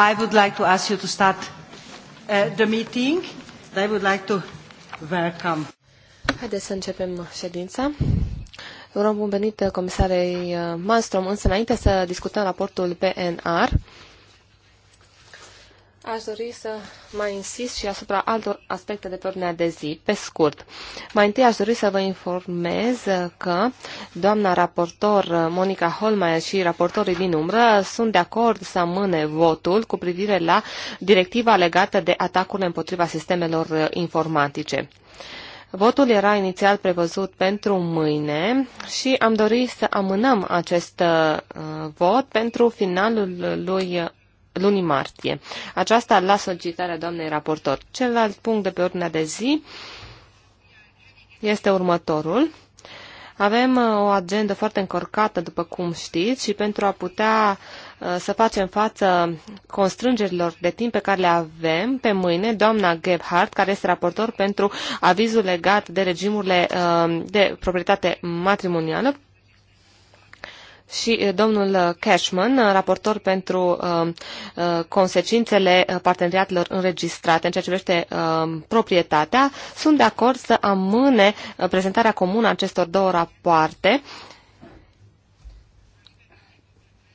I would like to ask you to start uh, the meeting. I would like to welcome. Haideți să începem ședința. Urăm bun venit comisarei uh, Malmström, însă înainte să discutăm raportul PNR, Aș dori să mai insist și asupra altor aspecte de pe ordinea de zi, pe scurt. Mai întâi aș dori să vă informez că doamna raportor Monica Holmeier și raportorii din umbră sunt de acord să amâne votul cu privire la directiva legată de atacurile împotriva sistemelor informatice. Votul era inițial prevăzut pentru mâine și am dorit să amânăm acest uh, vot pentru finalul lui lunii martie. Aceasta la solicitarea doamnei raportor. Celălalt punct de pe ordinea de zi este următorul. Avem uh, o agendă foarte încorcată, după cum știți, și pentru a putea uh, să facem față constrângerilor de timp pe care le avem pe mâine, doamna Gebhardt, care este raportor pentru avizul legat de regimurile uh, de proprietate matrimonială, și eh, domnul eh, Cashman, eh, raportor pentru consecințele parteneriatelor înregistrate în ceea ce privește proprietatea, sunt de acord să amâne prezentarea comună a acestor două rapoarte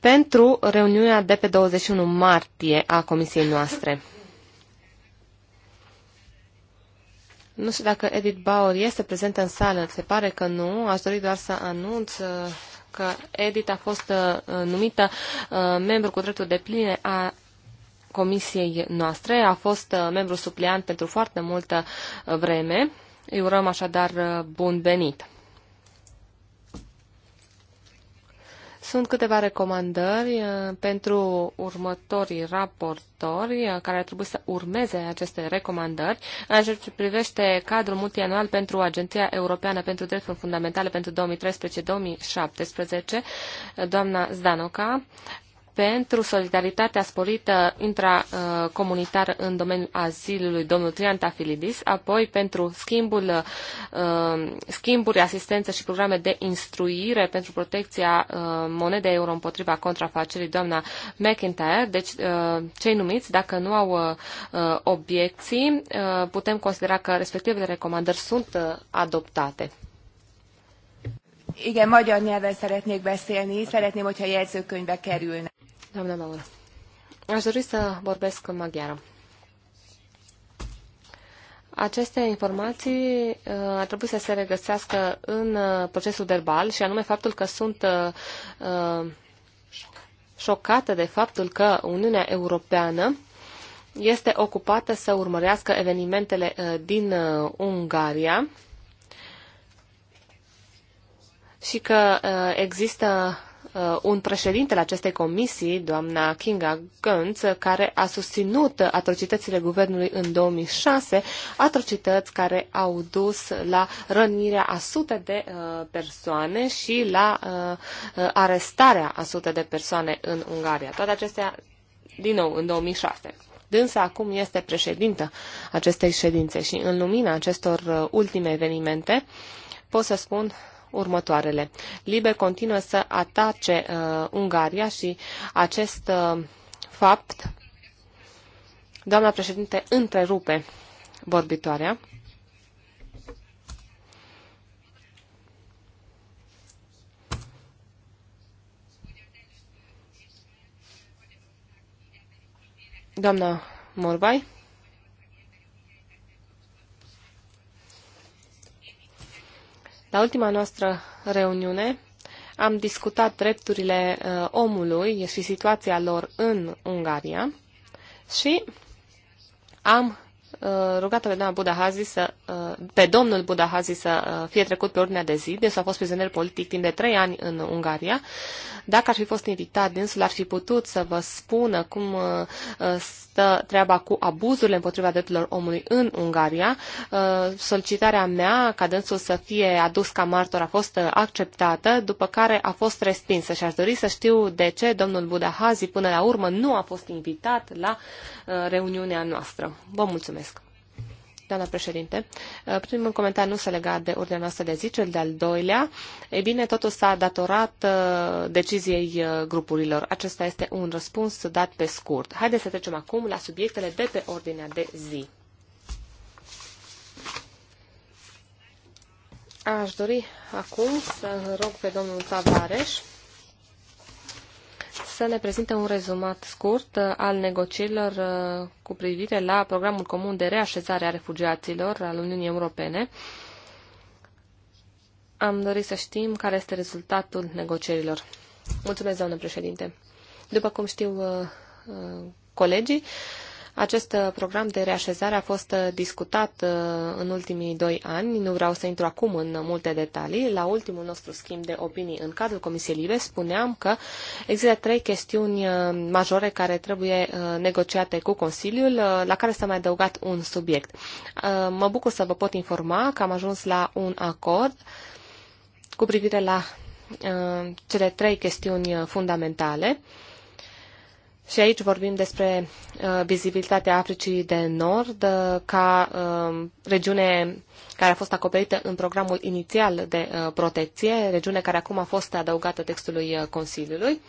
pentru reuniunea de pe 21 martie a comisiei noastre. Nu știu dacă Edith Bauer este prezentă în sală, se pare că nu. Aș dori doar să anunț că Edith a fost uh, numită uh, membru cu dreptul de pline a comisiei noastre. A fost uh, membru supliant pentru foarte multă vreme. Îi urăm așadar bun venit! Sunt câteva recomandări uh, pentru următorii raportori uh, care ar trebui să urmeze aceste recomandări în ceea ce privește cadrul multianual pentru Agenția Europeană pentru Drepturi Fundamentale pentru 2013-2017, doamna Zdanoca pentru solidaritatea sporită intracomunitară în domeniul azilului, domnul Trian Tafilidis, apoi pentru schimbul, uh, schimburi, asistență și programe de instruire pentru protecția uh, monedei euro împotriva contrafacerii, doamna McIntyre, deci uh, cei numiți, dacă nu au obiecții, putem considera că respectivele recomandări sunt adoptate. Igen, magyar nyelven szeretnék beszélni. Szeretném, hogyha jegyzőkönyvbe kerülne. Doamna Maura, aș dori să vorbesc în maghiară. Aceste informații uh, ar trebui să se regăsească în uh, procesul verbal și anume faptul că sunt uh, șocată de faptul că Uniunea Europeană este ocupată să urmărească evenimentele din Ungaria și că există Uh, un președinte al acestei comisii, doamna Kinga Gönz, care a susținut atrocitățile guvernului în 2006, atrocități care au dus la rănirea a sute de uh, persoane și la uh, arestarea a sute de persoane în Ungaria. Toate acestea, din nou, în 2006. Dânsa acum este președintă acestei ședințe și în lumina acestor ultime evenimente pot să spun următoarele. Libe continuă să atace uh, Ungaria și acest uh, fapt, doamna președinte, întrerupe vorbitoarea. Doamna Morbai. La ultima noastră reuniune am discutat drepturile uh, omului și situația lor în Ungaria și am Uh, rugată pe doamna Budahazi să, uh, pe domnul Budahazi să uh, fie trecut pe ordinea de zi, deci a fost prizonier politic timp de trei ani în Ungaria. Dacă ar fi fost invitat, dânsul ar fi putut să vă spună cum stă treaba cu abuzurile împotriva drepturilor omului în Ungaria. Solicitarea mea ca dânsul să fie adus ca martor a fost acceptată, după care a fost respinsă și aș dori să știu de ce domnul Budahazi până la urmă nu a fost invitat la reuniunea noastră. Vă mulțumesc! Doamna președinte, uh, primul comentariu nu se lega de ordinea noastră de zi, cel de-al doilea. Ei bine, totul s-a datorat uh, deciziei uh, grupurilor. Acesta este un răspuns dat pe scurt. Haideți să trecem acum la subiectele de pe ordinea de zi. Aș dori acum să rog pe domnul Tavares să ne prezinte un rezumat scurt uh, al negocierilor uh, cu privire la programul comun de reașezare a refugiaților al Uniunii Europene. Am dorit să știm care este rezultatul negocierilor. Mulțumesc, doamnă președinte. După cum știu uh, colegii, acest uh, program de reașezare a fost uh, discutat uh, în ultimii doi ani. Nu vreau să intru acum în multe detalii. La ultimul nostru schimb de opinii în cadrul Comisiei Libe spuneam că există trei chestiuni majore care trebuie negociate cu Consiliul, la care s-a mai adăugat un subiect. Mă bucur să vă pot informa că am ajuns la un acord cu privire la cele trei chestiuni fundamentale și aici vorbim despre uh, vizibilitatea Africii de Nord uh, ca uh, regiune care a fost acoperită în programul inițial de uh, protecție, regiune care acum a fost adăugată textului uh, Consiliului.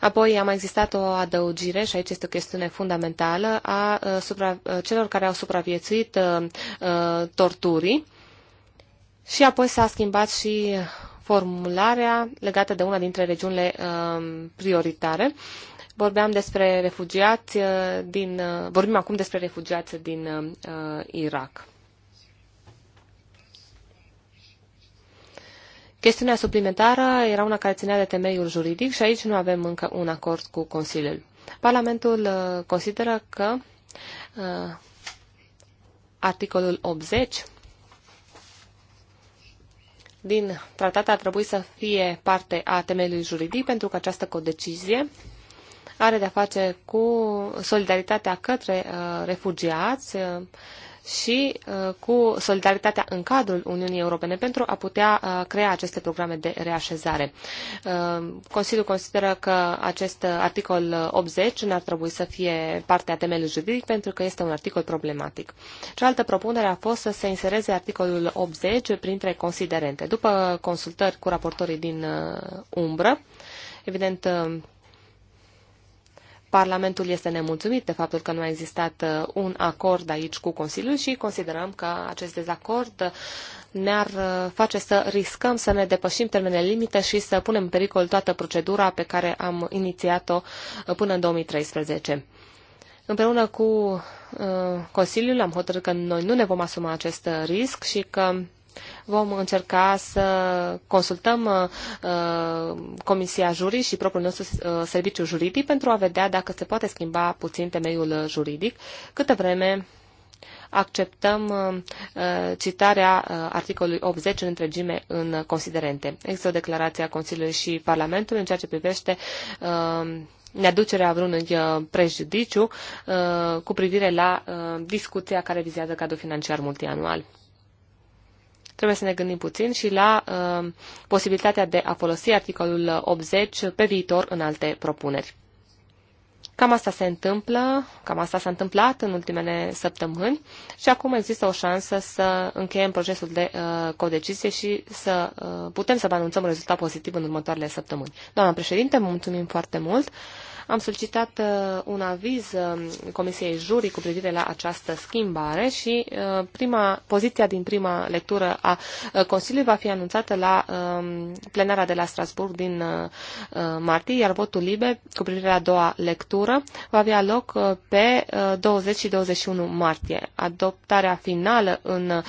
Apoi a mai existat o adăugire, și aici este o chestiune fundamentală, a uh, supra, uh, celor care au supraviețuit uh, uh, torturii. Și apoi s-a schimbat și formularea legată de una dintre regiunile uh, prioritare Vorbeam despre refugiați uh, din, uh, vorbim acum despre refugiați din uh, uh, Irak. Chestiunea suplimentară era una care ținea de temeiul juridic și aici nu avem încă un acord cu Consiliul. Parlamentul consideră că uh, articolul 80 din tratat ar trebui să fie parte a temeiului juridic pentru că această codecizie are de-a face cu solidaritatea către uh, refugiați uh, și uh, cu solidaritatea în cadrul Uniunii Europene pentru a putea uh, crea aceste programe de reașezare. Uh, Consiliul consideră că acest uh, articol 80 uh, n-ar trebui să fie parte a temelului juridic pentru că este un articol problematic. Cealaltă propunere a fost să se insereze articolul 80 printre considerente. După consultări cu raportorii din uh, umbră, evident, Parlamentul este nemulțumit de faptul că nu a existat uh, un acord aici cu Consiliul și considerăm că acest dezacord uh, ne-ar uh, face să riscăm să ne depășim termenele limite și să punem în pericol toată procedura pe care am inițiat-o până în 2013. Împreună cu Consiliul am hotărât că noi nu ne vom asuma acest risc și că Vom încerca să consultăm uh, Comisia Jurii și propriul nostru uh, serviciu juridic pentru a vedea dacă se poate schimba puțin temeiul juridic, câtă vreme acceptăm uh, citarea uh, articolului 80 în întregime în considerente. Există o declarație a Consiliului și Parlamentului în ceea ce privește uh, neaducerea vreunui uh, prejudiciu uh, cu privire la uh, discuția care vizează cadrul financiar multianual trebuie să ne gândim puțin și la uh, posibilitatea de a folosi articolul 80 pe viitor în alte propuneri. Cam asta se întâmplă, cam asta s-a întâmplat în ultimele săptămâni și acum există o șansă să încheiem procesul de uh, codecizie și să uh, putem să vă anunțăm un rezultat pozitiv în următoarele săptămâni. Doamna președinte, mulțumim foarte mult! Am solicitat uh, un aviz uh, Comisiei Jurii cu privire la această schimbare și uh, prima, poziția din prima lectură a Consiliului va fi anunțată la um, plenara de la Strasburg din martie, iar votul liber cu privire la a doua lectură va avea loc pe 20 și 21 martie. Adoptarea finală în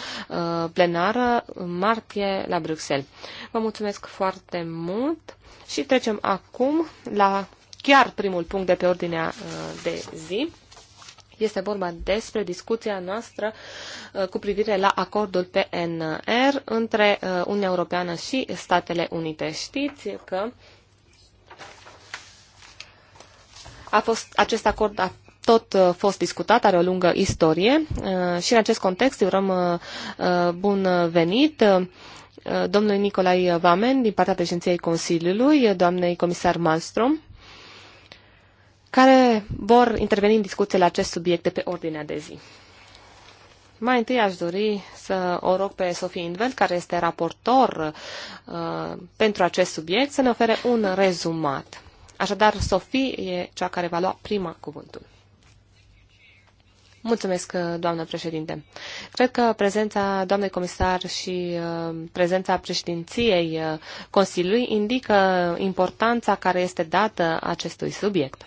plenară în martie la Bruxelles. Vă mulțumesc foarte mult și trecem acum la chiar primul punct de pe ordinea uh, de zi. Este vorba despre discuția noastră uh, cu privire la acordul PNR între uh, Uniunea Europeană și Statele Unite. Știți că a fost, acest acord a tot fost discutat, are o lungă istorie și în acest context urăm bun venit domnului Nicolai Vamen din partea președinției Consiliului, doamnei comisar Malmström care vor interveni în discuție la acest subiect de pe ordinea de zi. Mai întâi aș dori să o rog pe Sofie Invel, care este raportor uh, pentru acest subiect, să ne ofere un rezumat. Așadar, Sofie e cea care va lua prima cuvântul. Mulțumesc, uh, doamnă președinte. Cred că prezența doamnei comisar și uh, prezența președinției uh, Consiliului indică importanța care este dată acestui subiect.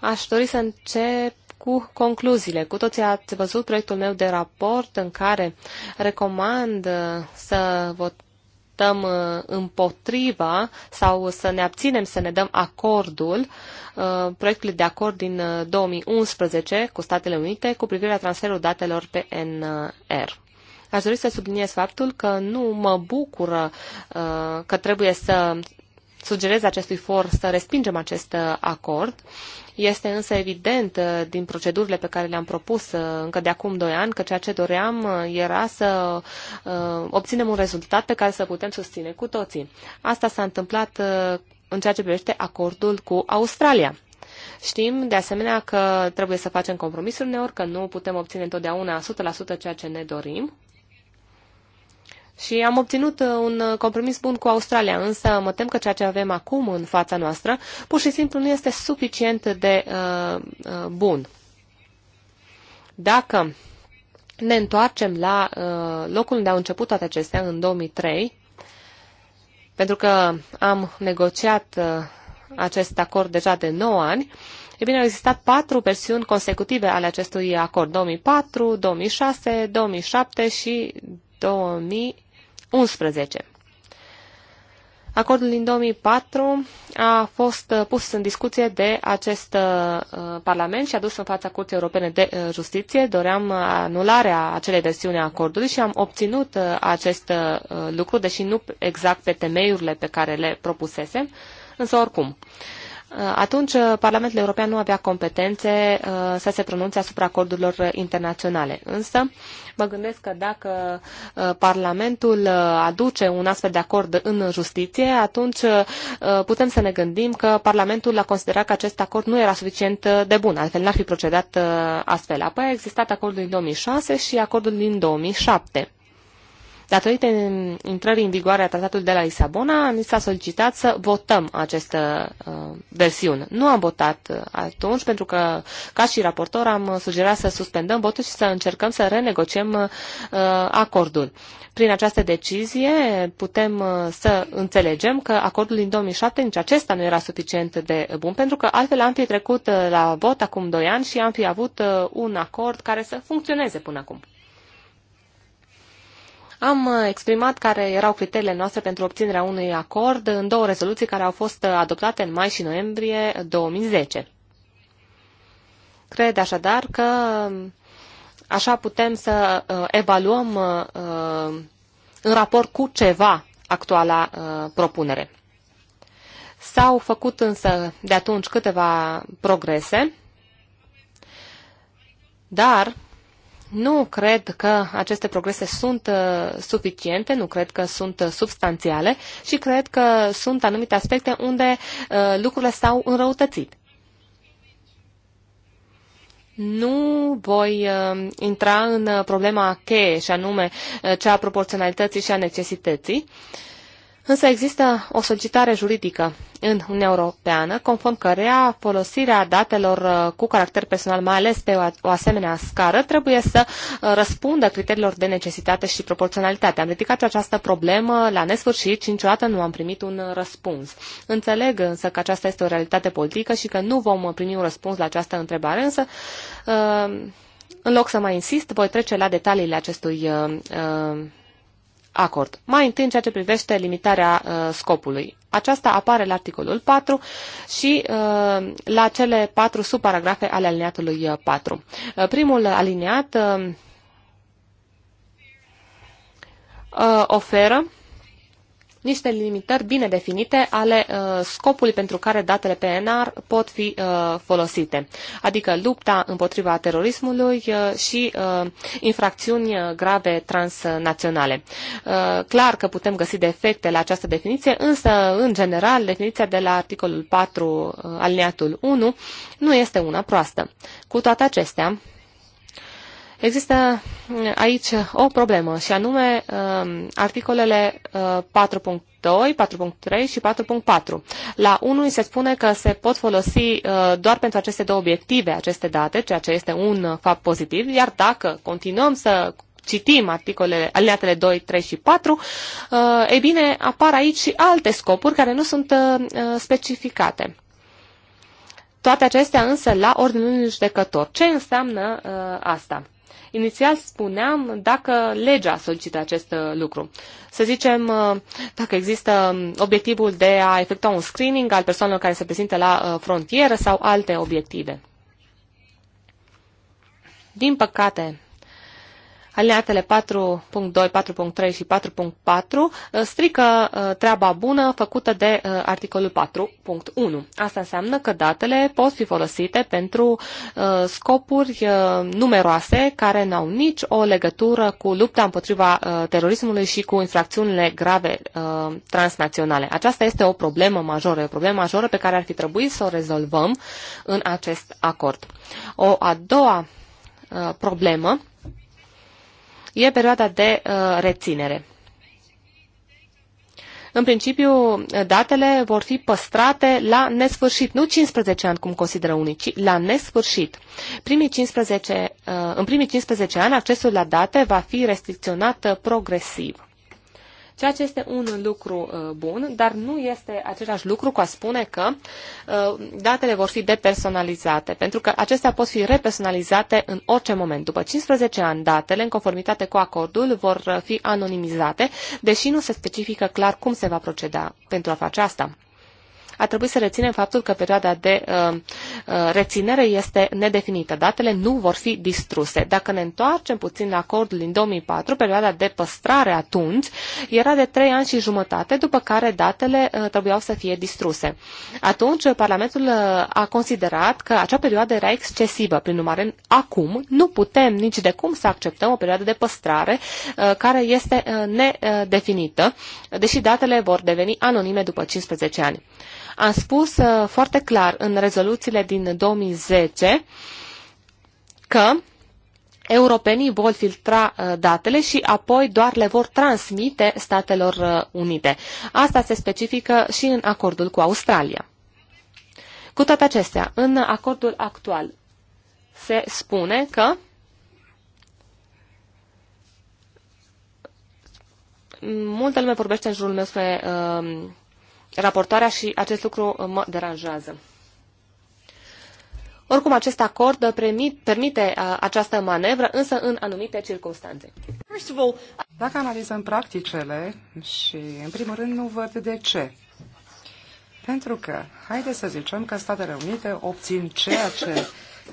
Aș dori să încep cu concluziile. Cu toții ați văzut proiectul meu de raport în care recomand uh, să votăm uh, împotriva sau să ne abținem să ne dăm acordul uh, proiectului de acord din 2011 cu Statele Unite cu privire la transferul datelor PNR. Aș dori să subliniez faptul că nu mă bucură că trebuie să sugerez acestui for să respingem acest acord, este însă evident uh, din procedurile pe care le-am propus uh, încă de acum doi ani că ceea ce doream uh, era să obținem un rezultat pe care să putem susține cu toții. Asta s-a întâmplat în ceea ce privește acordul cu Australia. Știm, de asemenea, că trebuie să facem compromisuri uneori, că nu putem obține întotdeauna 100% ceea ce ne dorim, și am obținut uh, un uh, compromis bun cu Australia, însă mă tem că ceea ce avem acum în fața noastră pur și simplu nu este suficient de uh, uh bun. Dacă ne întoarcem la uh, locul unde au început toate acestea, în 2003, pentru că am negociat uh, acest acord deja de 9 ani, e bine, au existat patru versiuni consecutive ale acestui acord, 2004, 2006, 2007 și 2000 11. Acordul din 2004 a fost uh, pus în discuție de acest uh, Parlament și adus în fața Curții Europene de uh, Justiție. Doream anularea acelei versiuni a acordului și am obținut acest lucru, deși nu exact pe temeiurile pe care le propusesem, însă oricum. Uh, Uh, atunci, uh, Parlamentul European nu avea competențe uh, să se pronunțe asupra acordurilor internaționale. Însă, mă gândesc că dacă Parlamentul aduce un astfel de acord în justiție, atunci putem să ne gândim că Parlamentul a considerat că acest acord nu era suficient de bun, altfel n-ar fi procedat astfel. Apoi a existat acordul din 2006 și acordul din 2007. Datorită intrării în vigoare a tratatului de la Lisabona, ni s-a solicitat să votăm această uh, versiune. Nu am votat uh, atunci, pentru că, ca și raportor, am uh, sugerat să suspendăm votul și să încercăm să renegociem uh, acordul. Prin această decizie putem uh, să înțelegem că acordul din 2007, nici acesta nu era suficient de bun, pentru că altfel am fi trecut la vot acum 2 ani și am fi avut un acord care să funcționeze până acum. Am uh, exprimat care erau criteriile noastre pentru obținerea unui acord în două rezoluții care au fost uh, adoptate în mai și noiembrie 2010. Uh, Cred așadar că um, așa putem să evaluăm în raport cu ceva actuala propunere. S-au făcut însă de atunci câteva progrese, dar nu cred că aceste progrese sunt uh, suficiente, nu cred că sunt uh, substanțiale și cred că sunt anumite aspecte unde uh, lucrurile s-au înrăutățit. Nu voi uh, intra în problema cheie, și anume uh, cea a proporționalității și a necesității. Uh, Însă există o solicitare juridică în Uniunea Europeană, conform cărea folosirea datelor uh, cu caracter personal, mai ales pe o asemenea scară, trebuie să uh, răspundă criteriilor de necesitate și proporționalitate. Am ridicat această problemă la nesfârșit și niciodată nu am primit un uh, răspuns. Înțeleg însă că aceasta este o realitate politică și că nu vom primi un răspuns la această întrebare, însă în loc să mai insist, voi trece la detaliile acestui uh, acord. Mai întâi în ceea ce privește limitarea uh, scopului. Aceasta apare la articolul 4 și uh, la cele patru subparagrafe ale aliniatului 4. Uh, uh, primul aliniat uh, uh oferă niște limitări bine definite ale uh, scopului pentru care datele PNR pot fi uh, folosite, adică lupta împotriva terorismului uh, și uh, infracțiuni uh, grave transnaționale. Uh, clar că putem găsi defecte la această definiție, însă, în general, definiția de la articolul 4 uh, alineatul 1 nu este una proastă. Cu toate acestea, Există mm, aici o problemă și anume um, articolele 4.2, uh, 4.3 și 4.4. La unul se spune că se pot folosi uh, doar pentru aceste două obiective aceste date, ceea ce este un uh, fapt pozitiv, iar dacă continuăm să citim articolele, aliatele 2, 3 și 4, e bine, apar aici și alte scopuri care nu sunt specificate. Toate acestea însă la ordinul judecător. Ce înseamnă asta? Inițial spuneam dacă legea solicită acest uh, lucru. Să zicem, uh, dacă există um, obiectivul de a efectua un screening al persoanelor care se prezintă la uh, frontieră sau alte obiective. Din păcate, alineatele 4.2, 4.3 și 4.4 uh, strică uh, treaba bună făcută de uh, articolul 4.1. Asta înseamnă că datele pot fi folosite pentru scopuri numeroase care n-au nici o legătură cu lupta împotriva terorismului și cu infracțiunile grave transnaționale. Aceasta este o problemă majoră, o problemă majoră pe care ar fi trebuit să o rezolvăm în acest acord. O a doua problemă e perioada de uh, reținere. În principiu, datele vor fi păstrate la nesfârșit, nu 15 ani, cum consideră unii, ci la nesfârșit. Primii 15, uh, în primii 15 ani, accesul la date va fi restricționat uh, progresiv. Ceea ce este un lucru uh, bun, dar nu este același lucru cu a spune că uh, datele vor fi depersonalizate, pentru că acestea pot fi repersonalizate în orice moment. După 15 ani, datele, în conformitate cu acordul, vor uh, fi anonimizate, deși nu se specifică clar cum se va proceda pentru a face asta ar trebui să reținem faptul că perioada de uh, uh, reținere este nedefinită. Datele nu vor fi distruse. Dacă ne întoarcem puțin la acordul din 2004, perioada de păstrare atunci era de 3 ani și jumătate, după care datele uh, trebuiau să fie distruse. Atunci, uh, Parlamentul uh, a considerat că acea perioadă era excesivă. Prin urmare, acum nu putem nici de cum să acceptăm o perioadă de păstrare uh, care este uh, nedefinită, deși datele vor deveni anonime după 15 ani. Am spus uh, foarte clar în rezoluțiile din 2010 că europenii vor filtra uh, datele și apoi doar le vor transmite Statelor uh, Unite. Asta se specifică și în acordul cu Australia. Cu toate acestea, în acordul actual se spune că multă lume vorbește în jurul meu despre uh, raportarea și acest lucru uh, mă deranjează. Oricum, acest acord permite uh, această manevră, însă în anumite circunstanțe. Dacă analizăm practicele și, în primul rând, nu văd de ce. Pentru că, haideți să zicem că Statele Unite obțin ceea ce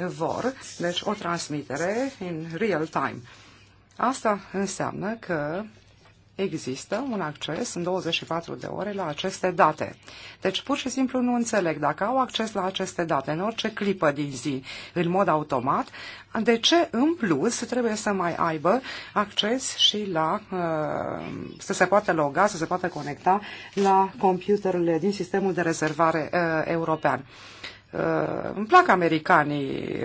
vor, deci o transmitere în real time. Asta înseamnă că există un acces în 24 de ore la aceste date. Deci pur și simplu nu înțeleg dacă au acces la aceste date în orice clipă din zi, în mod automat, de ce în plus trebuie să mai aibă acces și la uh, să se poată loga, să se poată conecta la computerele din sistemul de rezervare uh, european. Uh, îmi plac americanii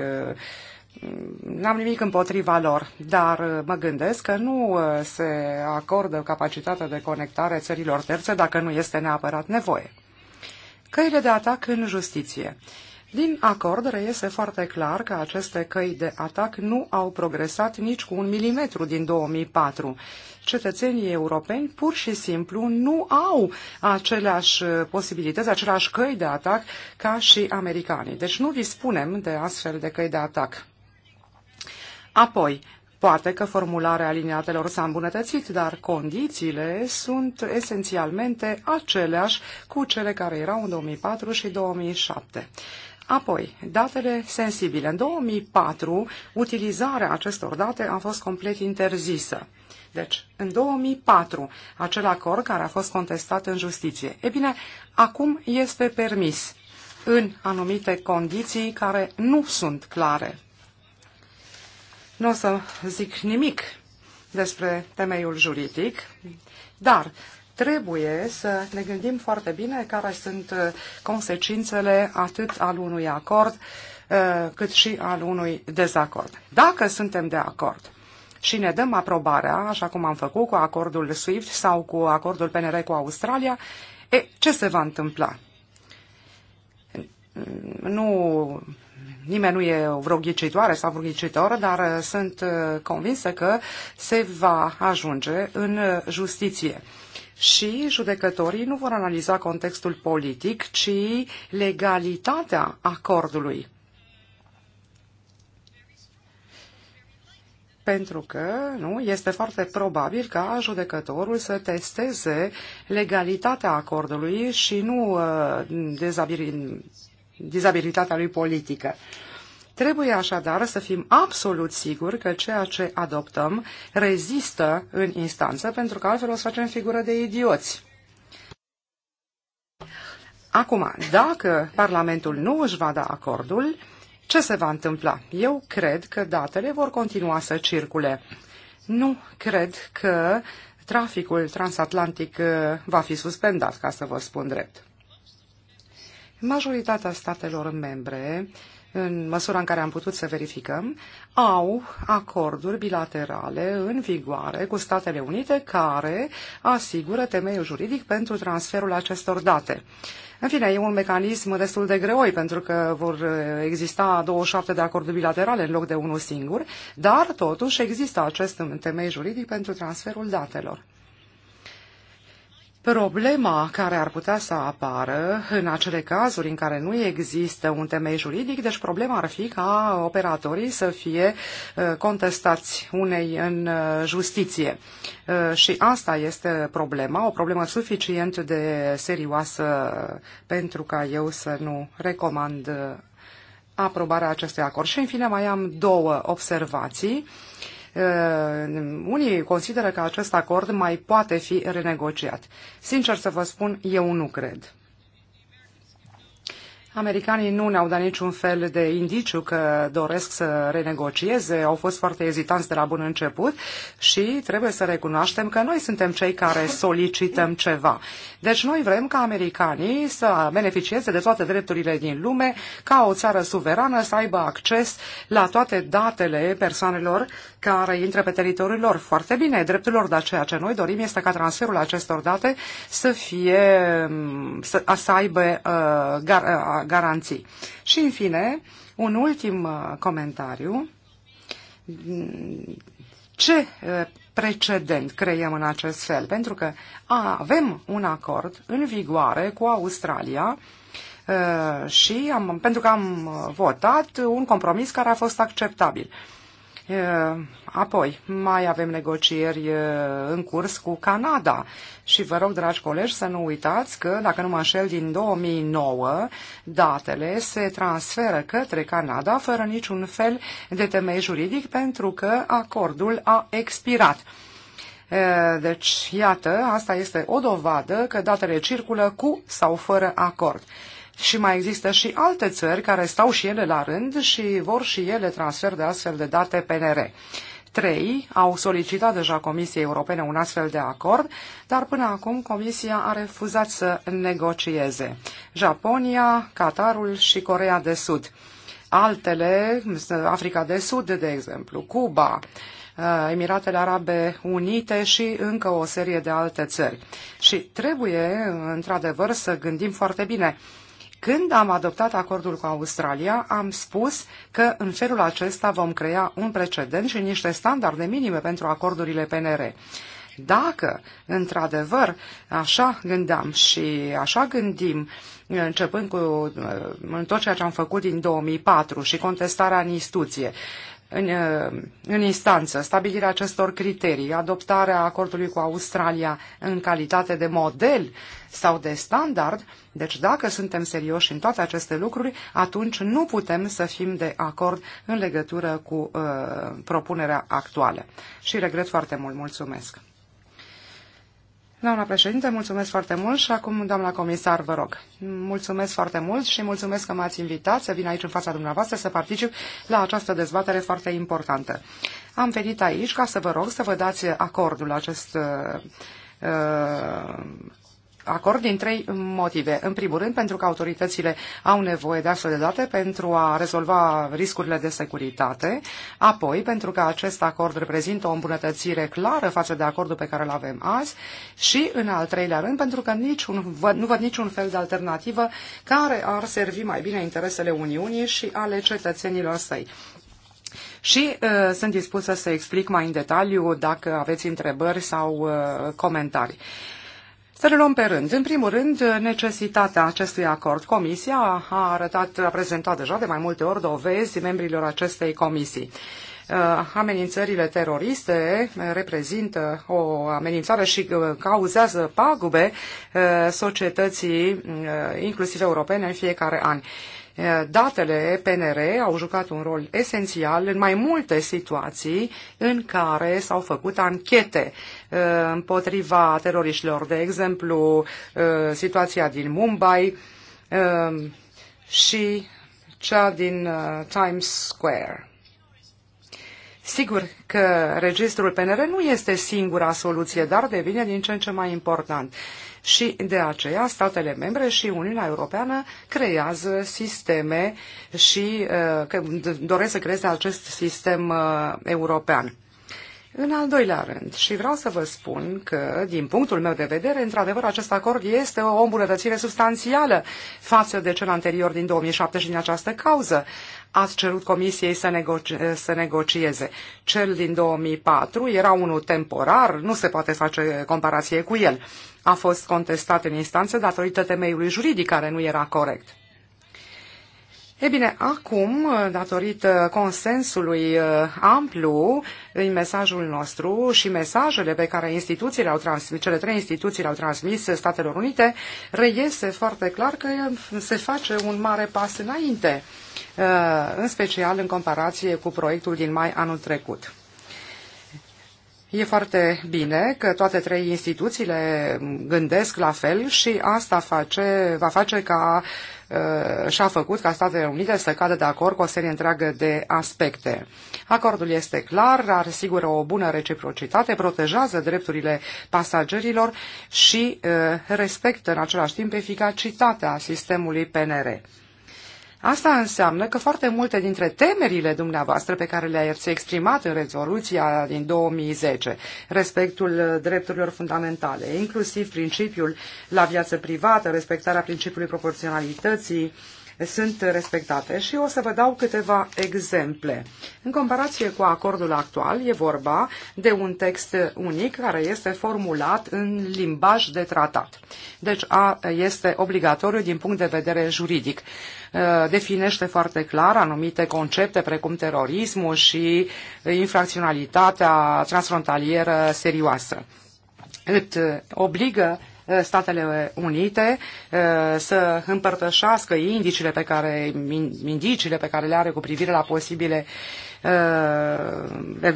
n-am nimic împotriva lor, dar uh, mă gândesc că nu uh, se acordă capacitatea de conectare țărilor terțe dacă nu este neapărat nevoie. Căile de atac în justiție. Din acord reiese foarte clar că aceste căi de atac nu au progresat nici cu un milimetru din 2004. Cetățenii europeni pur și simplu nu au aceleași uh, posibilități, aceleași căi de atac ca și americanii. Deci nu dispunem de astfel de căi de atac. Apoi, poate că formularea aliniatelor s-a îmbunătățit, dar condițiile sunt esențialmente aceleași cu cele care erau în 2004 și 2007. Apoi, datele sensibile. În 2004, utilizarea acestor date a fost complet interzisă. Deci, în 2004, acel acord care a fost contestat în justiție. E bine, acum este permis în anumite condiții care nu sunt clare. Nu o să zic nimic despre temeiul juridic, dar trebuie să ne gândim foarte bine care sunt uh, consecințele atât al unui acord uh, cât și al unui dezacord. Dacă suntem de acord și ne dăm aprobarea, așa cum am făcut cu acordul SWIFT sau cu acordul PNR cu Australia, e, ce se va întâmpla? Nu nimeni nu e vreo ghicitoare sau vreo ghicitor, dar uh, sunt uh, convinsă că se va ajunge în uh, justiție. Și judecătorii nu vor analiza contextul politic, ci legalitatea acordului. pentru că nu, este foarte probabil ca judecătorul să testeze legalitatea acordului și nu uh, dizabilitatea lui politică. Trebuie așadar să fim absolut siguri că ceea ce adoptăm rezistă în instanță, pentru că altfel o să facem figură de idioți. Acum, dacă Parlamentul nu își va da acordul, ce se va întâmpla? Eu cred că datele vor continua să circule. Nu cred că traficul transatlantic uh, va fi suspendat, ca să vă spun drept. Majoritatea statelor membre, în măsura în care am putut să verificăm, au acorduri bilaterale în vigoare cu Statele Unite care asigură temeiul juridic pentru transferul acestor date. În fine, e un mecanism destul de greoi pentru că vor exista 27 de acorduri bilaterale în loc de unul singur, dar totuși există acest temei juridic pentru transferul datelor. Problema care ar putea să apară în acele cazuri în care nu există un temei juridic, deci problema ar fi ca operatorii să fie uh, contestați unei în uh, justiție. Uh, și asta este problema, o problemă suficient de serioasă pentru ca eu să nu recomand aprobarea acestui acord. Și în fine mai am două observații. Uh, Uh, unii consideră că acest acord mai poate fi renegociat. Sincer să vă spun, eu nu cred. Americanii nu ne-au dat niciun fel de indiciu că doresc să renegocieze, au fost foarte ezitanți de la bun început și trebuie să recunoaștem că noi suntem cei care solicităm ceva. Deci noi vrem ca americanii să beneficieze de toate drepturile din lume, ca o țară suverană să aibă acces la toate datele persoanelor care intră pe teritoriul lor. Foarte bine, dreptul lor, dar ceea ce noi dorim este ca transferul acestor date să fie, să, să aibă uh, gar, uh garanții. Și, în fine, un ultim uh, comentariu. Ce uh, precedent creiem în acest fel? Pentru că avem un acord în vigoare cu Australia uh, și am, pentru că am votat un compromis care a fost acceptabil. Eh, apoi, mai avem negocieri eh, în curs cu Canada și vă rog, dragi colegi, să nu uitați că, dacă nu mă înșel, din 2009 datele se transferă către Canada fără niciun fel de temei juridic pentru că acordul a expirat. Eh, deci, iată, asta este o dovadă că datele circulă cu sau fără acord. Și mai există și alte țări care stau și ele la rând și vor și ele transfer de astfel de date PNR. Trei au solicitat deja Comisiei Europene un astfel de acord, dar până acum Comisia a refuzat să negocieze. Japonia, Qatarul și Corea de Sud. Altele, Africa de Sud, de exemplu, Cuba, uh, Emiratele Arabe Unite și încă o serie de alte țări. Și trebuie, într-adevăr, să gândim foarte bine când am adoptat acordul cu Australia, am spus că în felul acesta vom crea un precedent și niște standarde minime pentru acordurile PNR. Dacă, într-adevăr, așa gândeam și așa gândim, începând cu în tot ceea ce am făcut din 2004 și contestarea în instituție în, uh, în instanță, stabilirea acestor criterii, adoptarea acordului cu Australia în calitate de model sau de standard, deci dacă suntem serioși în toate aceste lucruri, atunci nu putem să fim de acord în legătură cu uh, propunerea actuală. Și regret foarte mult. Mulțumesc! Doamna președinte, mulțumesc foarte mult și acum, doamna comisar, vă rog. Mulțumesc foarte mult și mulțumesc că m-ați invitat să vin aici în fața dumneavoastră să particip la această dezbatere foarte importantă. Am venit aici ca să vă rog să vă dați acordul acest uh, uh acord din trei motive. În primul rând, pentru că autoritățile au nevoie de astfel de date pentru a rezolva riscurile de securitate, apoi pentru că acest acord reprezintă o îmbunătățire clară față de acordul pe care îl avem azi și, în al treilea rând, pentru că niciun, nu văd niciun fel de alternativă care ar servi mai bine interesele Uniunii și ale cetățenilor săi. Și uh, sunt dispusă să explic mai în detaliu dacă aveți întrebări sau uh, comentarii. Să le luăm pe rând. În primul rând, necesitatea acestui acord. Comisia a arătat, a prezentat deja de mai multe ori dovezi membrilor acestei comisii. Uh, amenințările teroriste reprezintă o amenințare și uh, cauzează pagube uh, societății, inclusiv europene, în fiecare an. Datele PNR au jucat un rol esențial în mai multe situații în care s-au făcut anchete Uh, împotriva teroriștilor, de exemplu uh, situația din Mumbai uh, și cea din Times Square. Sigur că registrul PNR nu este singura soluție, dar devine din ce în ce mai important. Și de aceea statele membre și Uniunea Europeană creează sisteme și uh, doresc să creeze acest sistem uh, european. În al doilea rând, și vreau să vă spun că, din punctul meu de vedere, într-adevăr, acest acord este o îmbunătățire substanțială față de cel anterior din 2007 și din această cauză. Ați cerut Comisiei să, negoci- să negocieze. Cel din 2004 era unul temporar, nu se poate face comparație cu el. A fost contestat în instanță datorită temeiului juridic care nu era corect. E bine, acum, datorită consensului uh, amplu în mesajul nostru și mesajele pe care instituțiile au transmis, cele trei instituții le-au transmis Statelor Unite, reiese foarte clar că se face un mare pas înainte, uh, în special în comparație cu proiectul din mai anul trecut. E foarte bine că toate trei instituțiile gândesc la fel și asta face, va face ca uh, și-a făcut ca Statele Unite să cadă de acord cu o serie întreagă de aspecte. Acordul este clar, asigură o bună reciprocitate, protejează drepturile pasagerilor și uh, respectă în același timp eficacitatea sistemului PNR. Asta înseamnă că foarte multe dintre temerile dumneavoastră pe care le-ați exprimat în rezoluția din 2010, respectul drepturilor fundamentale, inclusiv principiul la viață privată, respectarea principiului proporționalității, sunt respectate și o să vă dau câteva exemple. În comparație cu acordul actual, e vorba de un text unic care este formulat în limbaj de tratat. Deci a, este obligatoriu din punct de vedere juridic. Uh, definește foarte clar anumite concepte precum terorismul și infracționalitatea transfrontalieră serioasă. Ît uh, obligă uh, Statele Unite să împărtășească indiciile pe care, indiciile pe care le are cu privire la posibile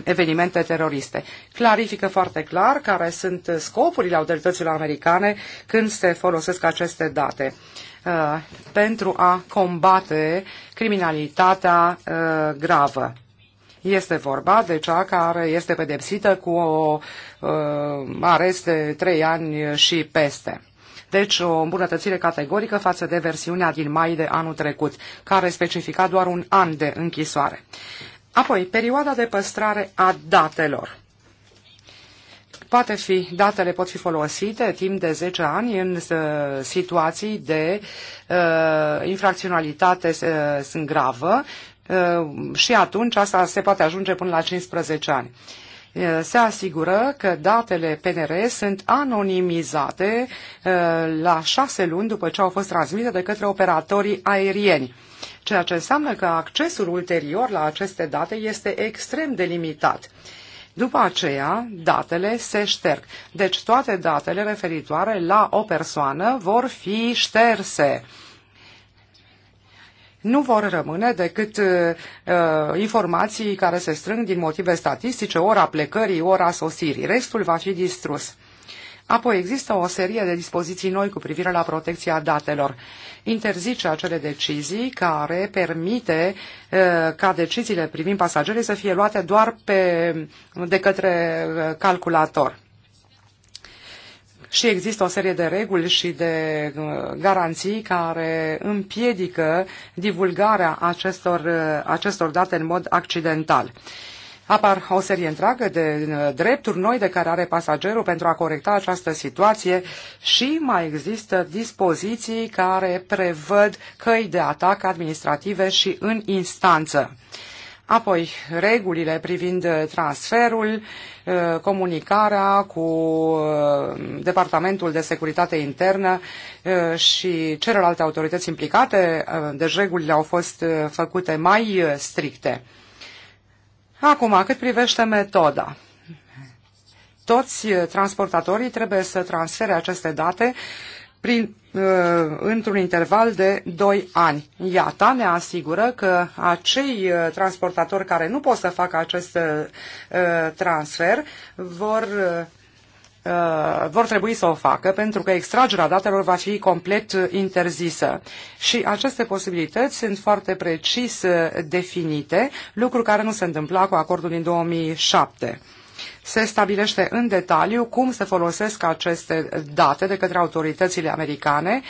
evenimente teroriste. Clarifică foarte clar care sunt scopurile autorităților americane când se folosesc aceste date. Uh, pentru a combate criminalitatea uh, gravă. Este vorba de cea care este pedepsită cu o uh, arest de trei ani și peste. Deci o îmbunătățire categorică față de versiunea din mai de anul trecut, care specifica doar un an de închisoare. Apoi, perioada de păstrare a datelor poate fi, datele pot fi folosite timp de 10 ani în uh, situații de uh, infracționalitate uh, sunt gravă uh, și atunci asta se poate ajunge până la 15 ani. Uh, se asigură că datele PNR sunt anonimizate uh, la șase luni după ce au fost transmise de către operatorii aerieni, ceea ce înseamnă că accesul ulterior la aceste date este extrem de limitat. După aceea, datele se șterg. Deci toate datele referitoare la o persoană vor fi șterse nu vor rămâne decât uh, uh, informații care se strâng din motive statistice, ora plecării, ora sosirii. Restul va fi distrus. Apoi există o serie de dispoziții noi cu privire la protecția datelor interzice acele decizii care permite uh, ca deciziile privind pasagerii să fie luate doar pe, de către uh, calculator. Și există o serie de reguli și de uh, garanții care împiedică divulgarea acestor, acestor date în mod accidental apar o serie întreagă de uh, drepturi noi de care are pasagerul pentru a corecta această situație și mai există dispoziții care prevăd căi de atac administrative și în instanță. Apoi, regulile privind uh, transferul, uh, comunicarea cu Departamentul de Securitate Internă și celelalte autorități implicate, deci regulile au fost făcute mai stricte. Acum, cât privește metoda, toți eh, transportatorii trebuie să transfere aceste date prin, eh, într-un interval de 2 ani. IATA ne asigură că acei eh, transportatori care nu pot să facă acest transfer vor Uh, vor trebui să o facă pentru că extragerea datelor va fi complet uh, interzisă. Și aceste posibilități sunt foarte precis uh, definite, lucru care nu se întâmpla cu acordul din 2007. Se stabilește în detaliu cum se folosesc aceste date de către autoritățile americane uh,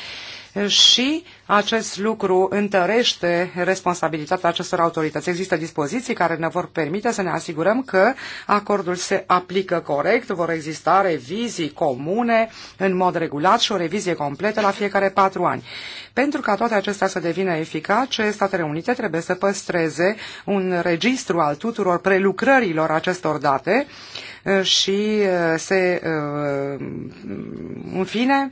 și acest lucru întărește responsabilitatea acestor autorități. Există dispoziții care ne vor permite să ne asigurăm că acordul se aplică corect, vor exista revizii comune în mod regulat și o revizie completă la fiecare patru ani. Pentru ca toate acestea să devină eficace, Statele Unite trebuie să păstreze un registru al tuturor prelucrărilor acestor date și se, în fine,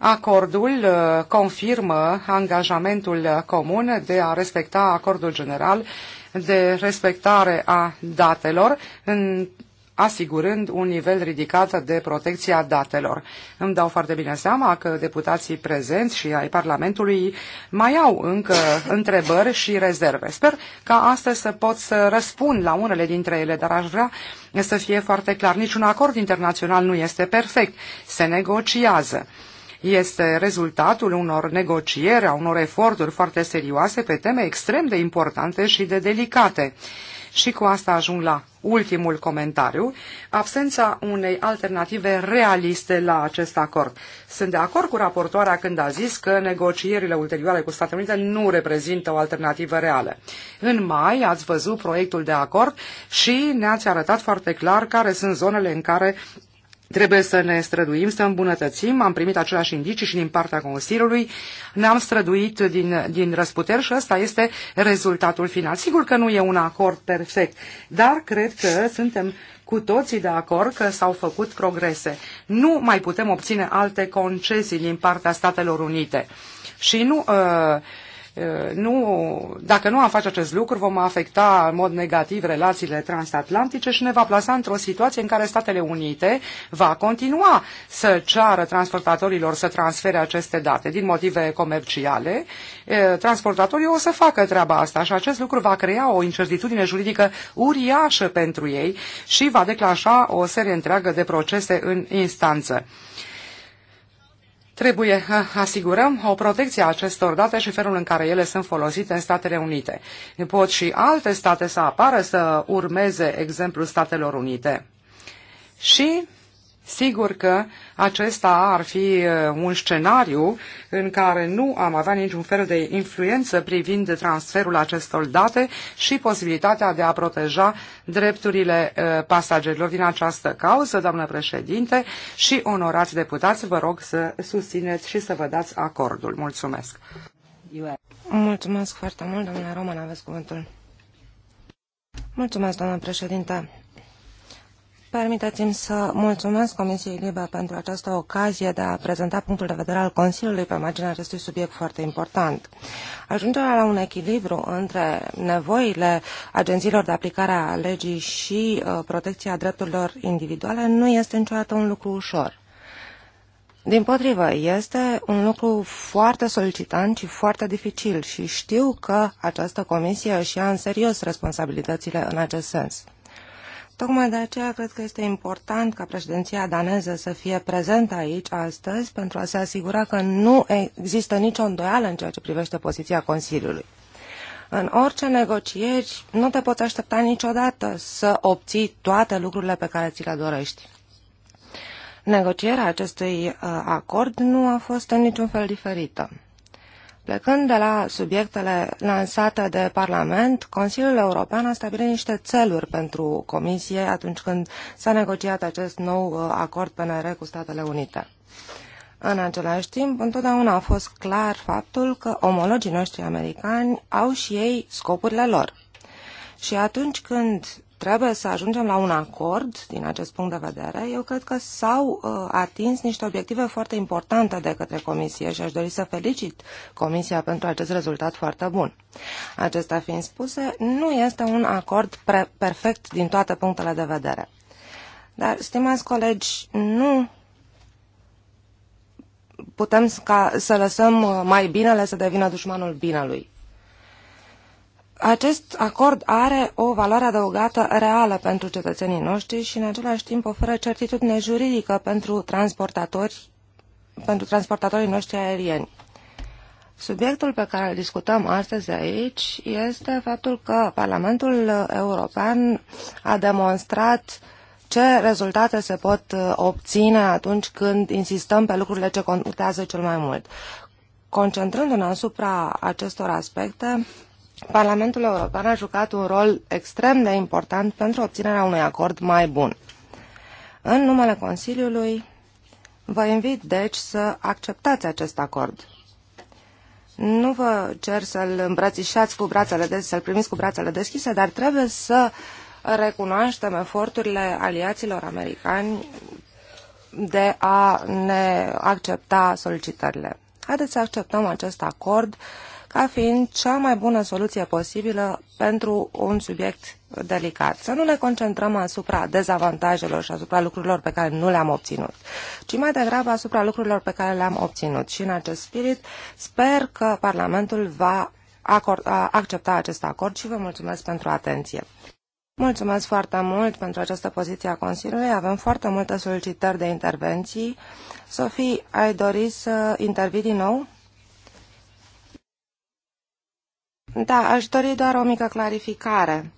Acordul uh, confirmă angajamentul comun de a respecta acordul general de respectare a datelor în asigurând un nivel ridicat de protecție a datelor. Îmi dau foarte bine seama că deputații prezenți și ai Parlamentului mai au încă întrebări și rezerve. Sper ca astăzi să pot să răspund la unele dintre ele, dar aș vrea să fie foarte clar. Niciun acord internațional nu este perfect. Se negociază este rezultatul unor negocieri, a unor eforturi foarte serioase pe teme extrem de importante și de delicate. Și cu asta ajung la ultimul comentariu, absența unei alternative realiste la acest acord. Sunt de acord cu raportoarea când a zis că negocierile ulterioare cu Statele Unite nu reprezintă o alternativă reală. În mai ați văzut proiectul de acord și ne-ați arătat foarte clar care sunt zonele în care Trebuie să ne străduim, să îmbunătățim. Am primit același indicii și din partea Consiliului. Ne-am străduit din, din răsputeri și ăsta este rezultatul final. Sigur că nu e un acord perfect, dar cred că suntem cu toții de acord că s-au făcut progrese. Nu mai putem obține alte concesii din partea Statelor Unite. Și nu... Uh, Eh, nu, dacă nu am face acest lucru, vom afecta în mod negativ relațiile transatlantice și ne va plasa într-o situație în care Statele Unite va continua să ceară transportatorilor să transfere aceste date din motive comerciale. Eh, transportatorii o să facă treaba asta și acest lucru va crea o incertitudine juridică uriașă pentru ei și va declanșa o serie întreagă de procese în instanță. Trebuie eh, asigurăm o protecție a acestor date și felul în care ele sunt folosite în Statele Unite. Pot și alte state să apară să urmeze exemplul Statelor Unite. Și Sigur că acesta ar fi uh, un scenariu în care nu am avea niciun fel de influență privind transferul acestor date și posibilitatea de a proteja drepturile uh, pasagerilor din această cauză, doamnă președinte, și onorați deputați, vă rog să susțineți și să vă dați acordul. Mulțumesc! Mulțumesc foarte mult, domnule Roman, aveți cuvântul. Mulțumesc, doamnă președinte. Permiteți-mi să mulțumesc Comisiei Libe pentru această ocazie de a prezenta punctul de vedere al Consiliului pe marginea acestui subiect foarte important. Ajungerea la un echilibru între nevoile agențiilor de aplicare a legii și uh, protecția drepturilor individuale nu este niciodată un lucru ușor. Din potrivă, este un lucru foarte solicitant și foarte dificil și știu că această comisie își ia în serios responsabilitățile în acest sens. Tocmai de aceea cred că este important ca președinția daneză să fie prezentă aici astăzi pentru a se asigura că nu există nicio îndoială în ceea ce privește poziția Consiliului. În orice negocieri nu te poți aștepta niciodată să obții toate lucrurile pe care ți le dorești. Negocierea acestui uh, acord nu a fost în niciun fel diferită. Plecând de la subiectele lansate de Parlament, Consiliul European a stabilit niște țeluri pentru Comisie atunci când s-a negociat acest nou uh, acord PNR cu Statele Unite. În același timp, întotdeauna a fost clar faptul că omologii noștri americani au și ei scopurile lor. Și atunci când trebuie să ajungem la un acord din acest punct de vedere. Eu cred că s-au uh, atins niște obiective foarte importante de către Comisie și aș dori să felicit Comisia pentru acest rezultat foarte bun. Acesta fiind spuse, nu este un acord perfect din toate punctele de vedere. Dar, stimați colegi, nu putem ca să lăsăm uh, mai binele să devină dușmanul binelui acest acord are o valoare adăugată reală pentru cetățenii noștri și în același timp oferă certitudine juridică pentru transportatori, pentru transportatorii noștri aerieni. Subiectul pe care îl discutăm astăzi aici este faptul că Parlamentul European a demonstrat ce rezultate se pot uh, obține atunci când insistăm pe lucrurile ce contează cel mai mult. Concentrându-ne asupra acestor aspecte, Parlamentul European a jucat un rol extrem de important pentru obținerea unui acord mai bun. În numele Consiliului, vă invit deci să acceptați acest acord. Nu vă cer să-l îmbrățișați cu brațele deschise, să-l primiți cu brațele deschise, dar trebuie să recunoaștem eforturile aliaților americani de a ne accepta solicitările. Haideți să acceptăm acest acord uh, ca fiind cea mai bună soluție posibilă pentru un subiect delicat. Să nu ne concentrăm asupra dezavantajelor și asupra lucrurilor pe care nu le-am obținut, ci mai degrabă asupra lucrurilor pe care le-am obținut. Și în acest spirit sper că Parlamentul va acord, accepta acest acord și vă mulțumesc pentru atenție. Mulțumesc foarte mult pentru această poziție a Consiliului. Avem foarte multe solicitări de intervenții. Sofie, ai dori să intervii din nou? Da, aș dori doar o mică clarificare.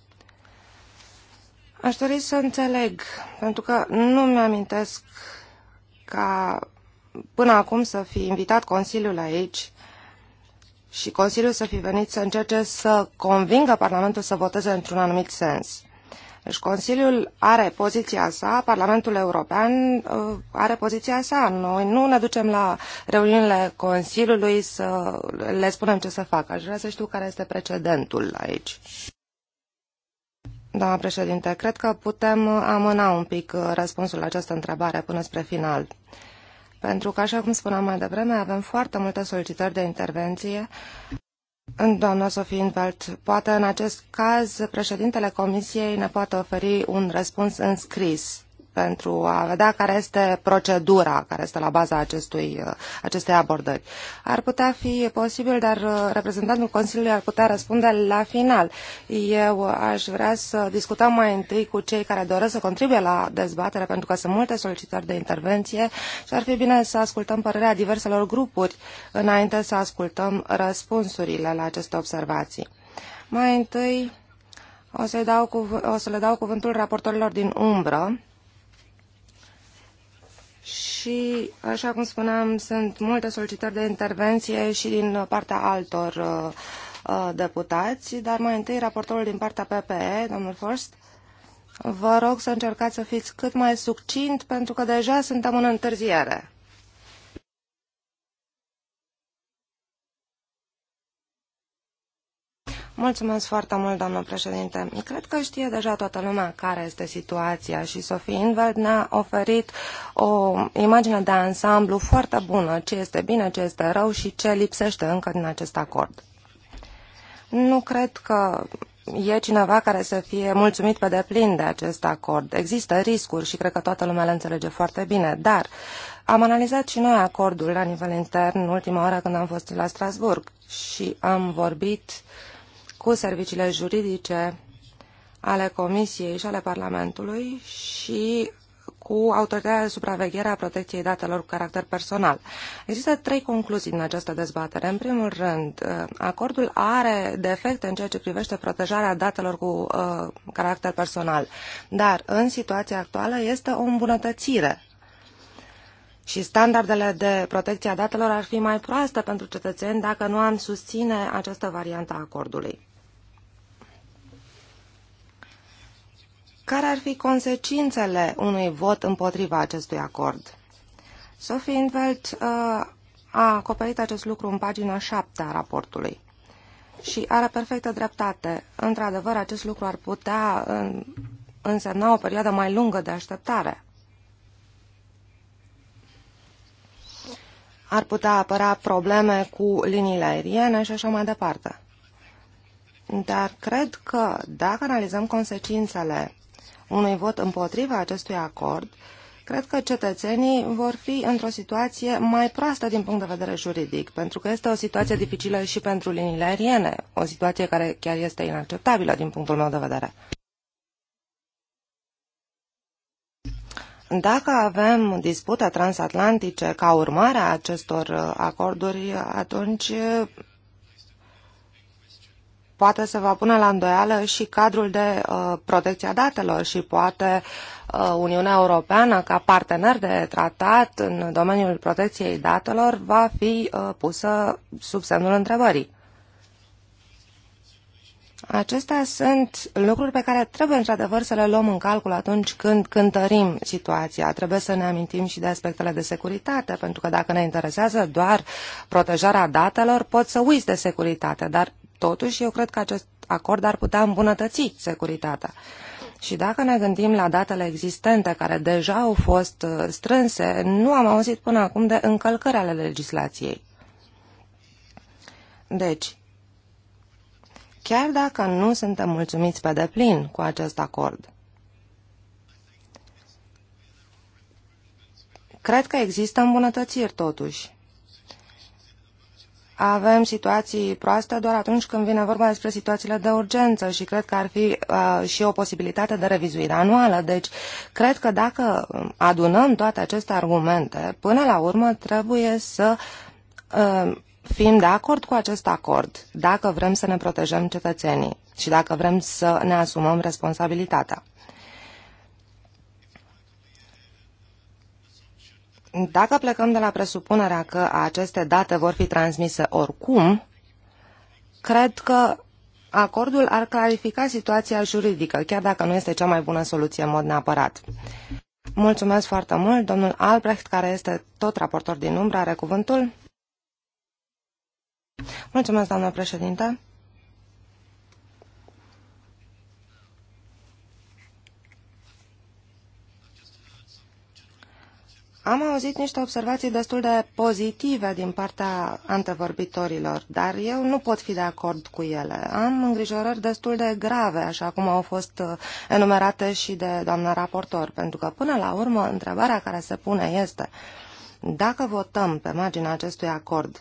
Aș dori să înțeleg, pentru că nu mi-amintesc ca până acum să fi invitat Consiliul aici și Consiliul să fi venit să încerce să convingă Parlamentul să voteze într-un anumit sens. Deci Consiliul are poziția sa, Parlamentul European uh, are poziția sa. Noi nu ne ducem la reuniunile Consiliului să le spunem ce să facă. Aș vrea să știu care este precedentul aici. Doamna președinte, cred că putem amâna un pic răspunsul la această întrebare până spre final. Pentru că, așa cum spuneam mai devreme, avem foarte multe solicitări de intervenție Doamna Sofienveld, poate în acest caz președintele Comisiei ne poate oferi un răspuns în scris pentru a vedea care este procedura care este la baza acestui, acestei abordări. Ar putea fi posibil, dar uh, reprezentantul Consiliului ar putea răspunde la final. Eu aș vrea să discutăm mai întâi cu cei care doresc să contribuie la dezbatere, pentru că sunt multe solicitări de intervenție și ar fi bine să ascultăm părerea diverselor grupuri înainte să ascultăm răspunsurile la aceste observații. Mai întâi o să, dau o să le dau cuvântul raportorilor din umbră și, așa cum spuneam, sunt multe solicitări de intervenție și din partea altor uh, uh deputați, dar mai întâi raportorul din partea PPE, domnul Forst. Vă rog să încercați să fiți cât mai succint, pentru că deja suntem în întârziere. Mulțumesc foarte mult, doamnă președinte. Cred că știe deja toată lumea care este situația și Sofie Invert ne-a oferit o imagine de ansamblu foarte bună, ce este bine, ce este rău și ce lipsește încă din acest acord. Nu cred că e cineva care să fie mulțumit pe deplin de acest acord. Există riscuri și cred că toată lumea le înțelege foarte bine, dar am analizat și noi acordul la nivel intern în ultima oară când am fost la Strasburg și am vorbit uh, cu serviciile juridice ale Comisiei și ale Parlamentului și cu Autoritatea de Supraveghere a Protecției Datelor cu Caracter Personal. Există trei concluzii din această dezbatere. În primul rând, uh, acordul are defecte în ceea ce privește protejarea datelor cu uh, caracter personal, dar în situația actuală este o îmbunătățire și standardele de protecție a datelor ar fi mai proaste pentru cetățeni dacă nu am susține această variantă a acordului. care ar fi consecințele unui vot împotriva acestui acord. Sophie Invelt uh, a acoperit acest lucru în pagina 7 a raportului și are perfectă dreptate. Într-adevăr, acest lucru ar putea însemna o perioadă mai lungă de așteptare. Ar putea apăra probleme cu liniile aeriene și așa mai departe. Dar cred că dacă analizăm consecințele unui vot împotriva acestui acord, cred că cetățenii vor fi într-o situație mai proastă din punct de vedere juridic, pentru că este o situație dificilă și pentru liniile aeriene, o situație care chiar este inacceptabilă din punctul meu de vedere. Dacă avem dispute transatlantice ca urmare a acestor uh, acorduri, atunci uh, poate se va pune la îndoială și cadrul de uh, protecție a datelor și poate uh, Uniunea Europeană, ca partener de tratat în domeniul protecției datelor, va fi uh, pusă sub semnul întrebării. Acestea sunt lucruri pe care trebuie într-adevăr să le luăm în calcul atunci când cântărim situația. Trebuie să ne amintim și de aspectele de securitate, pentru că dacă ne interesează doar protejarea datelor, pot să uiți de securitate, dar Totuși, eu cred că acest acord ar putea îmbunătăți securitatea. Și dacă ne gândim la datele existente care deja au fost uh, strânse, nu am auzit până acum de încălcări ale legislației. Deci, chiar dacă nu suntem mulțumiți pe deplin cu acest acord, cred că există îmbunătățiri totuși avem situații proaste doar atunci când vine vorba despre situațiile de urgență și cred că ar fi uh, și o posibilitate de revizuire anuală. Deci, cred că dacă adunăm toate aceste argumente, până la urmă trebuie să uh, fim de acord cu acest acord, dacă vrem să ne protejăm cetățenii și dacă vrem să ne asumăm responsabilitatea. Dacă plecăm de la presupunerea că aceste date vor fi transmise oricum, cred că acordul ar clarifica situația juridică, chiar dacă nu este cea mai bună soluție în mod neapărat. Mulțumesc foarte mult. Domnul Albrecht, care este tot raportor din umbră, are cuvântul. Mulțumesc, doamnă președinte. Am auzit niște observații destul de pozitive din partea antevorbitorilor, dar eu nu pot fi de acord cu ele. Am îngrijorări destul de grave, așa cum au fost uh, enumerate și de doamna raportor, pentru că până la urmă întrebarea care se pune este dacă votăm pe marginea acestui acord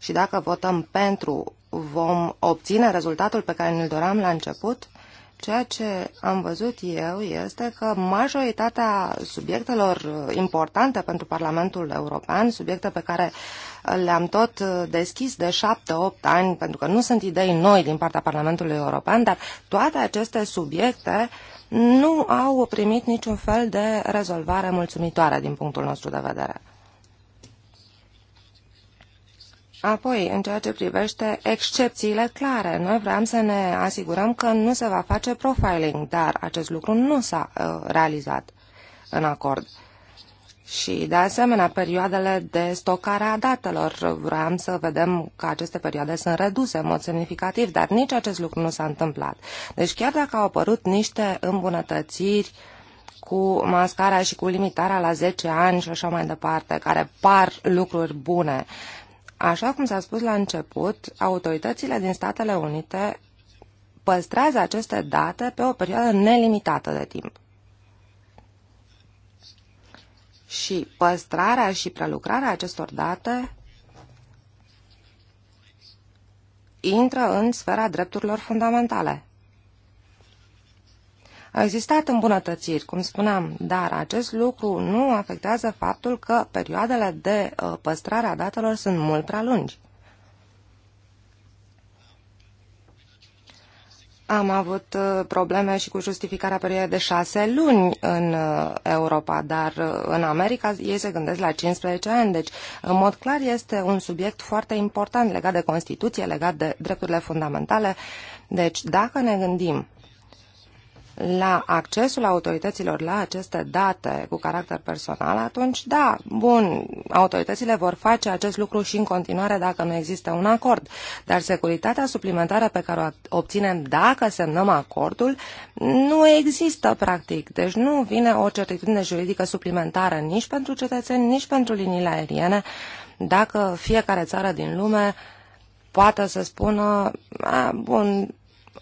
și dacă votăm pentru, vom obține rezultatul pe care ne-l doream la început? Ceea ce am văzut eu este că majoritatea subiectelor importante pentru Parlamentul European, subiecte pe care le-am tot deschis de șapte-opt ani, pentru că nu sunt idei noi din partea Parlamentului European, dar toate aceste subiecte nu au primit niciun fel de rezolvare mulțumitoare din punctul nostru de vedere. Apoi, în ceea ce privește excepțiile clare, noi vrem să ne asigurăm că nu se va face profiling, dar acest lucru nu s-a uh, realizat în acord. Și, de asemenea, perioadele de stocare a datelor. Vreau să vedem că aceste perioade sunt reduse în mod semnificativ, dar nici acest lucru nu s-a întâmplat. Deci, chiar dacă au apărut niște îmbunătățiri cu mascarea și cu limitarea la 10 ani și așa mai departe, care par lucruri bune, Așa cum s-a spus la început, autoritățile din Statele Unite păstrează aceste date pe o perioadă nelimitată de timp. Și păstrarea și prelucrarea acestor date intră în sfera drepturilor fundamentale. Au existat îmbunătățiri, cum spuneam, dar acest lucru nu afectează faptul că perioadele de uh, păstrare a datelor sunt mult prea lungi. Am avut uh, probleme și cu justificarea perioadei de șase luni în uh, Europa, dar în America ei se gândesc la 15 ani. Deci, în mod clar, este un subiect foarte important legat de Constituție, legat de drepturile fundamentale. Deci, dacă ne gândim la accesul autorităților la aceste date cu caracter personal, atunci, da, bun, autoritățile vor face acest lucru și în continuare dacă nu există un acord. Dar securitatea suplimentară pe care o obținem dacă semnăm acordul nu există, practic. Deci nu vine o certitudine juridică suplimentară nici pentru cetățeni, nici pentru liniile aeriene, dacă fiecare țară din lume poate să spună, a, bun,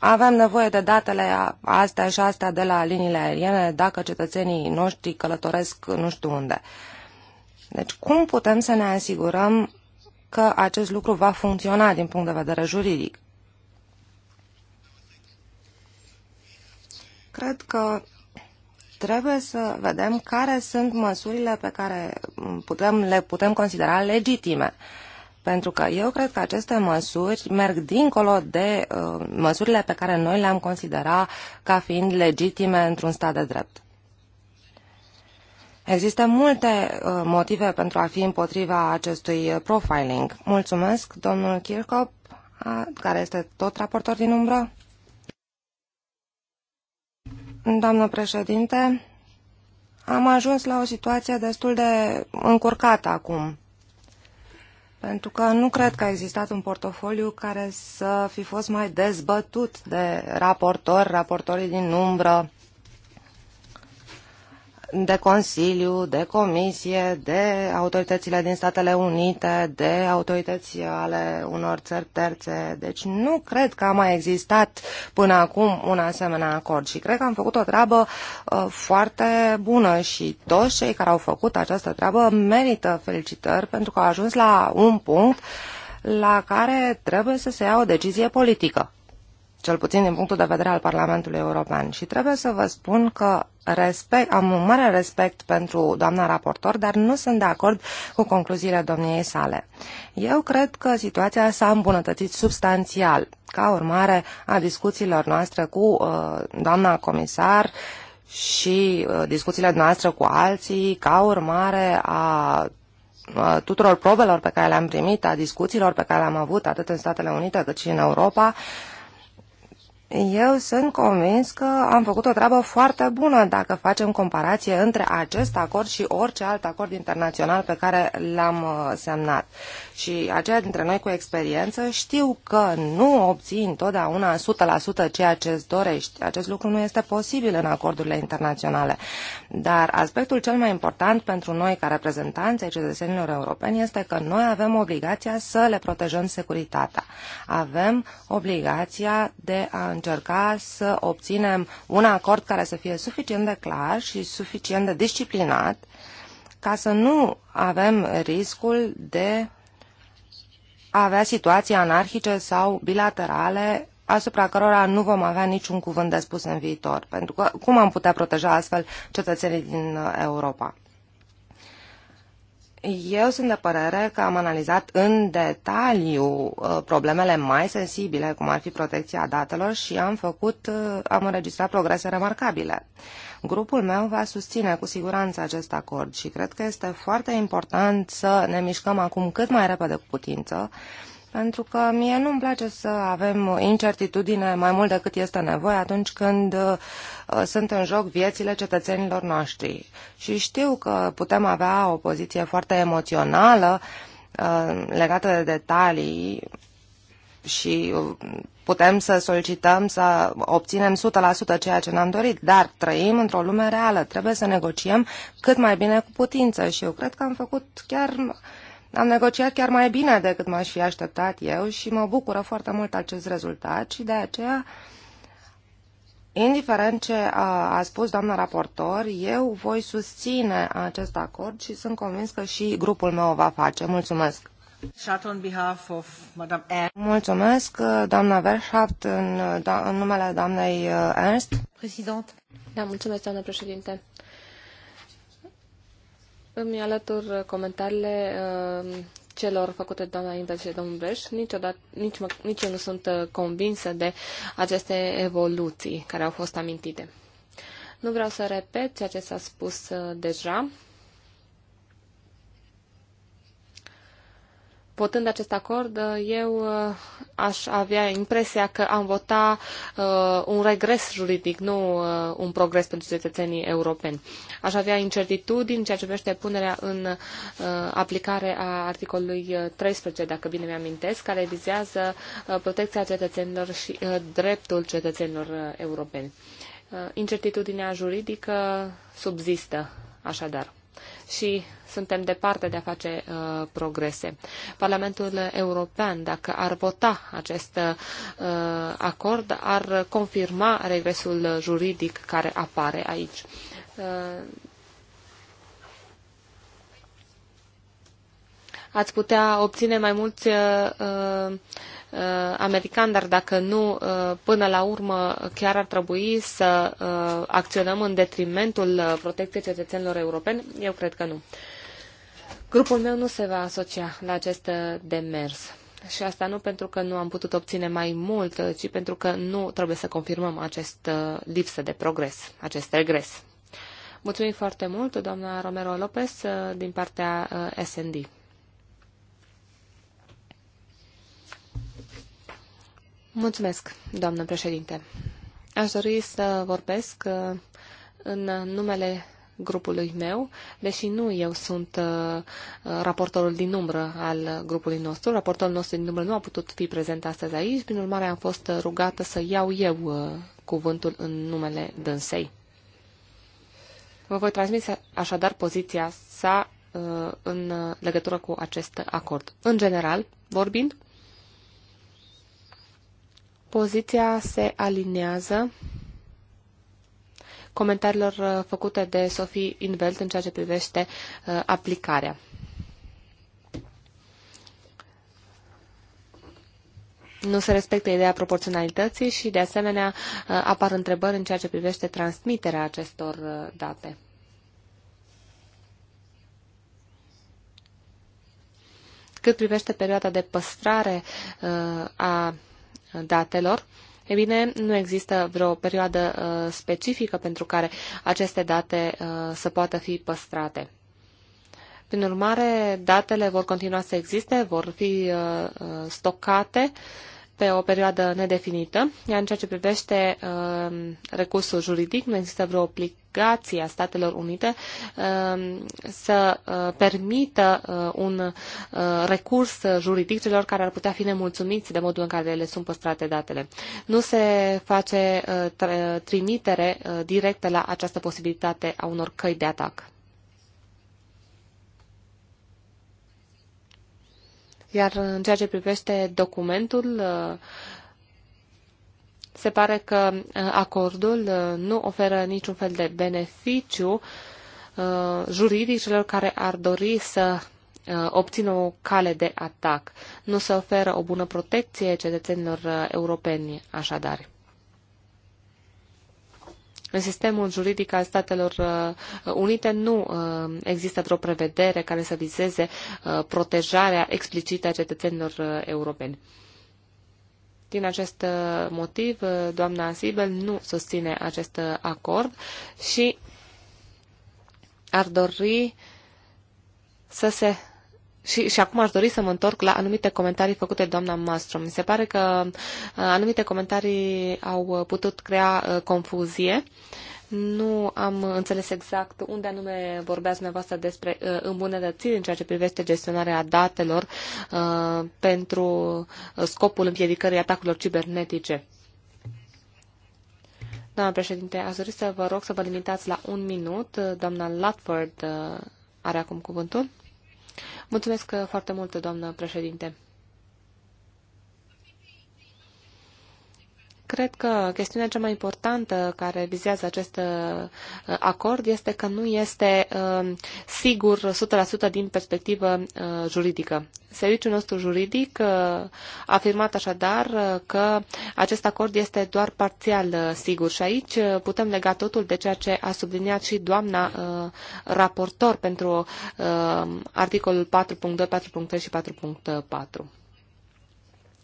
avem nevoie de datele astea și astea de la liniile aeriene dacă cetățenii noștri călătoresc nu știu unde. Deci cum putem să ne asigurăm că acest lucru va funcționa din punct de vedere juridic? Cred că trebuie să vedem care sunt măsurile pe care putem, le putem considera legitime. Uh, pentru că eu cred că aceste măsuri merg dincolo de uh, măsurile pe care noi le-am considera ca fiind legitime într-un stat de drept. Există multe uh, motive pentru a fi împotriva acestui profiling. Mulțumesc, domnul Kirchhoff, care este tot raportor din umbră. Doamnă președinte, am ajuns la o situație destul de încurcată acum. Pentru că nu cred că a existat un portofoliu care să fi fost mai dezbătut de raportori, raportorii din umbră, de Consiliu, de Comisie, de autoritățile din Statele Unite, de autorități ale unor țări terțe. Deci nu cred că a mai existat până acum un asemenea acord și cred că am făcut o treabă uh, foarte bună și toți cei care au făcut această treabă merită felicitări pentru că au ajuns la un punct la care trebuie să se ia o decizie politică cel puțin din punctul de vedere al Parlamentului European. Și trebuie să vă spun că respect, am un mare respect pentru doamna raportor, dar nu sunt de acord cu concluziile domniei sale. Eu cred că situația s-a îmbunătățit substanțial ca urmare a discuțiilor noastre cu uh, doamna comisar și uh, discuțiile noastre cu alții, ca urmare a uh, tuturor probelor pe care le-am primit, a discuțiilor pe care le-am avut atât în Statele Unite cât și în Europa, uh, eu sunt convins că am făcut o treabă foarte bună dacă facem comparație între acest acord și orice alt acord internațional pe care l-am uh, semnat. Și aceia dintre noi cu experiență știu că nu obții întotdeauna 100% ceea ce îți dorești. Acest lucru nu este posibil în acordurile internaționale. Dar aspectul cel mai important pentru noi ca reprezentanți ai cetățenilor europeni este că noi avem obligația să le protejăm securitatea. Avem obligația de a încerca să obținem un acord care să fie suficient de clar și suficient de disciplinat ca să nu avem riscul de a avea situații anarhice sau bilaterale asupra cărora nu vom avea niciun cuvânt de spus în viitor. Pentru că cum am putea proteja astfel cetățenii din uh, Europa? Eu sunt de părere că am analizat în detaliu uh, problemele mai sensibile, cum ar fi protecția datelor și am făcut, uh, am înregistrat progrese remarcabile. Grupul meu va susține cu siguranță acest acord și cred că este foarte important să ne mișcăm acum cât mai repede cu putință pentru că mie nu-mi place să avem incertitudine mai mult decât este nevoie atunci când uh, sunt în joc viețile cetățenilor noștri. Și știu că putem avea o poziție foarte emoțională uh, legată de detalii și uh, putem să solicităm să obținem 100% ceea ce ne-am dorit, dar trăim într-o lume reală, trebuie să negociem cât mai bine cu putință și eu cred că am făcut chiar am negociat chiar mai bine decât m-aș fi așteptat eu și mă bucură foarte mult acest rezultat și de aceea, indiferent ce a, a spus doamna raportor, eu voi susține acest acord și sunt convins că și grupul meu o va face. Mulțumesc! Mulțumesc, uh, doamna Verhaaft, în, uh, da, în numele doamnei uh, Ernst. Președinte. Da, mulțumesc, doamna președinte. Îmi alătur comentariile uh, celor făcute doamna Inver și domnul Breș. Niciodată, nici, mă, nici eu nu sunt uh, convinsă de aceste evoluții care au fost amintite. Nu vreau să repet ceea ce s-a spus uh, deja. votând acest acord, eu uh, aș avea impresia că am vota uh, un regres juridic, nu uh, un progres pentru cetățenii europeni. Aș avea incertitudini ceea ce privește punerea în aplicare a articolului 13, dacă bine mi-amintesc, care vizează protecția cetățenilor și dreptul cetățenilor europeni. Incertitudinea juridică subzistă, așadar și suntem departe de a face uh, progrese. Parlamentul European, dacă ar vota acest uh, acord, ar confirma regresul juridic care apare aici. Uh, ați putea obține mai mulți uh, Uh, american, dar dacă nu, uh, până la urmă chiar ar trebui să uh, acționăm în detrimentul protecției cetățenilor europeni? Eu cred că nu. Grupul meu nu se va asocia la acest demers. Și asta nu pentru că nu am putut obține mai mult, ci pentru că nu trebuie să confirmăm acest lipsă de progres, acest regres. Mulțumim foarte mult, doamna Romero Lopez, din partea SND. Mulțumesc, doamnă președinte. Aș dori să vorbesc uh, în numele grupului meu, deși nu eu sunt uh, raportorul din umbră al grupului nostru. Raportorul nostru din umbră nu a putut fi prezent astăzi aici, prin urmare am fost rugată să iau eu uh, cuvântul în numele dânsei. Vă voi transmite așadar poziția sa în legătură cu acest acord. În general, vorbind, Poziția se aliniază. comentariilor uh, făcute de Sophie Invelt în ceea ce privește uh, aplicarea. nu se respectă ideea proporționalității și, de asemenea, uh, apar întrebări în ceea ce privește transmiterea acestor date. Cât privește perioada de păstrare a datelor, e bine, nu există vreo perioadă uh, specifică pentru care aceste date uh, să poată fi păstrate. Prin urmare, datele vor continua să existe, vor fi uh, stocate pe o perioadă nedefinită, iar în ceea ce privește uh, recursul juridic, nu există vreo obligație a Statelor Unite uh, să uh, permită uh, un uh, recurs juridic celor care ar putea fi nemulțumiți de modul în care le sunt păstrate datele. Nu se face uh, trimitere uh, directă la această posibilitate a unor căi de atac. Iar în ceea ce privește documentul, uh, se pare că uh, acordul uh, nu oferă niciun fel de beneficiu juridic celor care ar dori să obțină o cale de atac. Nu se oferă o bună protecție cetățenilor europeni, așadar. În sistemul juridic al Statelor uh, Unite nu uh, există vreo prevedere care să vizeze uh, protejarea explicită a cetățenilor europeni. Din acest motiv, doamna Sibel nu susține acest acord și ar dori să se și, și acum aș dori să mă întorc la anumite comentarii făcute doamna Mastrom. Mi se pare că uh, anumite comentarii au uh, putut crea uh, confuzie. Nu am înțeles exact unde anume vorbeați dumneavoastră despre uh, îmbunătățiri în ceea ce privește gestionarea datelor uh, pentru scopul împiedicării atacurilor cibernetice. Doamna președinte, aș dori să vă rog să vă limitați la un minut. Doamna Latford uh, are acum cuvântul. Mulțumesc foarte mult, doamnă președinte. cred că chestiunea cea mai importantă care vizează acest uh, acord este că nu este uh, sigur 100% din perspectivă uh, juridică. Serviciul nostru juridic a afirmat așadar că acest acord este doar parțial sigur și aici putem lega totul de ceea ce a subliniat și doamna raportor pentru articolul 4.2, 4.3 și 4.4.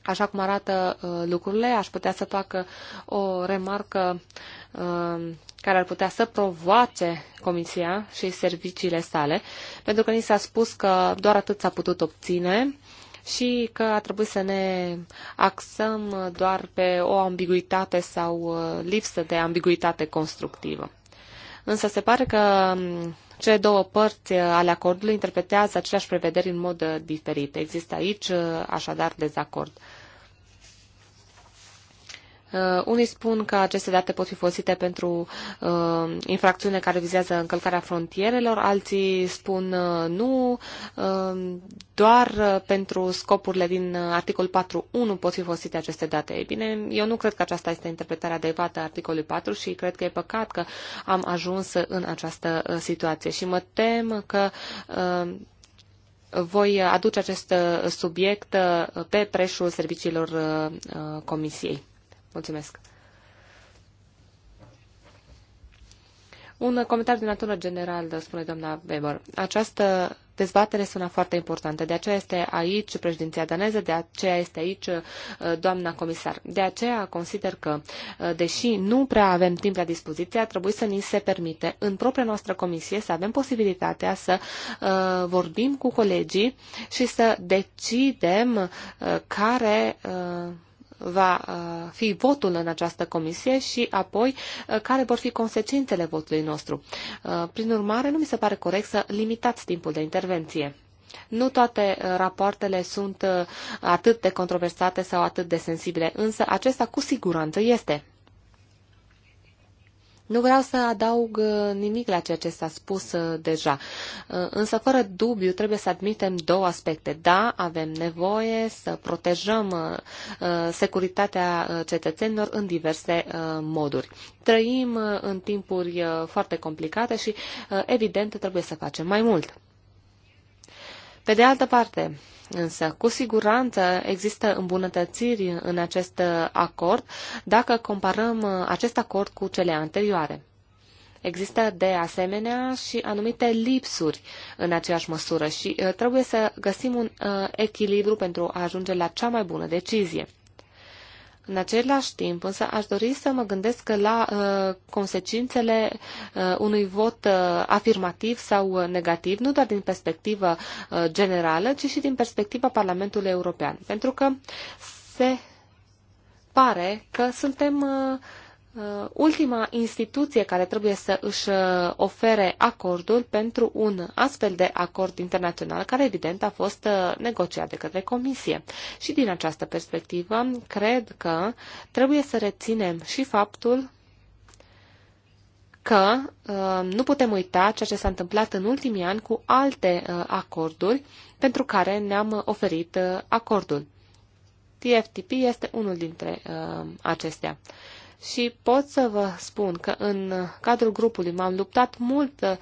Așa cum arată uh, lucrurile, aș putea să facă o remarcă uh, care ar putea să provoace Comisia și serviciile sale, pentru că ni s-a spus că doar atât s-a putut obține și că a trebuit să ne axăm doar pe o ambiguitate sau uh, lipsă de ambiguitate constructivă. Însă se pare că um, cele două părți uh, ale acordului interpretează aceleași prevederi în mod uh, diferit. Există aici uh, așadar dezacord. Uh, unii spun că aceste date pot fi folosite pentru uh, infracțiune care vizează încălcarea frontierelor, alții spun uh, nu, uh, doar uh, pentru scopurile din uh, articol 4.1 pot fi folosite aceste date. Ei bine, eu nu cred că aceasta este interpretarea adecvată a articolului 4 și cred că e păcat că am ajuns în această uh, situație și mă tem că uh, voi aduce acest uh, subiect uh, pe preșul serviciilor uh, Comisiei. Mulțumesc. Un comentariu de natură generală, spune doamna Weber. Această dezbatere sună foarte importantă. De aceea este aici președinția daneză, de aceea este aici uh, doamna comisar. De aceea consider că, uh, deși nu prea avem timp la dispoziție, trebuie trebui să ni se permite în propria noastră comisie să avem posibilitatea să uh, vorbim cu colegii și să decidem uh, care uh, va uh, fi votul în această comisie și apoi uh, care vor fi consecințele votului nostru. Uh, prin urmare, nu mi se pare corect să limitați timpul de intervenție. Nu toate rapoartele sunt atât de controversate sau atât de sensibile, însă acesta cu siguranță este. Nu vreau să adaug uh, nimic la ceea ce s-a spus uh, deja, uh, însă fără dubiu trebuie să admitem două aspecte. Da, avem nevoie să protejăm securitatea cetățenilor în diverse moduri. Trăim în timpuri foarte complicate și, evident, trebuie să facem mai mult. Pe de altă parte, însă, cu siguranță există îmbunătățiri în acest acord dacă comparăm acest acord cu cele anterioare. Există de asemenea și anumite lipsuri în aceeași măsură și uh, trebuie să găsim un uh, echilibru pentru a ajunge la cea mai bună decizie. În același timp, însă, aș dori să mă gândesc la uh, consecințele uh, unui vot uh, afirmativ sau uh, negativ, nu doar din perspectivă uh, generală, ci și din perspectiva Parlamentului European. Pentru că se pare că suntem uh, Uh, ultima instituție care trebuie să își uh, ofere acordul pentru un astfel de acord internațional care evident a fost uh, negociat de către Comisie. Și din această perspectivă, cred că trebuie să reținem și faptul că nu putem uita ceea ce s-a întâmplat în ultimii ani cu alte acorduri pentru care ne-am oferit acordul. TFTP este unul dintre acestea și pot să vă spun că în cadrul grupului m-am luptat mult uh,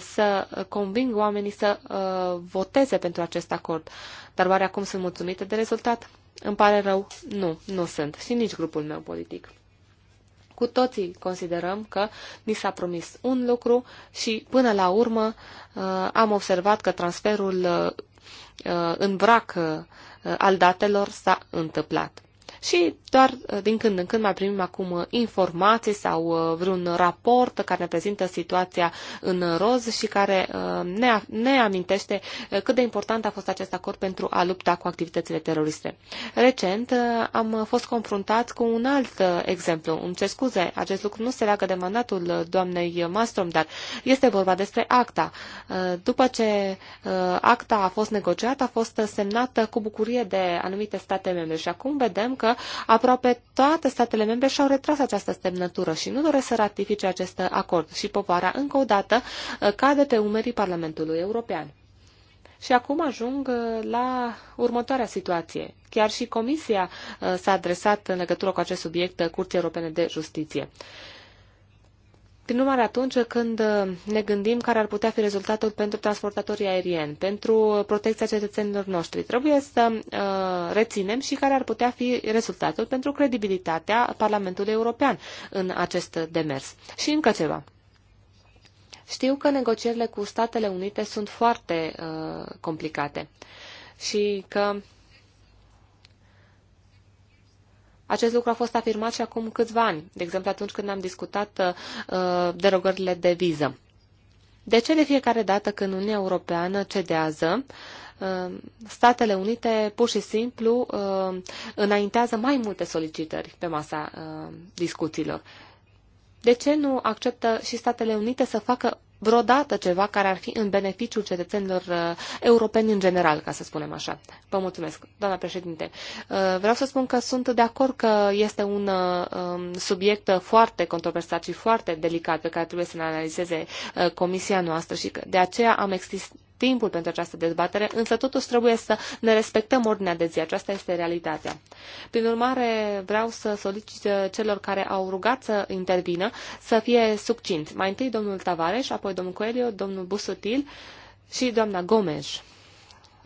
să conving oamenii să uh, voteze pentru acest acord. Dar oare acum sunt mulțumită de rezultat? Îmi pare rău, nu, nu sunt și nici grupul meu politic. Cu toții considerăm că ni s-a promis un lucru și până la urmă uh, am observat că transferul în brac al datelor s-a întâmplat și doar uh, din când în când mai primim acum uh, informații sau uh, vreun raport care ne prezintă situația în roz și care ne, ne amintește cât de important a fost acest acord pentru a lupta cu activitățile teroriste. Recent am fost confruntat cu un alt exemplu. Îmi cer scuze, acest lucru nu se leagă de mandatul doamnei Mastrom, dar este vorba despre acta. După ce acta a fost negociată, a fost semnată cu bucurie de anumite state membre și acum vedem că aproape toate statele membre și-au retras această semnătură și nu doresc să ratifice acest acord și povara încă o dată uh, cade pe umerii Parlamentului European. Și acum ajung uh, la următoarea situație. Chiar și Comisia uh, s-a adresat în legătură cu acest subiect Curții Europene de Justiție. Prin urmare, atunci când uh, ne gândim care ar putea fi rezultatul pentru transportatorii aerieni, pentru protecția cetățenilor noștri, trebuie să uh, reținem și care ar putea fi rezultatul pentru credibilitatea Parlamentului European în acest demers. Și încă ceva. Știu că negocierile cu Statele Unite sunt foarte uh, complicate și că Acest lucru a fost afirmat și acum câțiva ani, de exemplu atunci când am discutat uh, derogările de viză. De ce de fiecare dată când Uniunea Europeană cedează, uh, Statele Unite pur și simplu uh, înaintează mai multe solicitări pe masa uh, discuțiilor? De ce nu acceptă și Statele Unite să facă vreodată ceva care ar fi în beneficiul cetățenilor uh, europeni în general, ca să spunem așa. Vă mulțumesc, doamna președinte. Uh, vreau să spun că sunt de acord că este un uh, um, subiect foarte controversat și foarte delicat pe care trebuie să ne analizeze comisia noastră și de aceea am existat timpul pentru această dezbatere, însă totuși trebuie să ne respectăm ordinea de zi. Aceasta este realitatea. Prin urmare, vreau să solicit uh, celor care au rugat să intervină să fie succint. Mai întâi domnul Tavares, apoi domnul Coelio, domnul Busutil și doamna Gomes.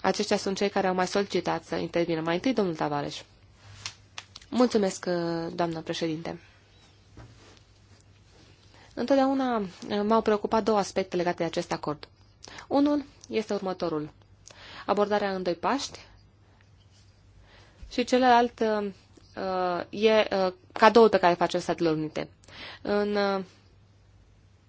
Aceștia sunt cei care au mai solicitat să intervină. Mai întâi domnul Tavares. Mulțumesc, uh, doamnă președinte. Întotdeauna uh, m-au preocupat două aspecte legate de acest acord. Unul este următorul. Abordarea în doi paști și celălalt uh, e uh, cadoul pe care face Statele Unite. În uh,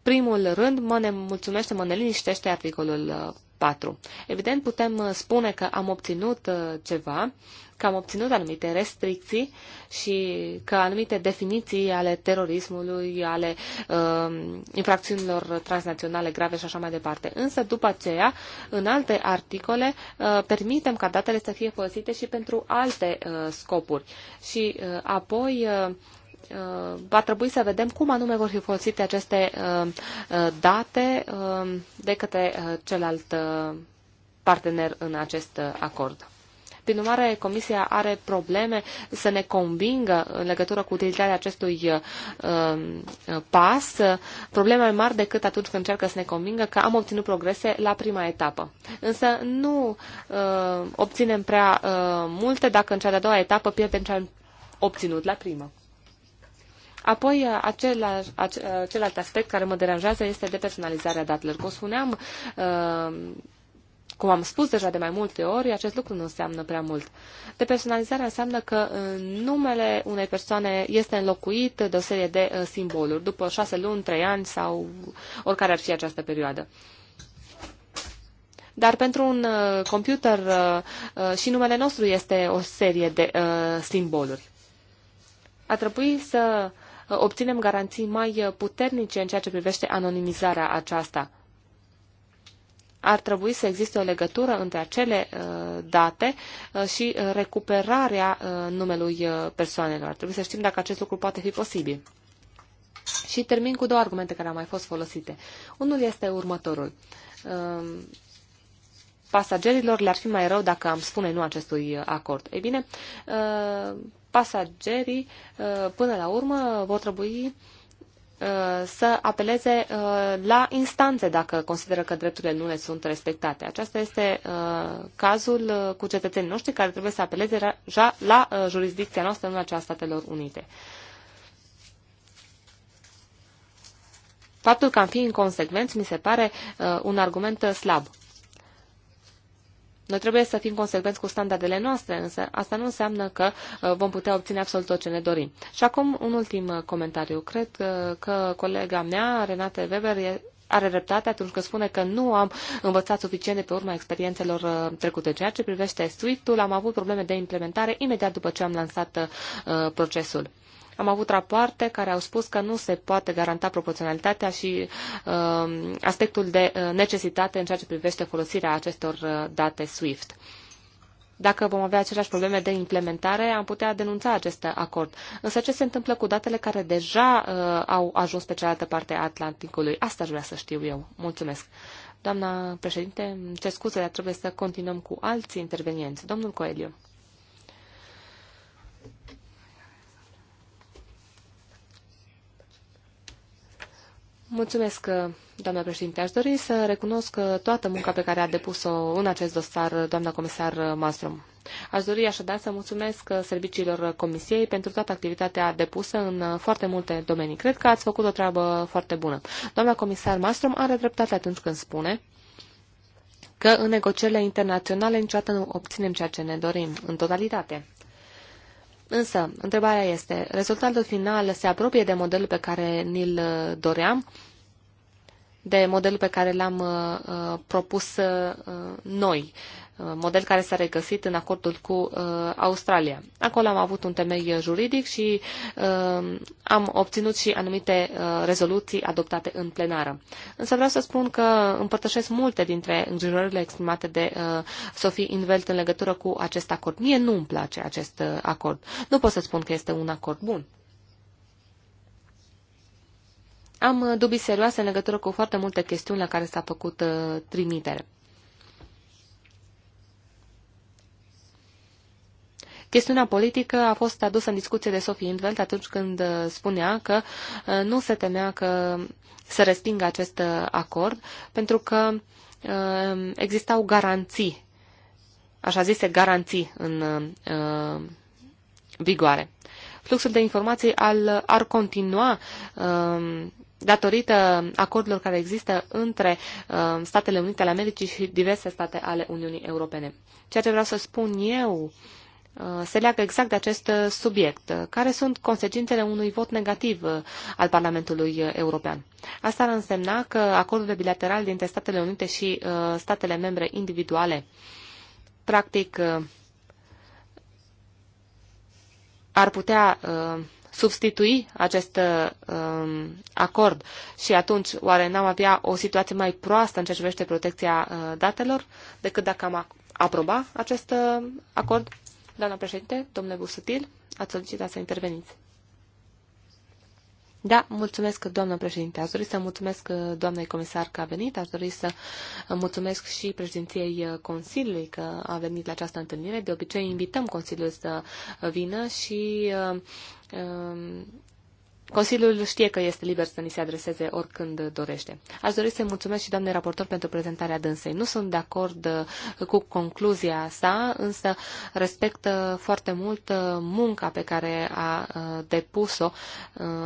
primul rând, mă ne mulțumește, mă ne liniștește articolul 4. Evident, putem spune că am obținut ceva că am obținut anumite restricții și că anumite definiții ale terorismului, ale uh, infracțiunilor transnaționale grave și așa mai departe. Însă, după aceea, în alte articole, uh, permitem ca datele să fie folosite și pentru alte uh, scopuri. Și uh, apoi. Uh, uh va trebui să vedem cum anume vor fi folosite aceste uh, uh, date de către celălalt partener în acest acord. Prin urmare, Comisia are probleme să ne convingă în legătură cu utilizarea acestui uh, pas, probleme mai mari decât atunci când încearcă să ne convingă că am obținut progrese la prima etapă. Însă nu uh, obținem prea uh, multe dacă în cea de-a doua etapă pierdem ce am obținut la prima. Apoi, acel ace, celălalt aspect care mă deranjează este depersonalizarea datelor. Cum spuneam, cum am spus deja de mai multe ori, acest lucru nu înseamnă prea mult. Depersonalizarea înseamnă că uh, numele unei persoane este înlocuit de o serie de uh, simboluri, după șase luni, trei ani sau oricare ar fi această perioadă dar pentru un uh, computer și numele nostru este o serie de simboluri. A trebuit să obținem garanții mai puternice în ceea ce privește anonimizarea aceasta ar trebui să existe o legătură între acele uh, date uh, și uh, recuperarea numelui persoanelor. Ar trebui să știm dacă acest lucru poate fi posibil. Și termin cu două argumente care au mai fost folosite. Unul este următorul. Um, pasagerilor le-ar fi mai rău dacă am spune nu acestui acord. Ei bine, pasagerii până la urmă vor trebui Uh, să apeleze uh, la instanțe dacă consideră că drepturile nu le sunt respectate. Aceasta este uh, cazul cu cetățenii noștri care trebuie să apeleze deja la jurisdicția noastră, nu aceea a Statelor Unite. Faptul că am fi inconsecvenți mi se pare un argument slab. Noi trebuie să fim consecvenți cu standardele noastre, însă asta nu înseamnă că uh, vom putea obține absolut tot ce ne dorim. Și acum un ultim uh, comentariu. Cred uh, că colega mea, Renate Weber, are dreptate atunci când spune că nu am învățat suficient de pe urma experiențelor trecute. Ceea ce privește SWIFT-ul, am avut probleme de implementare imediat după ce am lansat uh, procesul. Am avut rapoarte care au spus că nu se poate garanta proporționalitatea și uh, aspectul de uh, necesitate în ceea ce privește folosirea acestor uh, date SWIFT. Dacă vom avea aceleași probleme de implementare, am putea denunța acest acord. Însă ce se întâmplă cu datele care deja uh, au ajuns pe cealaltă parte a Atlanticului? Asta aș vrea să știu eu. Mulțumesc. Doamna președinte, ce scuze, dar trebuie să continuăm cu alți intervenienți. Domnul Coelio. Mulțumesc, doamna președinte. Aș dori să recunosc toată munca pe care a depus-o în acest dosar doamna comisar Mastrom. Aș dori așadar să mulțumesc serviciilor Comisiei pentru toată activitatea depusă în foarte multe domenii. Cred că ați făcut o treabă foarte bună. Doamna comisar Mastrom are dreptate atunci când spune că în negocierile internaționale niciodată nu obținem ceea ce ne dorim, în totalitate. Însă, întrebarea este, rezultatul final se apropie de modelul pe care ni-l uh, doream? de modelul pe care l-am uh, uh, propus uh, noi, model care s-a regăsit în acordul cu Australia. Acolo am avut un temei juridic și am obținut și anumite rezoluții adoptate în plenară. Însă vreau să spun că împărtășesc multe dintre îngrijorările exprimate de Sophie Invelt în legătură cu acest acord. Mie nu îmi place acest acord. Nu pot să spun că este un acord bun. Am uh, dubii serioase în legătură cu foarte multe chestiuni la care s-a făcut uh, trimitere. Chestiunea politică a fost adusă în discuție de Sophie Intveld atunci când uh, spunea că nu se temea că se respingă acest acord, pentru că existau garanții, așa zise garanții în vigoare. Fluxul de informații al, ar continua datorită acordurilor care există între uh, Statele Unite ale Americii și diverse state ale Uniunii Europene. Ceea ce vreau să spun eu uh, se leagă exact de acest subiect. Care sunt consecințele unui vot negativ uh, al Parlamentului uh, European? Asta ar însemna că acordurile bilaterale dintre Statele Unite și uh, statele membre individuale, practic, uh, ar putea substitui acest um, acord și atunci oare n-am avea o situație mai proastă în ceea ce privește protecția uh, datelor decât dacă am aproba acest uh, acord? Doamna președinte, domnule Busutil, ați solicitat să interveniți. Da, mulțumesc, doamnă președinte. Aș dori să mulțumesc uh, doamnei comisar că a venit. Aș dori să uh, mulțumesc și președinției uh, Consiliului că a venit la această întâlnire. De obicei invităm Consiliul să vină și um, Consiliul știe că este liber să ni se adreseze oricând dorește. Aș dori să-i mulțumesc și doamnei raportor pentru prezentarea dânsei. Nu sunt de acord uh, cu concluzia sa, însă respect foarte mult uh, munca pe care a uh, depus-o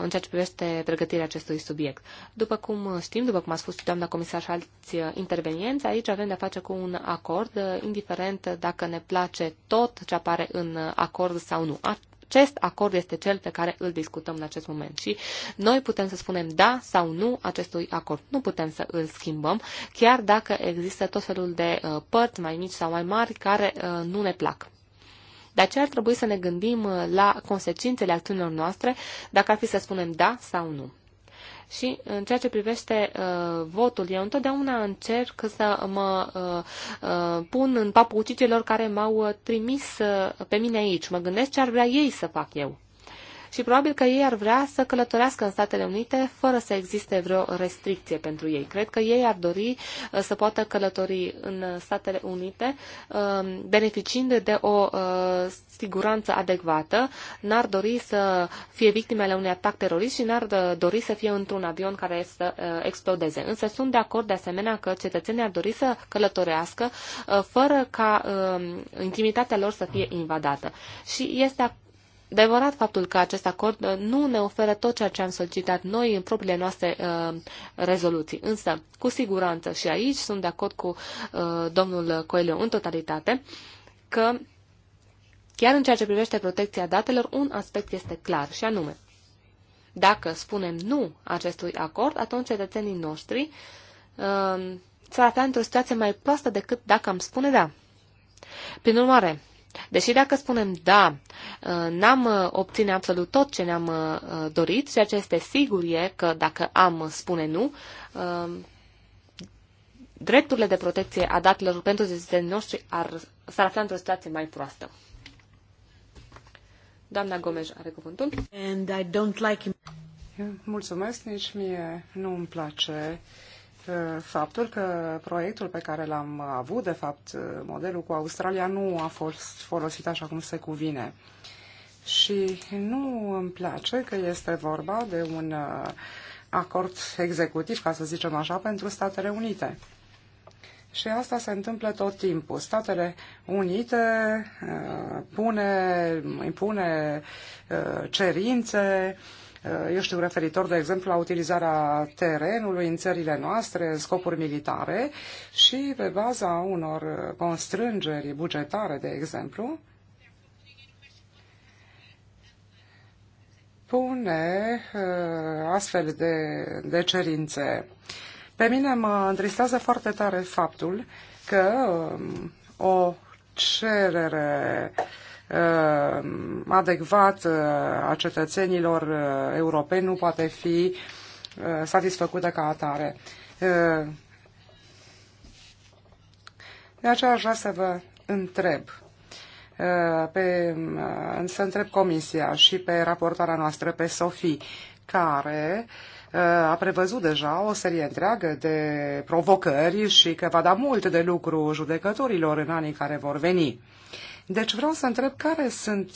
în ceea ce privește pregătirea acestui subiect. După cum știm, după cum a spus și doamna comisar și alți intervenienți, aici avem de-a face cu un acord, indiferent dacă ne place tot ce apare în acord sau nu acest acord este cel pe care îl discutăm în acest moment și noi putem să spunem da sau nu acestui acord. Nu putem să îl schimbăm, chiar dacă există tot felul de uh, părți mai mici sau mai mari care uh, nu ne plac. De aceea ar trebui să ne gândim uh, la consecințele acțiunilor noastre, dacă ar fi să spunem da sau nu. Și în ceea ce privește uh, votul, eu întotdeauna încerc să mă uh, uh, pun în papucii celor care m-au trimis uh, pe mine aici. Mă gândesc ce ar vrea ei să fac eu și probabil că ei ar vrea să călătorească în Statele Unite fără să existe vreo restricție pentru ei. Cred că ei ar dori uh, să poată călători în Statele Unite um, beneficiind de o uh, siguranță adecvată, n-ar dori să fie victimele unui atac terorist și n-ar uh, dori să fie într-un avion care să explodeze. Însă sunt de acord de asemenea că cetățenii ar dori să călătorească fără ca um, intimitatea lor să fie invadată. Și este adevărat faptul că acest acord uh, nu ne oferă tot ceea ce am solicitat noi în propriile noastre uh, rezoluții. Însă, cu siguranță și aici sunt de acord cu uh, domnul Coelho în totalitate că chiar în ceea ce privește protecția datelor, un aspect este clar și anume, dacă spunem nu acestui acord, atunci cetățenii noștri uh, s-ar afla într-o situație mai proastă decât dacă am spune da. Prin urmare, Deși dacă spunem da, uh, n-am uh, obține absolut tot ce ne-am uh, dorit, ceea ce este sigur e că dacă am spune nu, drepturile de protecție a datelor pentru cetățenii noștri ar, s-ar afla într-o situație mai proastă. Doamna Gomes are cuvântul. And I don't like him. Mulțumesc, nici mie nu îmi place uh, Uh, faptul că proiectul pe care l-am avut, de fapt, uh, modelul cu Australia, nu a fost folosit așa cum se cuvine. Și nu îmi place că este vorba de un uh, acord executiv, ca să zicem așa, pentru Statele Unite. Și asta se întâmplă tot timpul. Statele Unite pune, impune cerințe, Eh, eu știu, referitor, de exemplu, la utilizarea terenului în țările noastre în scopuri militare și pe baza unor constrângeri bugetare, de exemplu, pune eh, astfel de, de cerințe. Pe mine mă întristează foarte tare faptul că mm, o cerere uh, Uh, adecvat uh, a cetățenilor uh, europeni nu poate fi satisfăcută ca atare. De aceea aș vrea să vă întreb, pe, să întreb Comisia și pe raportarea noastră, pe Sofie, care a prevăzut deja o serie întreagă de provocări și că va da mult de lucru judecătorilor în anii care vor veni. Deci vreau să întreb care sunt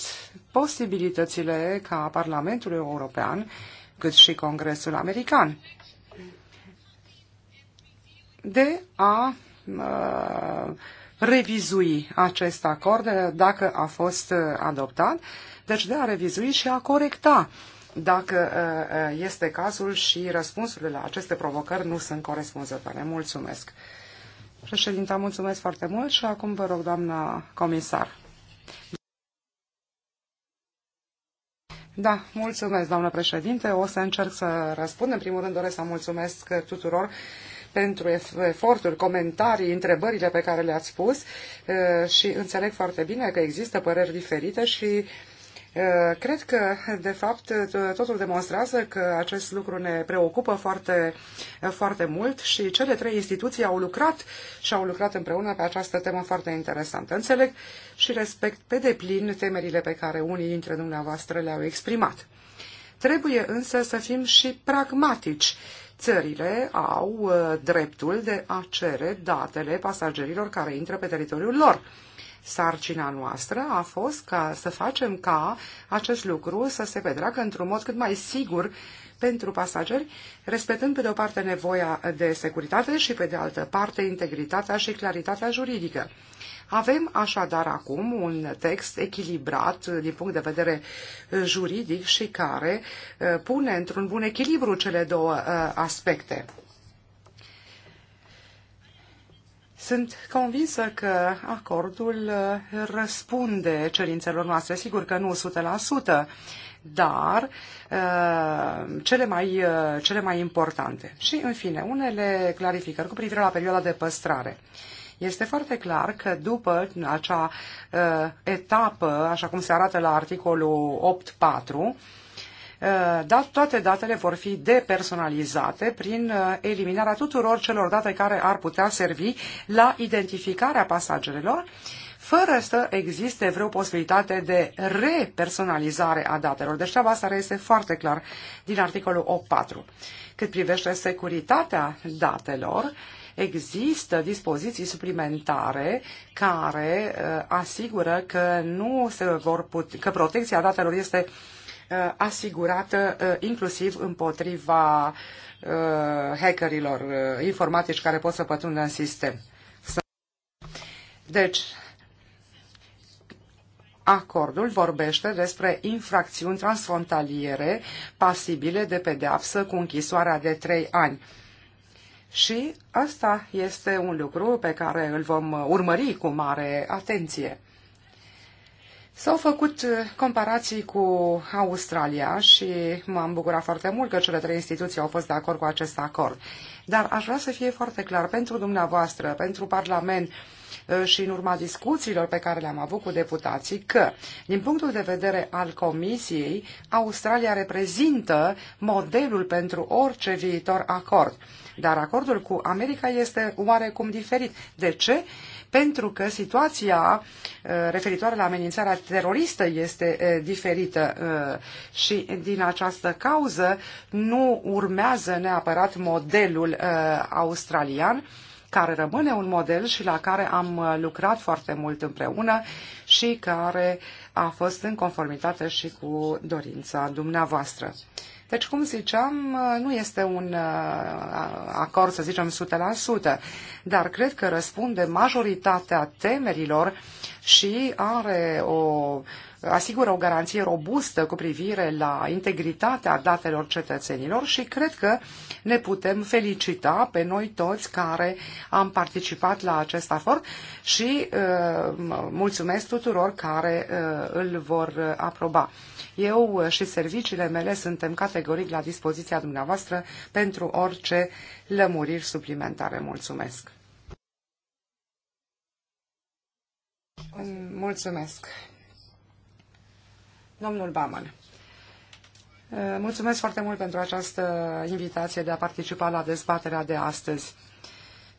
posibilitățile ca Parlamentul European, cât și Congresul American, de a uh, revizui acest acord dacă a fost uh, adoptat, deci de a revizui și a corecta dacă uh, uh, este cazul și răspunsurile la aceste provocări nu sunt corespunzătoare. Mulțumesc! Președinta, mulțumesc foarte mult și acum vă rog, doamna comisar. Da, mulțumesc, doamnă președinte. O să încerc să răspund. În primul rând doresc să mulțumesc tuturor pentru eforturi, comentarii, întrebările pe care le-ați pus eh, și înțeleg foarte bine că există păreri diferite și uh, Eh, cred că, de fapt, totul demonstrează că acest lucru ne preocupă foarte, foarte mult și cele trei instituții au lucrat și au lucrat împreună pe această temă foarte interesantă. Înțeleg și respect pe deplin temerile pe care unii dintre dumneavoastră le-au exprimat. Trebuie însă să fim și pragmatici. Țările au eh, dreptul de a cere datele pasagerilor care intră pe teritoriul lor Sarcina noastră a fost ca să facem ca acest lucru să se petreacă într-un mod cât mai sigur pentru pasageri, respectând pe de o parte nevoia de securitate și pe de altă parte integritatea și claritatea juridică. Avem așadar acum un text echilibrat din punct de vedere uh, juridic și care uh, pune într-un bun echilibru cele două uh, aspecte. Sunt convinsă că acordul uh, răspunde cerințelor noastre. Sigur că nu 100%, dar uh, cele, mai, uh, cele mai importante. Și, în fine, unele clarificări cu privire la perioada de păstrare. Este foarte clar că după acea uh, etapă, așa cum se arată la articolul 8.4, Uh, dat, toate datele vor fi depersonalizate prin uh, eliminarea tuturor celor date care ar putea servi la identificarea pasagerilor, fără să existe vreo posibilitate de repersonalizare a datelor. Deci treaba asta este foarte clar din articolul 8.4. Cât privește securitatea datelor, există dispoziții suplimentare care uh, asigură că nu se vor put- că protecția datelor este uh, Uh, asigurată uh, inclusiv împotriva uh, hackerilor informatici care pot să pătrundă în sistem. Deci, Acordul vorbește despre infracțiuni transfrontaliere pasibile de pedeapsă cu închisoarea de trei ani. Și asta este un lucru pe care îl vom urmări cu mare atenție. S-au făcut uh, comparații cu Australia și m-am bucurat foarte mult că cele trei instituții au fost de acord cu acest acord. Dar aș vrea să fie foarte clar pentru dumneavoastră, pentru Parlament uh, și în urma discuțiilor pe care le-am avut cu deputații că, din punctul de vedere al Comisiei, Australia reprezintă modelul pentru orice viitor acord. Dar acordul cu America este oarecum diferit. De ce? pentru că situația uh, referitoare la amenințarea teroristă este uh, diferită uh, și din această cauză nu urmează neapărat modelul australian, care rămâne un model și la care am lucrat foarte mult împreună și care a fost în conformitate și cu dorința dumneavoastră. Deci, cum ziceam, nu este un uh, acord, să zicem, 100%, dar cred că răspunde majoritatea temerilor și are o asigură o garanție robustă cu privire la integritatea datelor cetățenilor și cred că ne putem felicita pe noi toți care am participat la acest efort și uh, mulțumesc tuturor care uh, îl vor aproba. Eu și serviciile mele suntem categoric la dispoziția dumneavoastră pentru orice lămuriri suplimentare. Mulțumesc! Mulțumesc! Domnul Baman. Uh, mulțumesc foarte mult pentru această invitație de a participa la dezbaterea de astăzi.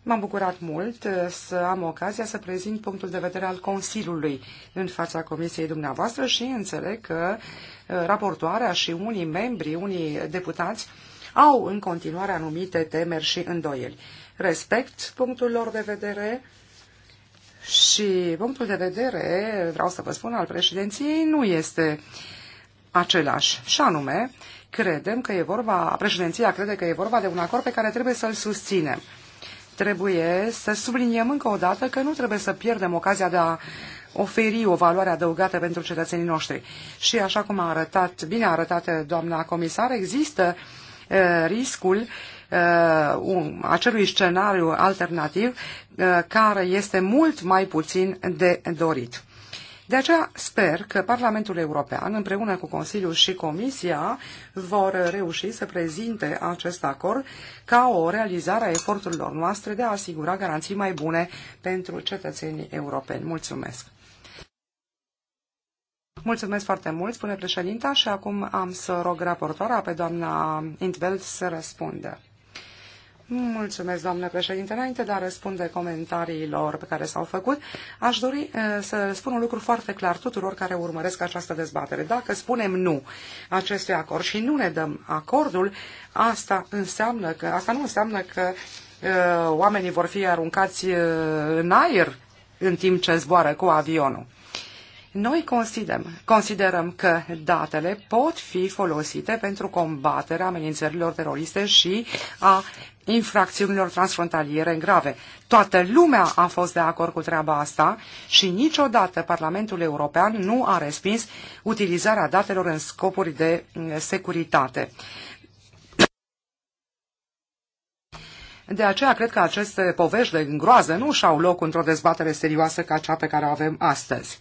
M-am bucurat mult uh, să am ocazia să prezint punctul de vedere al Consiliului în fața Comisiei dumneavoastră și înțeleg că uh, raportoarea și unii membri, unii deputați, au în continuare anumite temeri și îndoieli. Respect punctul lor de vedere, și punctul de vedere, vreau să vă spun, al președinției nu este același. Și anume, credem că e vorba, președinția crede că e vorba de un acord pe care trebuie să-l susținem. Trebuie să subliniem încă o dată că nu trebuie să pierdem ocazia de a oferi o valoare adăugată pentru cetățenii noștri. Și așa cum a arătat, bine a arătat doamna comisar, există uh, riscul uh, uh, acelui scenariu alternativ uh, care este mult mai puțin de dorit. De aceea sper că Parlamentul European, împreună cu Consiliul și Comisia, vor reuși să prezinte acest acord ca o realizare a eforturilor noastre de a asigura garanții mai bune pentru cetățenii europeni. Mulțumesc! Mulțumesc foarte mult, spune președinta, și acum am să rog raportoarea pe doamna Intveld să răspundă. Mulțumesc, doamnă președinte. Înainte de a răspunde comentariilor pe care s-au făcut, aș dori eh, să spun un lucru foarte clar tuturor care urmăresc această dezbatere. Dacă spunem nu acestui acord și nu ne dăm acordul, asta, înseamnă că, asta nu înseamnă că eh, oamenii vor fi aruncați eh, în aer în timp ce zboară cu avionul. Noi considerăm, considerăm că datele pot fi folosite pentru combaterea amenințărilor teroriste și a infracțiunilor transfrontaliere grave. Toată lumea a fost de acord cu treaba asta și niciodată Parlamentul European nu a respins utilizarea datelor în scopuri de mm, securitate. De aceea cred că aceste povești de îngroază nu și-au loc într-o dezbatere serioasă ca cea pe care o avem astăzi.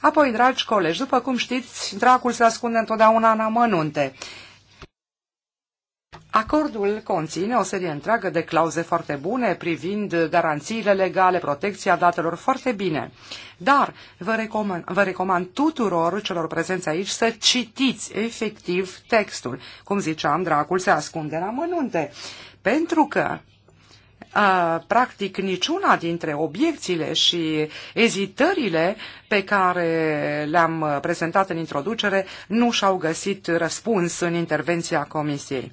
Apoi, dragi colegi, după cum știți, dracul se ascunde întotdeauna în amănunte. Acordul conține o serie întreagă de clauze foarte bune privind garanțiile legale, protecția datelor foarte bine. Dar vă recomand, vă recomand tuturor celor prezenți aici să citiți efectiv textul. Cum ziceam, dracul se ascunde la mănunte. Pentru că practic niciuna dintre obiecțiile și ezitările pe care le-am prezentat în introducere nu și-au găsit răspuns în intervenția Comisiei.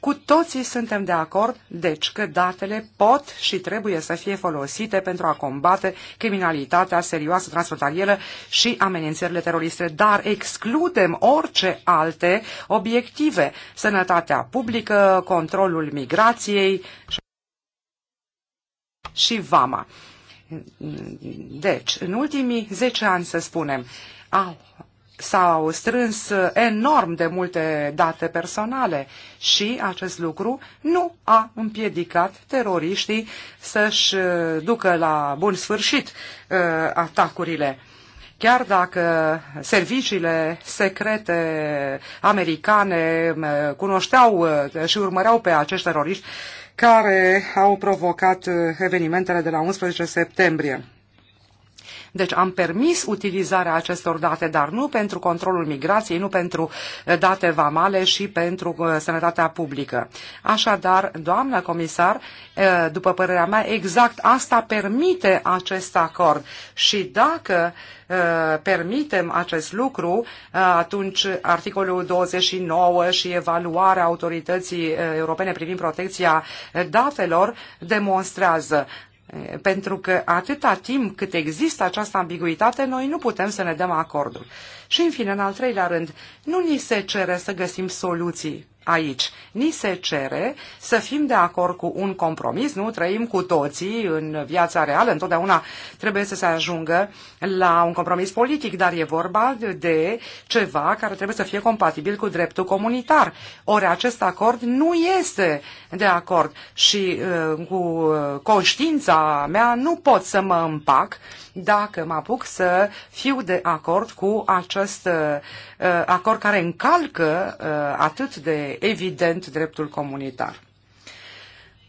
Cu toții suntem de acord, deci, că datele pot și trebuie să fie folosite pentru a combate criminalitatea serioasă transfrontalieră și amenințările teroriste, dar excludem orice alte obiective, sănătatea publică, controlul migrației și vama. Deci, în ultimii 10 ani, să spunem, au, s-au strâns enorm de multe date personale și acest lucru nu a împiedicat teroriștii să-și uh, ducă la bun sfârșit uh, atacurile. Chiar dacă serviciile secrete americane uh, cunoșteau și urmăreau pe acești teroriști care au provocat evenimentele de la 11 septembrie. Deci am permis utilizarea acestor date, dar nu pentru controlul migrației, nu pentru eh, date vamale și pentru eh, sănătatea publică. Așadar, doamnă comisar, eh, după părerea mea, exact asta permite acest acord. Și dacă permitem acest lucru, atunci articolul 29 și evaluarea autorității europene privind protecția datelor demonstrează pentru că atâta timp cât există această ambiguitate, noi nu putem să ne dăm acordul. Și, în fine, în al treilea rând, nu ni se cere să găsim soluții aici. Ni se cere să fim de acord cu un compromis, nu trăim cu toții în viața reală, întotdeauna trebuie să se ajungă la un compromis politic, dar e vorba de ceva care trebuie să fie compatibil cu dreptul comunitar. Ori acest acord nu este de acord și uh, cu uh, conștiința mea nu pot să mă împac dacă mă apuc să fiu de acord cu acest acest uh, uh, acord care încalcă uh, atât de evident dreptul comunitar.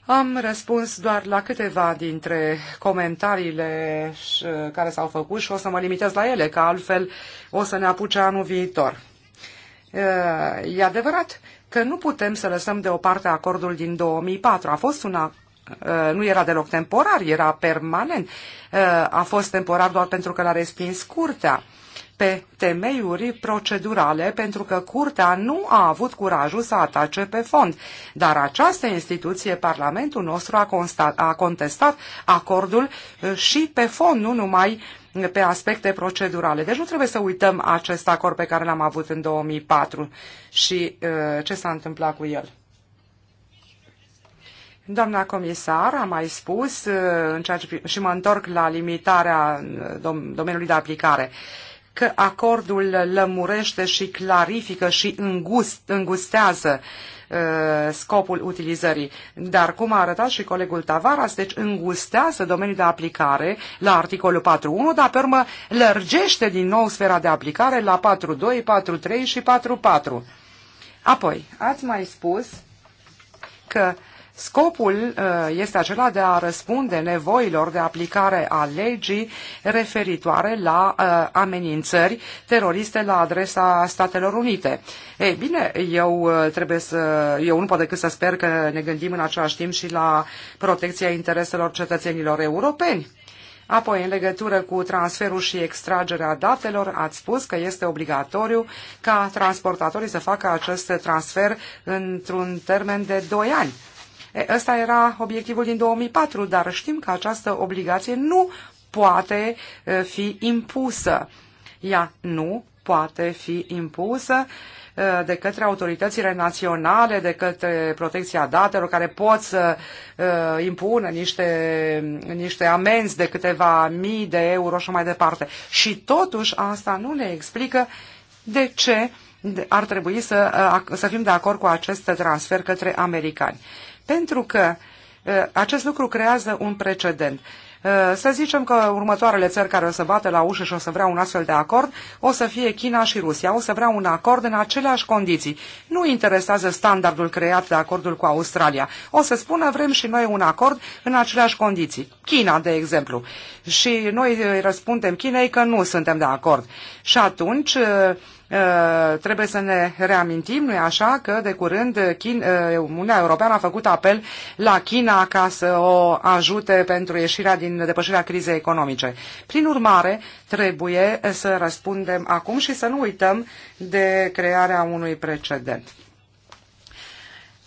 Am răspuns doar la câteva dintre comentariile care s-au făcut și o să mă limitez la ele, că altfel o să ne apuce anul viitor. E adevărat că nu putem să lăsăm deoparte acordul din 2004. A fost una, nu era deloc temporar, era permanent. A fost temporar doar pentru că l-a respins curtea pe temeiuri procedurale pentru că Curtea nu a avut curajul să atace pe fond, dar această instituție, Parlamentul nostru, a, a contestat acordul uh, și pe fond, nu numai pe aspecte procedurale. Deci nu trebuie să uităm acest acord pe care l-am avut în 2004 și uh, ce s-a întâmplat cu el. Doamna comisar a mai spus uh, în ceea ce, și mă întorc la limitarea dom, domeniului de aplicare. Uh, că acordul lămurește și clarifică și îngust, îngustează uh, scopul utilizării. Dar, cum a arătat și colegul Tavaras, deci îngustează domeniul de aplicare la articolul 4.1, dar pe urmă lărgește din nou sfera de aplicare la 4.2, 4.3 și 4.4. Apoi, ați mai spus că Scopul uh, este acela de a răspunde nevoilor de aplicare a legii referitoare la uh, amenințări teroriste la adresa Statelor Unite. Ei bine, eu uh, trebuie să, eu nu pot decât să sper că ne gândim în același timp și la protecția intereselor cetățenilor europeni. Apoi, în legătură cu transferul și extragerea datelor, ați spus că este obligatoriu ca transportatorii să facă acest transfer într-un termen de 2 ani. E, ăsta era obiectivul din 2004, dar știm că această obligație nu poate fi impusă. Ea nu poate fi impusă de către autoritățile naționale, de către protecția datelor, care pot să uh, impună niște, niște amenzi de câteva mii de euro și mai departe. Și totuși asta nu ne explică de ce ar trebui să, să fim de acord cu acest transfer către americani pentru că uh, acest lucru creează un precedent. Uh, să zicem că următoarele țări care o să bată la ușă și o să vrea un astfel de acord o să fie China și Rusia. O să vrea un acord în aceleași condiții. Nu interesează standardul creat de acordul cu Australia. O să spună vrem și noi un acord în aceleași condiții. China, de exemplu. Și noi uh, răspundem Chinei că nu suntem de acord. Și atunci Uh, trebuie să ne reamintim, nu-i așa, că de curând uh, Uniunea Europeană a făcut apel la China ca să o ajute pentru ieșirea din depășirea crizei economice. Prin urmare, trebuie să răspundem acum și să nu uităm de crearea unui precedent.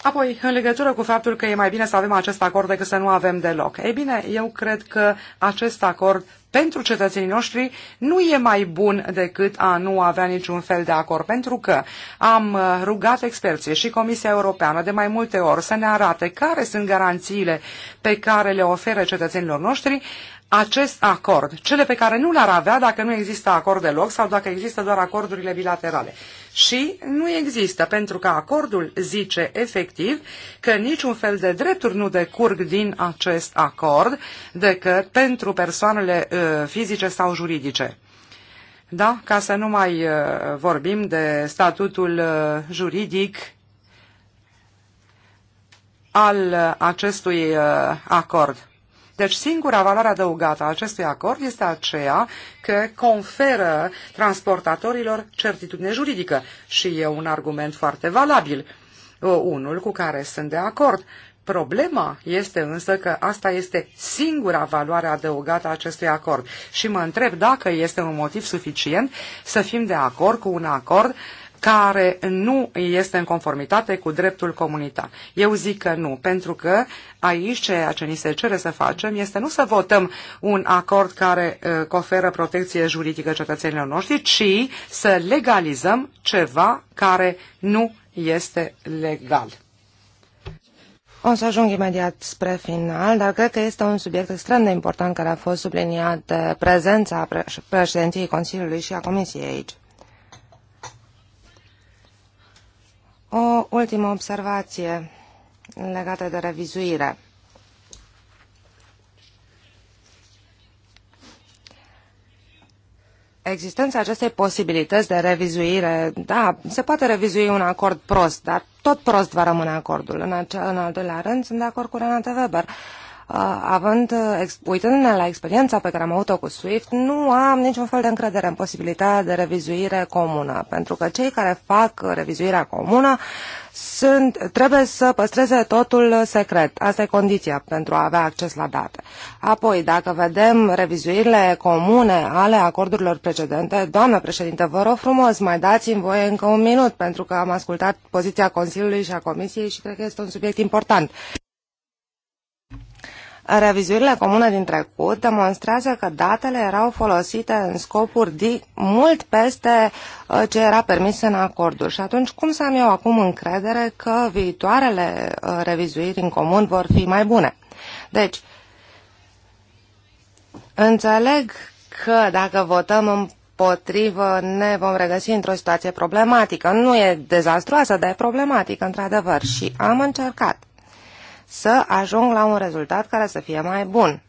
Apoi, în legătură cu faptul că e mai bine să avem acest acord decât să nu avem deloc. Ei bine, eu cred că acest acord pentru cetățenii noștri nu e mai bun decât a nu avea niciun fel de acord, pentru că am uh, rugat experții și Comisia Europeană de mai multe ori să ne arate care sunt garanțiile pe care le oferă cetățenilor noștri acest acord, cele pe care nu le-ar avea dacă nu există acord deloc sau dacă există doar acordurile bilaterale. Și nu există, pentru că acordul zice efectiv că niciun fel de drepturi nu decurg din acest acord decât pentru persoanele uh, fizice sau juridice. Da? Ca să nu mai uh, vorbim de statutul uh, juridic al uh, acestui uh, acord. Deci singura valoare adăugată a acestui acord este aceea că conferă transportatorilor certitudine juridică și e un argument foarte valabil, unul cu care sunt de acord. Problema este însă că asta este singura valoare adăugată a acestui acord și mă întreb dacă este un motiv suficient să fim de acord cu un acord uh, care nu este în conformitate cu dreptul comunitar. Eu zic că nu, pentru că aici ceea ce ni se cere să facem este nu să votăm un acord care uh, oferă protecție juridică cetățenilor noștri, ci să legalizăm ceva care nu este legal. O să ajung imediat spre final, dar cred că este un subiect extrem de important care a fost subliniat de prezența președinției Consiliului și a Comisiei aici. O ultimă observație legată de revizuire. Existența acestei posibilități de revizuire, da, se poate revizui un acord prost, dar tot prost va rămâne acordul. În, acea, în al doilea rând, sunt de acord cu Renate Weber având, uitându-ne la experiența pe care am avut-o cu SWIFT, nu am niciun fel de încredere în posibilitatea de revizuire comună, pentru că cei care fac revizuirea comună sunt, trebuie să păstreze totul secret. Asta e condiția pentru a avea acces la date. Apoi, dacă vedem revizuirile comune ale acordurilor precedente, doamnă președinte, vă rog frumos, mai dați-mi voie încă un minut, pentru că am ascultat poziția Consiliului și a Comisiei și cred că este un subiect important revizuirile comune din trecut demonstrează că datele erau folosite în scopuri de mult peste uh, ce era permis în acorduri. Și atunci cum să am eu acum încredere că viitoarele uh, revizuiri în comun vor fi mai bune? Deci, înțeleg că dacă votăm potrivă ne vom regăsi într-o situație problematică. Nu e dezastruoasă, dar e problematică, într-adevăr. Și am încercat să ajung la un rezultat care să fie mai bun.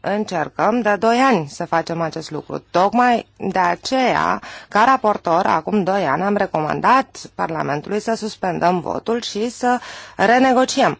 Încercăm de 2 ani să facem acest lucru. Tocmai de aceea, ca raportor, acum 2 ani am recomandat Parlamentului să suspendăm votul și să renegociem.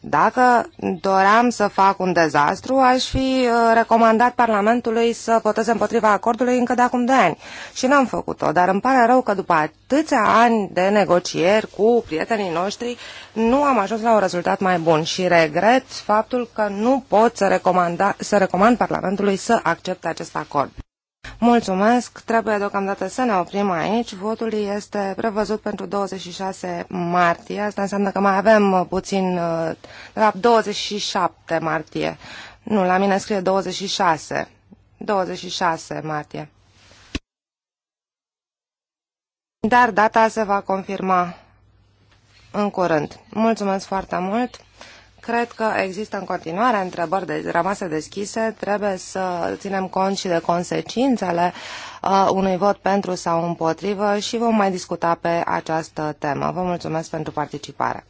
Dacă doream să fac un dezastru, aș fi uh, recomandat Parlamentului să voteze împotriva acordului încă de acum 2 ani. Și n-am făcut-o, dar îmi pare rău că după atâția ani de negocieri cu prietenii noștri, nu am ajuns la un rezultat mai bun și regret faptul că nu pot să, recomanda, să recomand Parlamentului să accepte acest acord. Mulțumesc. Trebuie deocamdată să ne oprim aici. Votul este prevăzut pentru 26 martie. Asta înseamnă că mai avem uh, puțin, uh, de fapt 27 martie. Nu, la mine scrie 26. 26 martie. Dar data se va confirma în curând. Mulțumesc foarte mult! Cred că există în continuare întrebări de, rămase deschise. Trebuie să ținem cont și de consecințele uh, unui vot pentru sau împotrivă și vom mai discuta pe această temă. Vă mulțumesc pentru participare.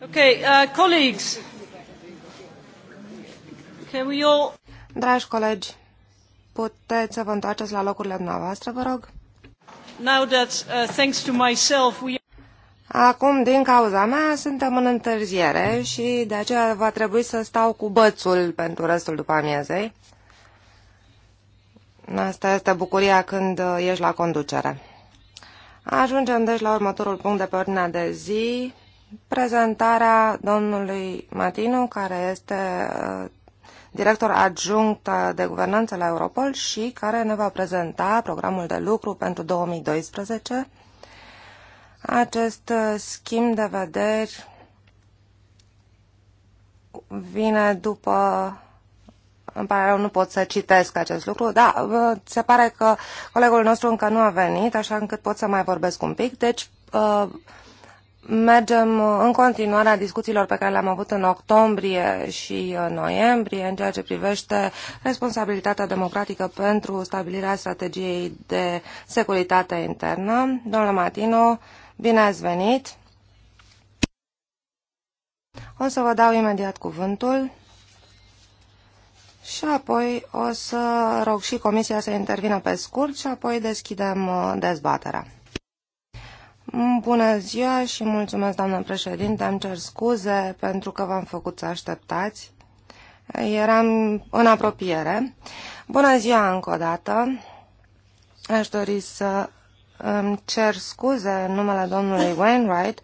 Uh, can we all... Dragi colegi, puteți să vă întoarceți la locurile dumneavoastră, vă rog? Now that, uh, thanks to myself, we... Acum, din cauza mea, suntem în întârziere și de aceea va trebui să stau cu bățul pentru restul după amiezei. Asta este bucuria când uh, ești la conducere. Ajungem deci la următorul punct de pe ordinea de zi, prezentarea domnului Matinu, care este uh, director adjunct de guvernanță la Europol și care ne va prezenta programul de lucru pentru 2012. Acest uh, schimb de vederi vine după îmi pare rău, nu pot să citesc acest lucru. Da, se pare că colegul nostru încă nu a venit, așa încât pot să mai vorbesc un pic. Deci, mergem uh, în continuare a discuțiilor pe care le-am avut în octombrie și în uh, noiembrie în ceea ce privește responsabilitatea democratică pentru stabilirea strategiei de securitate internă. Domnule Matino, bine ați venit! O să vă dau imediat cuvântul și apoi o să rog și Comisia să intervină pe scurt și apoi deschidem uh, dezbaterea. Bună ziua și mulțumesc, doamnă președinte. Îmi cer scuze pentru că v-am făcut să așteptați. Eram în apropiere. Bună ziua încă o dată. Aș dori să îmi cer scuze în numele domnului Wainwright,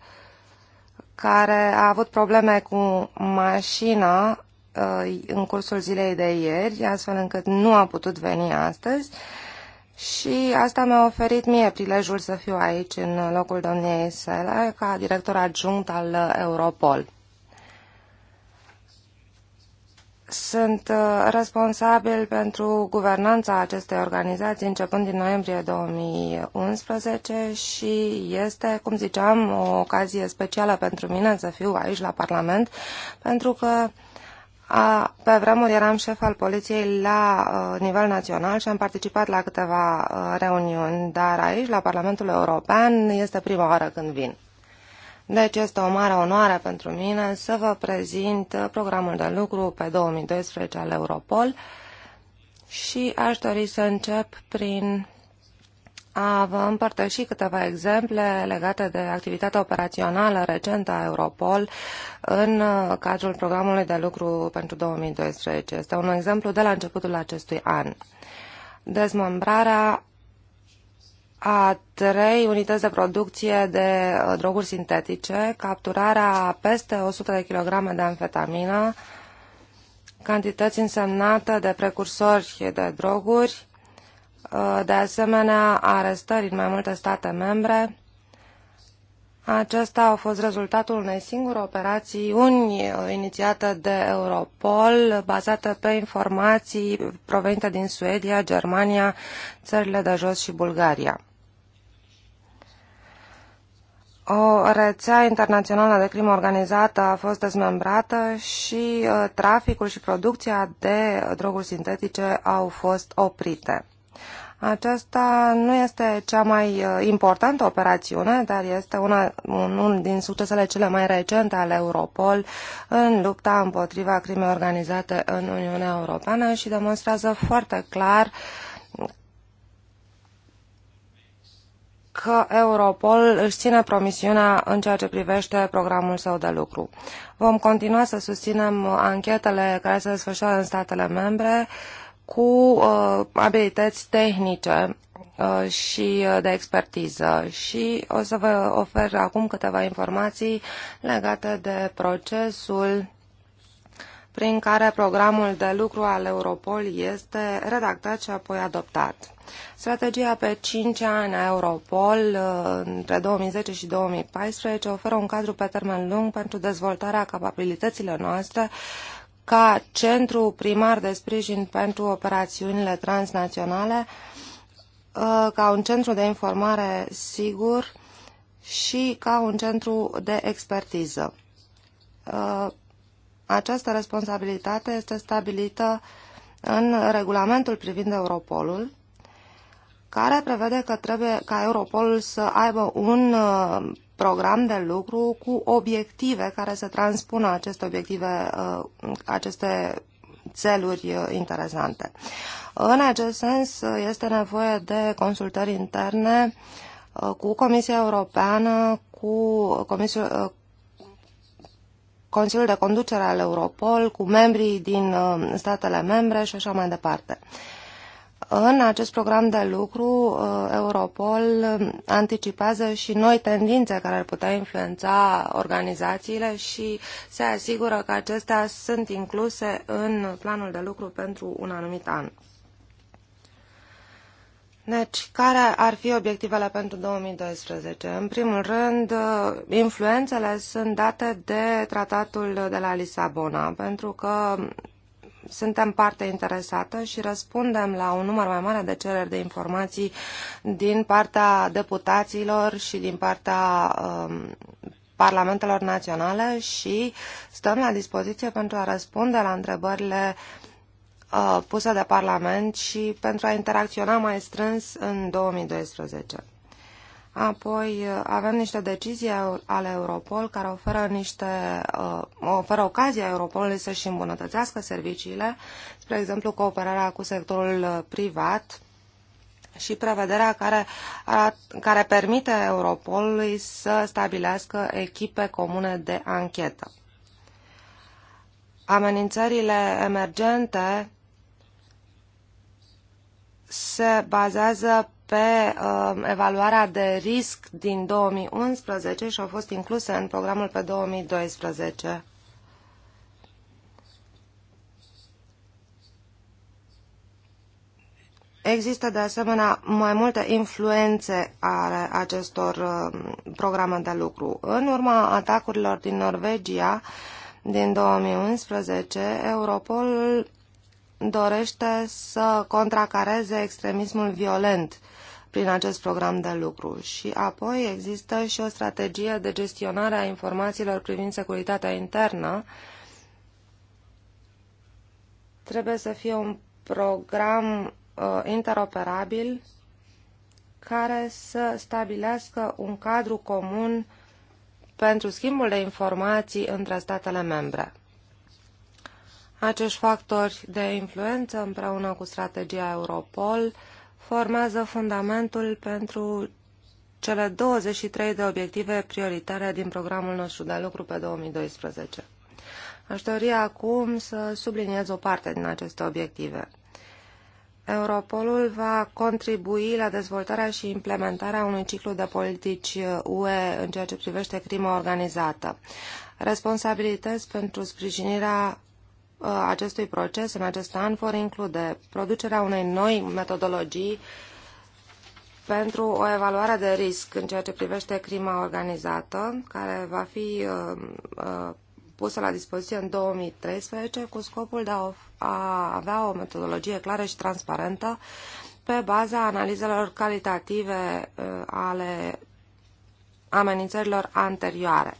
care a avut probleme cu mașina uh, în cursul zilei de ieri, astfel încât nu a putut veni astăzi și asta mi-a oferit mie prilejul să fiu aici, în locul domniei sale, ca director adjunct al Europol. Sunt uh, responsabil pentru guvernanța acestei organizații începând din noiembrie 2011 și este, cum ziceam, o ocazie specială pentru mine să fiu aici la Parlament, pentru că a, pe vremuri eram șef al poliției la uh, nivel național și am participat la câteva uh, reuniuni, dar aici, la Parlamentul European, este prima oară când vin. Deci este o mare onoare pentru mine să vă prezint uh, programul de lucru pe 2012 al Europol și aș dori să încep prin a vă împărtăși câteva exemple legate de activitatea operațională recentă a Europol în uh, cadrul programului de lucru pentru 2012. Este un exemplu de la începutul acestui an. Dezmembrarea a trei unități de producție de uh, droguri sintetice, capturarea peste 100 de kilograme de amfetamină, cantități însemnate de precursori de droguri, de asemenea arestări în mai multe state membre. Acesta a fost rezultatul unei singure operații uni inițiată de Europol, bazată pe informații provenite din Suedia, Germania, țările de jos și Bulgaria. O rețea internațională de crimă organizată a fost dezmembrată și uh, traficul și producția de droguri sintetice au fost oprite. Aceasta nu este cea mai uh, importantă operațiune, dar este una, unul din succesele cele mai recente ale Europol în lupta împotriva crimei organizate în Uniunea Europeană și demonstrează foarte clar că Europol își ține promisiunea în ceea ce privește programul său de lucru. Vom continua să susținem anchetele care se desfășoară în statele membre, uh, cu uh, abilități tehnice uh, și uh, de expertiză și o să vă ofer acum câteva informații legate de procesul prin care programul de lucru al Europol este redactat și apoi adoptat. Strategia pe 5 ani a Europol uh, între 2010 și 2014 oferă un cadru pe termen lung pentru dezvoltarea capabilităților noastre ca centru primar de sprijin pentru operațiunile transnaționale, uh, ca un centru de informare sigur și ca un centru de expertiză. Uh, această responsabilitate este stabilită în regulamentul privind Europolul, care prevede că trebuie ca Europolul să aibă un uh, program de lucru cu obiective care să transpună aceste obiective, uh, aceste țeluri uh, interesante. În acest sens, uh, este nevoie de consultări interne cu Comisia Europeană, cu Comisia, Consiliul de Conducere al Europol, cu membrii din statele membre și așa mai departe. În acest program de lucru, uh, Europol um, anticipează și noi tendințe care ar putea influența organizațiile și se asigură că acestea sunt incluse în planul de lucru pentru un anumit an. Deci, care ar fi obiectivele pentru 2012? În primul rând, uh, influențele sunt date de tratatul de la Lisabona, pentru că suntem parte interesată și răspundem la un număr mai mare de cereri de informații din partea deputaților și din partea um, parlamentelor naționale și stăm la dispoziție pentru a răspunde la întrebările uh, puse de Parlament și pentru a interacționa mai strâns în 2012. Apoi uh, avem niște decizii ale Europol care oferă, niște, uh, oferă ocazia Europolului să-și îmbunătățească serviciile, spre exemplu cooperarea cu sectorul uh, privat și prevederea care, care permite Europolului să stabilească echipe comune de anchetă. Amenințările emergente se bazează pe uh, evaluarea de risc din 2011 și au fost incluse în programul pe 2012. Există de asemenea mai multe influențe ale acestor uh, programe de lucru. În urma atacurilor din Norvegia din 2011, Europol dorește să contracareze extremismul violent prin acest program de lucru. Și apoi există și o strategie de gestionare a informațiilor privind securitatea internă. Trebuie să fie un program uh, interoperabil care să stabilească un cadru comun pentru schimbul de informații între statele membre. Acești factori de influență împreună cu strategia Europol uh, formează fundamentul pentru cele 23 de obiective prioritare din programul nostru de lucru pe 2012. Aș dori acum să subliniez o parte din aceste obiective. Europolul va contribui la dezvoltarea și implementarea unui ciclu de politici UE în ceea ce privește crima organizată. Responsabilități pentru sprijinirea Uh, acestui proces în acest an vor include producerea unei noi metodologii pentru o evaluare de risc în ceea ce privește crima organizată, care va fi uh, uh, pusă la dispoziție în 2013 cu scopul de a, a avea o metodologie clară și transparentă pe baza analizelor calitative ale amenințărilor anterioare.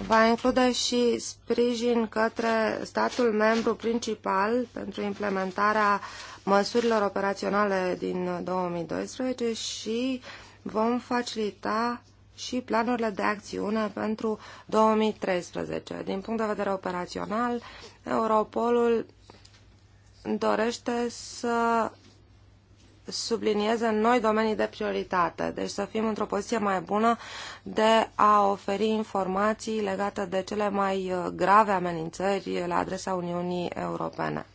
va include și sprijin către statul membru principal pentru implementarea măsurilor operaționale din 2012 și vom facilita și planurile de acțiune pentru 2013. Din punct de vedere operațional, Europolul dorește să sublinieze noi domenii de prioritate, deci să fim într-o poziție mai bună de a oferi informații legate de cele mai uh, grave amenințări la adresa Uniunii Europene.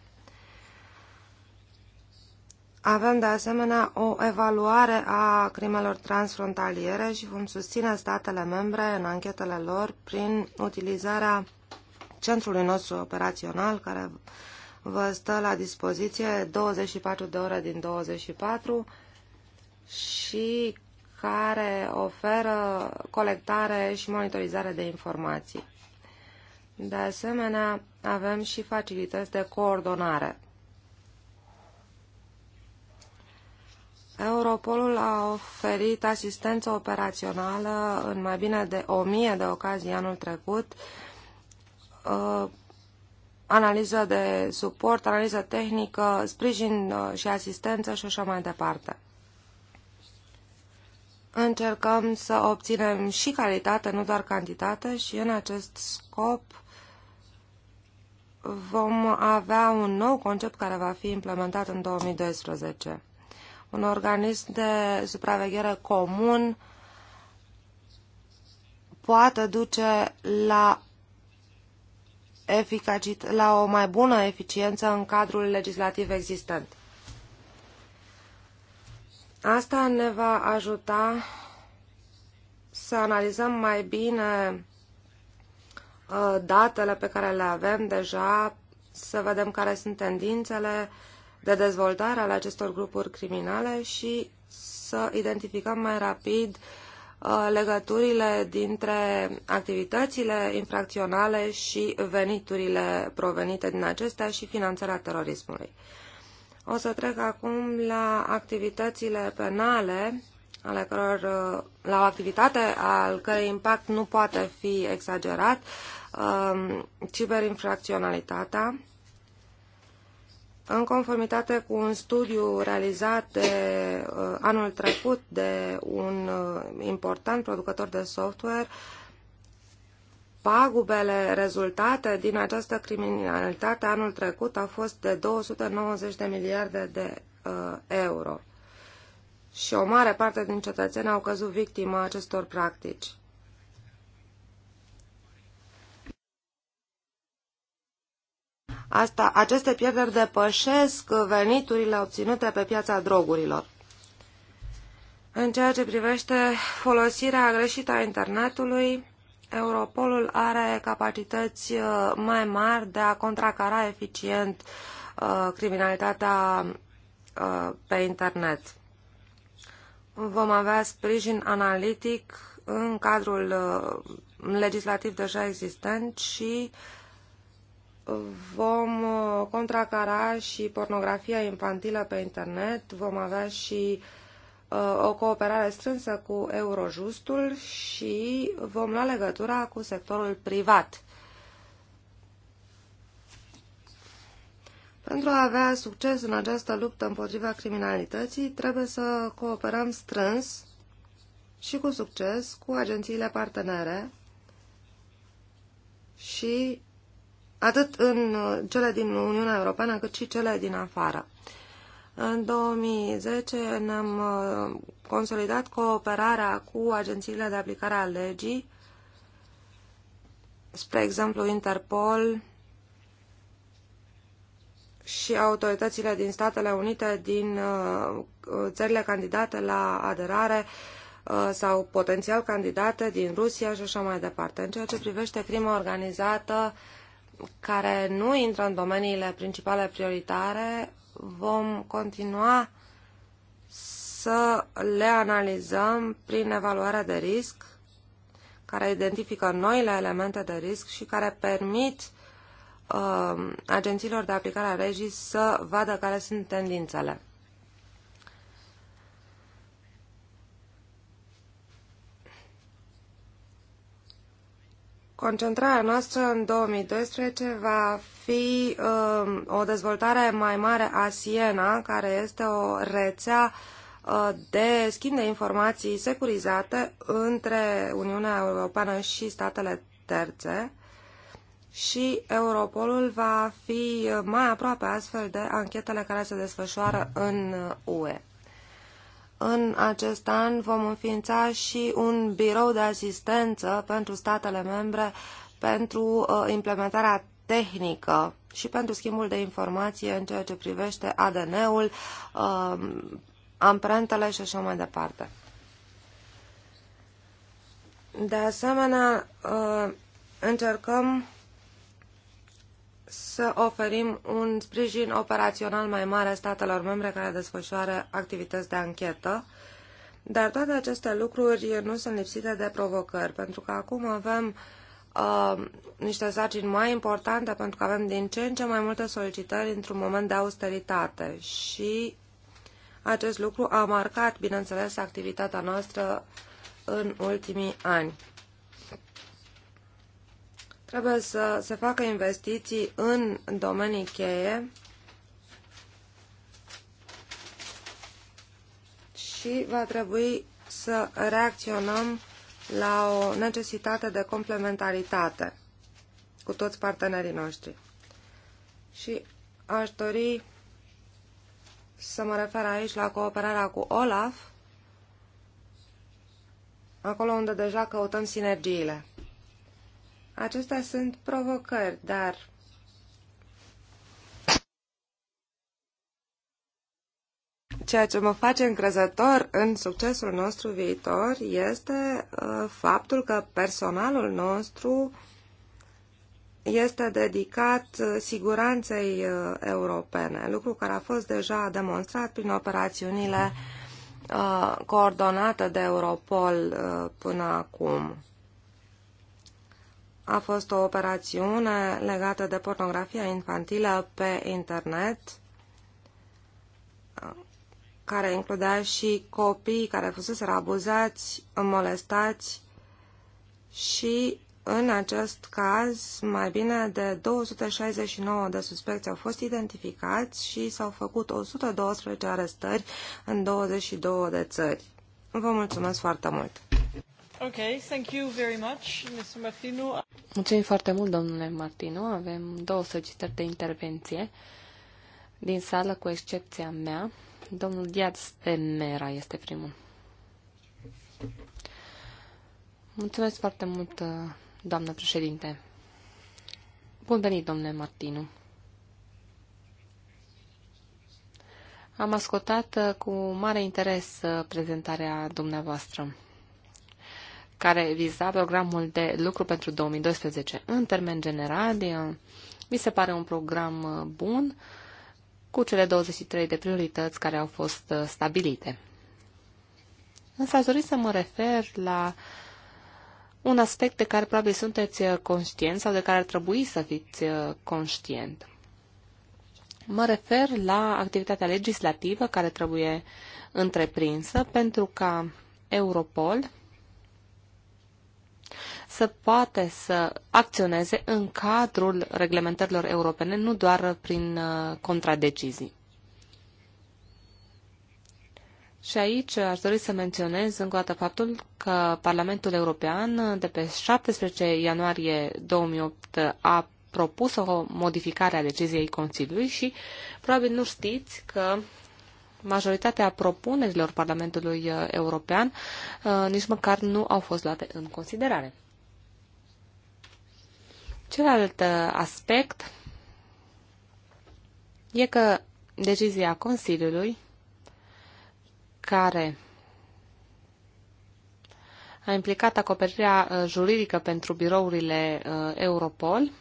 Avem de asemenea o evaluare a crimelor transfrontaliere și vom susține statele membre în anchetele lor prin utilizarea centrului nostru operațional care vă stă la dispoziție 24 de ore din 24 și care oferă colectare și monitorizare de informații. De asemenea, avem și facilități de coordonare. Europolul a oferit asistență operațională în mai bine de 1000 de ocazii anul trecut uh, analiză de suport, analiză tehnică, sprijin uh, și asistență și așa mai departe. Încercăm să obținem și calitate, nu doar cantitate și în acest scop vom avea un nou concept care va fi implementat în 2012. Un organism de supraveghere comun poate duce la la o mai bună eficiență în cadrul legislativ existent. Asta ne va ajuta să analizăm mai bine uh, datele pe care le avem deja, să vedem care sunt tendințele de dezvoltare ale acestor grupuri criminale și să identificăm mai rapid uh, Uh, legăturile dintre activitățile infracționale și veniturile provenite din acestea și finanțarea terorismului. O să trec acum la activitățile penale, ale căror, uh, la o activitate al cărei impact nu poate fi exagerat, uh, ciberinfracționalitatea, în conformitate cu un studiu realizat de, uh, anul trecut de un uh, important producător de software, pagubele rezultate din această criminalitate anul trecut au fost de 290 de miliarde de uh, euro. Și o mare parte din cetățeni au căzut victima acestor practici. Asta, aceste pierderi depășesc veniturile obținute pe piața drogurilor. În ceea ce privește folosirea greșită a internetului, Europolul are capacități uh, mai mari de a contracara eficient uh, criminalitatea uh, pe internet. Vom avea sprijin analitic în cadrul legislativ deja existent și uh, vom uh, contracara și pornografia infantilă pe internet, vom avea și uh, o cooperare strânsă cu Eurojustul și vom lua legătura cu sectorul privat. Pentru a avea succes în această luptă împotriva criminalității, trebuie să cooperăm strâns și cu succes cu agențiile partenere și atât în uh, cele din Uniunea Europeană, cât și cele din afară. În 2010 ne-am uh, consolidat cooperarea cu agențiile de aplicare a legii, spre exemplu Interpol și autoritățile din Statele Unite, din uh, țările candidate la aderare, sau potențial candidate din Rusia și așa mai departe. În ceea ce privește crima organizată, care nu intră în domeniile principale prioritare, vom continua să le analizăm prin evaluarea de risc, care identifică noile elemente de risc și care permit uh, agențiilor de aplicare a regii să vadă care sunt tendințele. Concentrarea noastră în 2012 va fi um, o dezvoltare mai mare a Siena, care este o rețea uh, de schimb de informații securizate între Uniunea Europeană și statele terțe și Europolul va fi uh, mai aproape astfel de anchetele care se desfășoară în UE. Uh, în acest an vom înființa și un birou de asistență pentru statele membre pentru uh, implementarea tehnică și pentru schimbul de informație în ceea ce privește ADN-ul, uh, amprentele și așa mai departe. De asemenea, uh, încercăm să oferim un sprijin operațional mai mare statelor membre care desfășoară activități de anchetă, dar toate aceste lucruri nu sunt lipsite de provocări, pentru că acum avem uh, niște sarcini mai importante, pentru că avem din ce în ce mai multe solicitări într-un moment de austeritate și acest lucru a marcat, bineînțeles, activitatea noastră în ultimii ani. Trebuie să se facă investiții în domenii cheie și va trebui să reacționăm la o necesitate de complementaritate cu toți partenerii noștri. Și aș dori să mă refer aici la cooperarea cu OLAF, acolo unde deja căutăm sinergiile. Acestea sunt provocări, dar ceea ce mă face încrezător în succesul nostru viitor este uh, faptul că personalul nostru este dedicat uh, siguranței uh, europene, lucru care a fost deja demonstrat prin operațiunile uh, coordonate de Europol uh, până acum a fost o operațiune legată de pornografia infantilă pe internet, care includea și copii care fusese abuzați, molestați și în acest caz mai bine de 269 de suspecți au fost identificați și s-au făcut 112 arestări în 22 de țări. Vă mulțumesc foarte mult! Okay, thank you very much, Mr. Martinu. Mulțumim foarte mult, domnule Martinu. Avem două solicitări de intervenție din sală, cu excepția mea. Domnul Diaz de Mera este primul. Mulțumesc foarte mult, doamnă președinte. Bun venit, domnule Martinu. Am ascultat uh, cu mare interes uh, prezentarea dumneavoastră care viza programul de lucru pentru 2012. În termen general, mi se pare un program uh, bun cu cele 23 de priorități care au fost uh, stabilite. Însă aș dori să mă refer la un aspect de care probabil sunteți uh, conștient sau de care ar trebui să fiți conștient. Mă refer la activitatea legislativă care trebuie întreprinsă pentru ca Europol să poate să acționeze în cadrul reglementărilor europene, nu doar prin uh, contradecizii. Și aici aș dori să menționez încă o dată faptul că Parlamentul European de pe 17 ianuarie 2008 a propus o modificare a deciziei Consiliului și probabil nu știți că majoritatea propunerilor Parlamentului uh, European uh, nici măcar nu au fost luate în considerare. Celălalt uh, aspect e că decizia Consiliului care a implicat acoperirea juridică pentru birourile Europol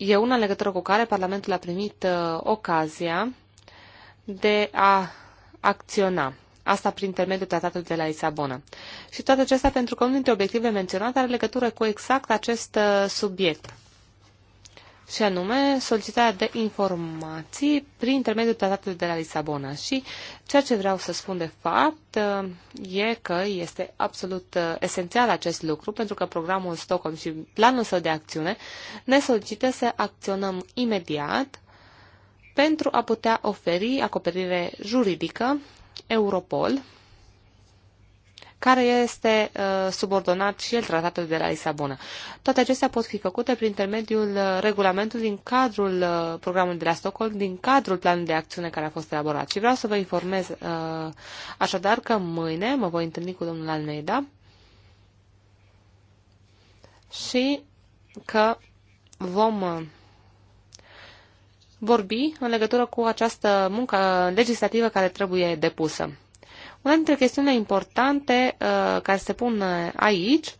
e una în legătură cu care Parlamentul a primit uh, ocazia de a acționa. Asta prin intermediul tratatului de la Lisabona. Și toate acestea pentru că unul dintre obiective menționate are legătură cu exact acest uh, subiect și anume solicitarea de informații prin intermediul tratatului de la Lisabona. Și ceea ce vreau să spun de fapt e că este absolut uh, esențial acest lucru, pentru că programul Stockholm și planul său de acțiune ne solicită să acționăm imediat pentru a putea oferi acoperire juridică Europol care este uh, subordonat și el tratatului de la Lisabona. Toate acestea pot fi făcute prin intermediul uh, regulamentului din cadrul uh, programului de la Stockholm, din cadrul planului de acțiune care a fost elaborat. Și vreau să vă informez așadar că mâine mă voi întâlni cu domnul Almeida și că vom vorbi în legătură cu această muncă legislativă care trebuie depusă. Una dintre chestiunile importante uh, care se pun uh, aici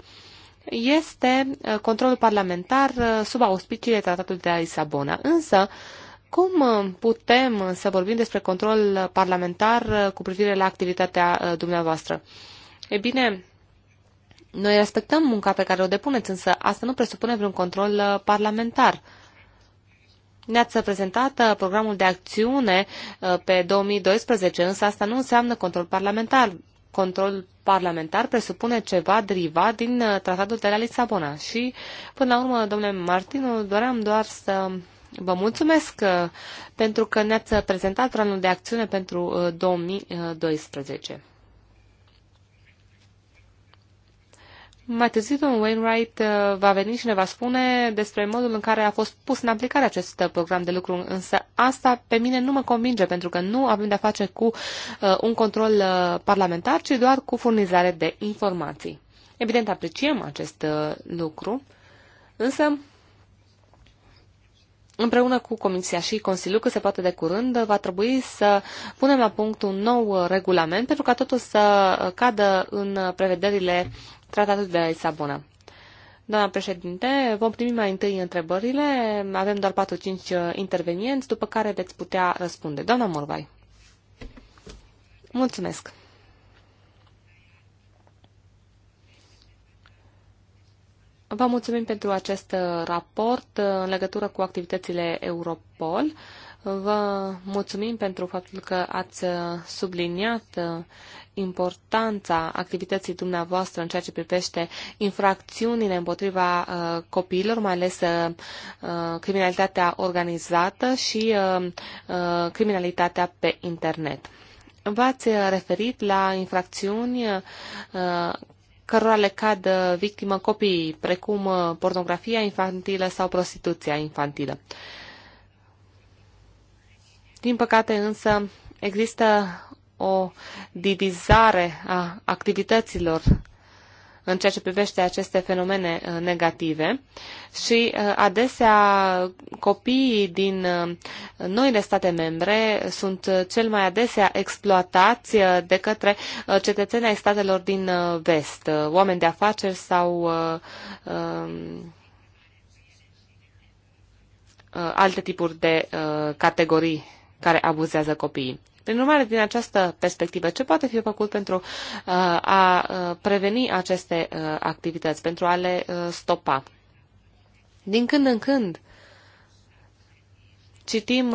este uh, controlul parlamentar sub auspiciile Tratatului de la Lisabona. Însă, cum putem să vorbim despre control parlamentar cu privire la activitatea dumneavoastră? E bine, noi respectăm munca pe care o depuneți, însă asta nu presupune vreun control parlamentar. Ne-ați prezentat uh, programul de acțiune uh, pe 2012, însă asta nu înseamnă control parlamentar. Control parlamentar presupune ceva derivat din uh, tratatul de la Lisabona. Și, până la urmă, domnule Martinu, doream doar să vă mulțumesc pentru că ne-ați prezentat planul de acțiune pentru 2012. Mai târziu, domnul Wainwright uh, va veni și ne va spune despre modul în care a fost pus în aplicare acest uh, program de lucru, însă asta pe mine nu mă convinge, pentru că nu avem de-a face cu uh, un control parlamentar, ci doar cu furnizare de informații. Evident, apreciem acest lucru, însă Împreună cu Comisia și Consiliul, că se poate de curând, va trebui să punem la punct un nou regulament pentru ca totul să cadă în prevederile tratatul de la Lisabona. Doamna președinte, vom primi mai întâi întrebările. Avem doar 4-5 uh, intervenienți, după care veți putea răspunde. Doamna Morvai. Mulțumesc. Vă mulțumim pentru acest uh, raport uh, în legătură cu activitățile Europol. Vă mulțumim pentru faptul că ați subliniat importanța activității dumneavoastră în ceea ce privește infracțiunile împotriva uh, copiilor, mai ales uh, uh criminalitatea organizată și uh, uh, criminalitatea pe internet. V-ați uh, referit la infracțiuni uh, cărora le cad uh, victimă copiii, precum pornografia infantilă sau prostituția infantilă. Din păcate însă există o divizare a activităților în ceea ce privește aceste fenomene uh, negative și uh, adesea copiii din uh, noile state membre sunt cel mai adesea exploatați de către cetățenii ai statelor din vest, oameni de afaceri sau um, alte tipuri de categorii care abuzează copiii. Prin urmare, din această perspectivă, ce poate fi făcut pentru uh, a uh, preveni aceste uh, activități, pentru a le stopa? Din când în când citim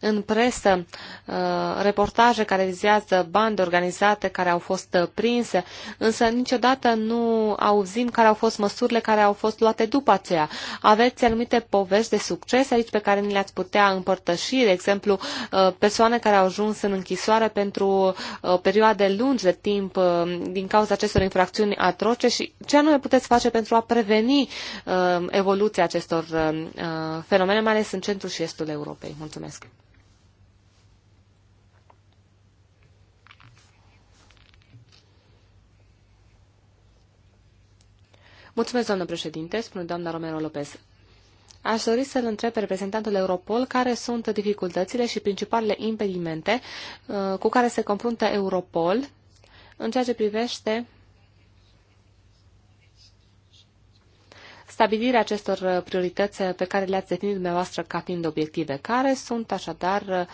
în presă uh, reportaje care vizează bande organizate care au fost uh, prinse, însă niciodată nu auzim care au fost măsurile care au fost luate după aceea. Aveți anumite povești de succes aici pe care ni le-ați putea împărtăși, de exemplu, uh, persoane care au ajuns în închisoare pentru perioade lungi de timp din cauza acestor infracțiuni atroce și ce anume puteți face pentru a preveni evoluția acestor fenomene, mai ales în centrul și estul Europei. Mulțumesc! Mulțumesc, doamnă președinte, spune doamna Romero Lopez. Aș dori să-l întreb pe reprezentantul Europol care sunt dificultățile și principalele impedimente uh, cu care se confruntă Europol în ceea ce privește stabilirea acestor priorități pe care le-ați definit dumneavoastră ca fiind obiective. Care sunt așadar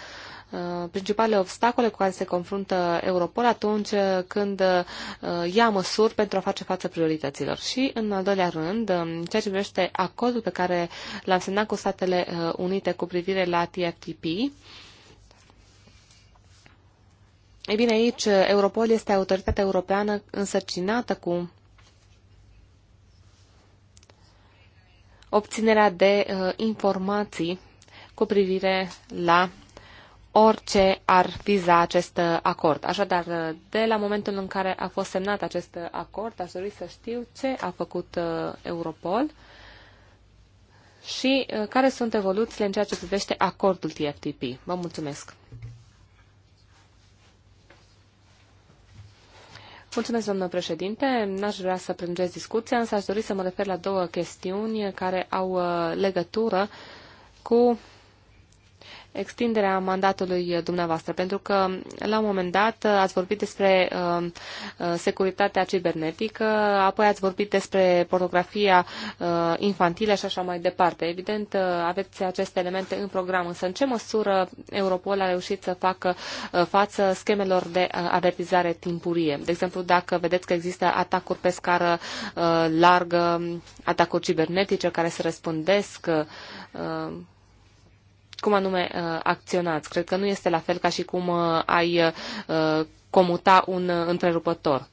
Uh, principalele obstacole cu care se confruntă Europol atunci uh, când uh, ia măsuri pentru a face față priorităților. Și, în al doilea rând, um, ceea ce privește acordul pe care l-am semnat cu Statele Unite cu privire la TFTP, ei bine, aici Europol este autoritatea europeană însărcinată cu obținerea de uh, informații cu privire la orice ar viza acest acord. Așadar, de la momentul în care a fost semnat acest acord, aș dori să știu ce a făcut uh, Europol și uh, care sunt evoluțiile în ceea ce privește acordul TFTP. Vă mulțumesc! Mulțumesc, domnule președinte. N-aș vrea să prelungesc discuția, însă aș dori să mă refer la două chestiuni care au uh, legătură cu extinderea mandatului uh, dumneavoastră, pentru că la un moment dat uh, ați vorbit despre uh, uh, securitatea cibernetică, apoi ați vorbit despre pornografia uh, infantilă și așa mai departe. Evident, uh, aveți aceste elemente în program, însă în ce măsură Europol a reușit să facă față schemelor de avertizare timpurie? De exemplu, dacă vedeți că există atacuri pe scară uh, largă, atacuri cibernetice care se răspândesc, uh, cum anume uh, acționați. Cred că nu este la fel ca și cum uh, ai uh, comuta un întrerupător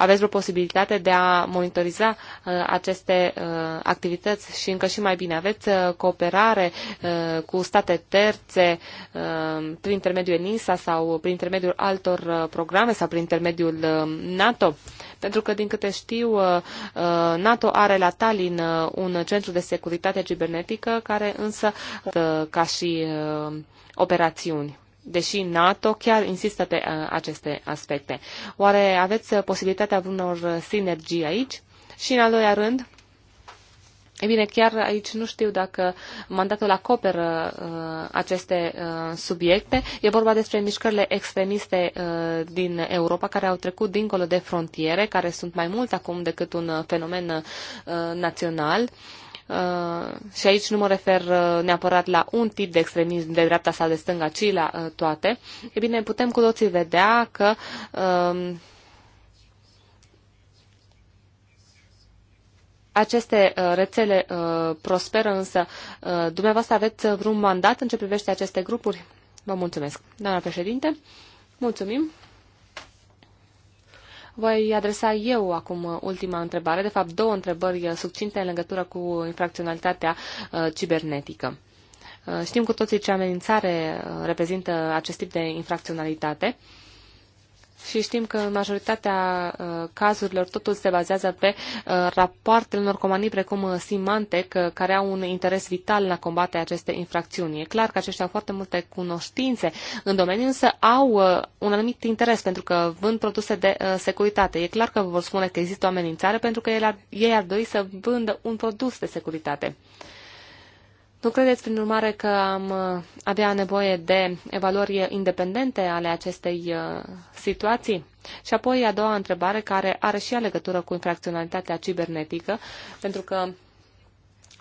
aveți o posibilitate de a monitoriza uh, aceste uh, activități și încă și mai bine aveți uh, cooperare cu state terțe prin intermediul NISA sau prin intermediul altor programe sau prin intermediul NATO? Pentru că, din câte știu, NATO are la Tallinn un centru de securitate cibernetică care însă ca și operațiuni deși NATO chiar insistă pe uh, aceste aspecte. Oare aveți uh, posibilitatea unor uh, sinergii aici? Și în al doilea rând, E bine, chiar aici nu știu dacă mandatul acoperă uh, aceste uh, subiecte. E vorba despre mișcările extremiste uh, din Europa care au trecut dincolo de frontiere, care sunt mai mult acum decât un fenomen uh, național. Uh, Uh, și aici nu mă refer uh, neapărat la un tip de extremism de dreapta sau de stânga, ci la uh, toate, e bine, putem cu toții vedea că um, aceste rețele prosperă, însă dumneavoastră aveți vreun mandat în ce privește aceste grupuri? Vă mulțumesc. Doamna președinte, mulțumim. Voi adresa eu acum uh, ultima întrebare, de fapt două întrebări uh, succinte în legătură cu infracționalitatea uh, cibernetică. Știm cu toții ce amenințare reprezintă acest tip de infracționalitate și știm că în majoritatea uh, cazurilor totul se bazează pe uh, rapoartele unor companii precum uh, Symantec, uh, care au un interes vital la combate aceste infracțiuni. E clar că aceștia au foarte multe cunoștințe în domeniu, însă au uh, un anumit interes pentru că vând produse de uh, securitate. E clar că vor spune că există o amenințare pentru că ei ar, ei ar dori să vândă un produs de securitate. Nu credeți, prin urmare, că am uh, avea nevoie de evaluări independente ale acestei uh, situații? Și apoi a doua întrebare, care are și ea legătură cu infracționalitatea cibernetică, pentru că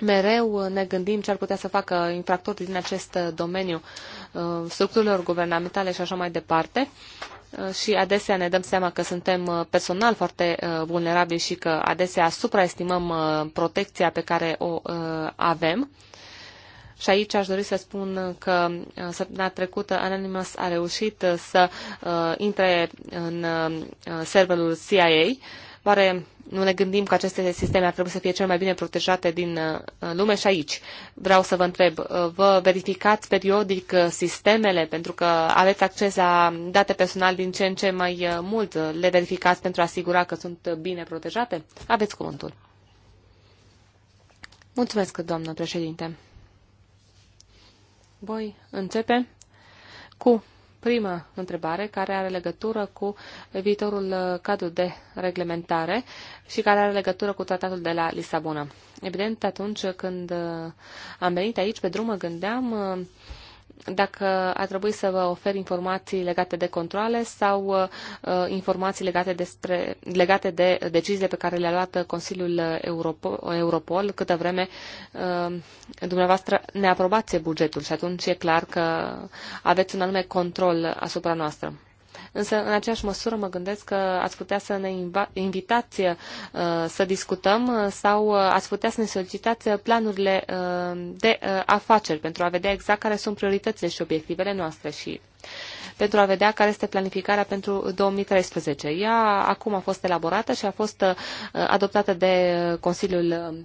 mereu ne gândim ce ar putea să facă infractorii din acest uh, domeniu, structurilor guvernamentale și așa mai departe. Și adesea ne dăm seama că suntem personal foarte vulnerabili și că adesea supraestimăm protecția pe care o avem. Și aici aș dori să spun că uh, săptămâna trecută Anonymous a reușit uh, să uh, intre în serverul CIA. Oare nu ne gândim că aceste sisteme ar trebui să fie cel mai bine protejate din lume și aici. Vreau să vă întreb, vă verificați periodic sistemele pentru că aveți acces la date personale din ce în ce mai mult? Le verificați pentru a asigura că sunt bine protejate? Aveți cuvântul. Mulțumesc, doamnă președinte. Voi începe cu prima întrebare care are legătură cu viitorul uh, cadru de reglementare și care are legătură cu tratatul de la Lisabona. Evident, atunci când uh, am venit aici pe drum, mă gândeam uh, dacă a trebuit să vă ofer informații legate de controle sau uh, uh informații legate, despre, legate de deciziile pe care le-a luat Consiliul Europol, Europol câtă vreme uh, dumneavoastră ne aprobați bugetul și atunci e clar că aveți un anume control asupra noastră însă în aceeași măsură mă gândesc că ați putea să ne invitați uh, să discutăm uh, sau uh, ați putea să ne solicitați planurile de afaceri pentru a vedea exact care sunt prioritățile și obiectivele noastre și pentru a vedea care este planificarea pentru 2013. Ea acum a fost elaborată și a fost adoptată de Consiliul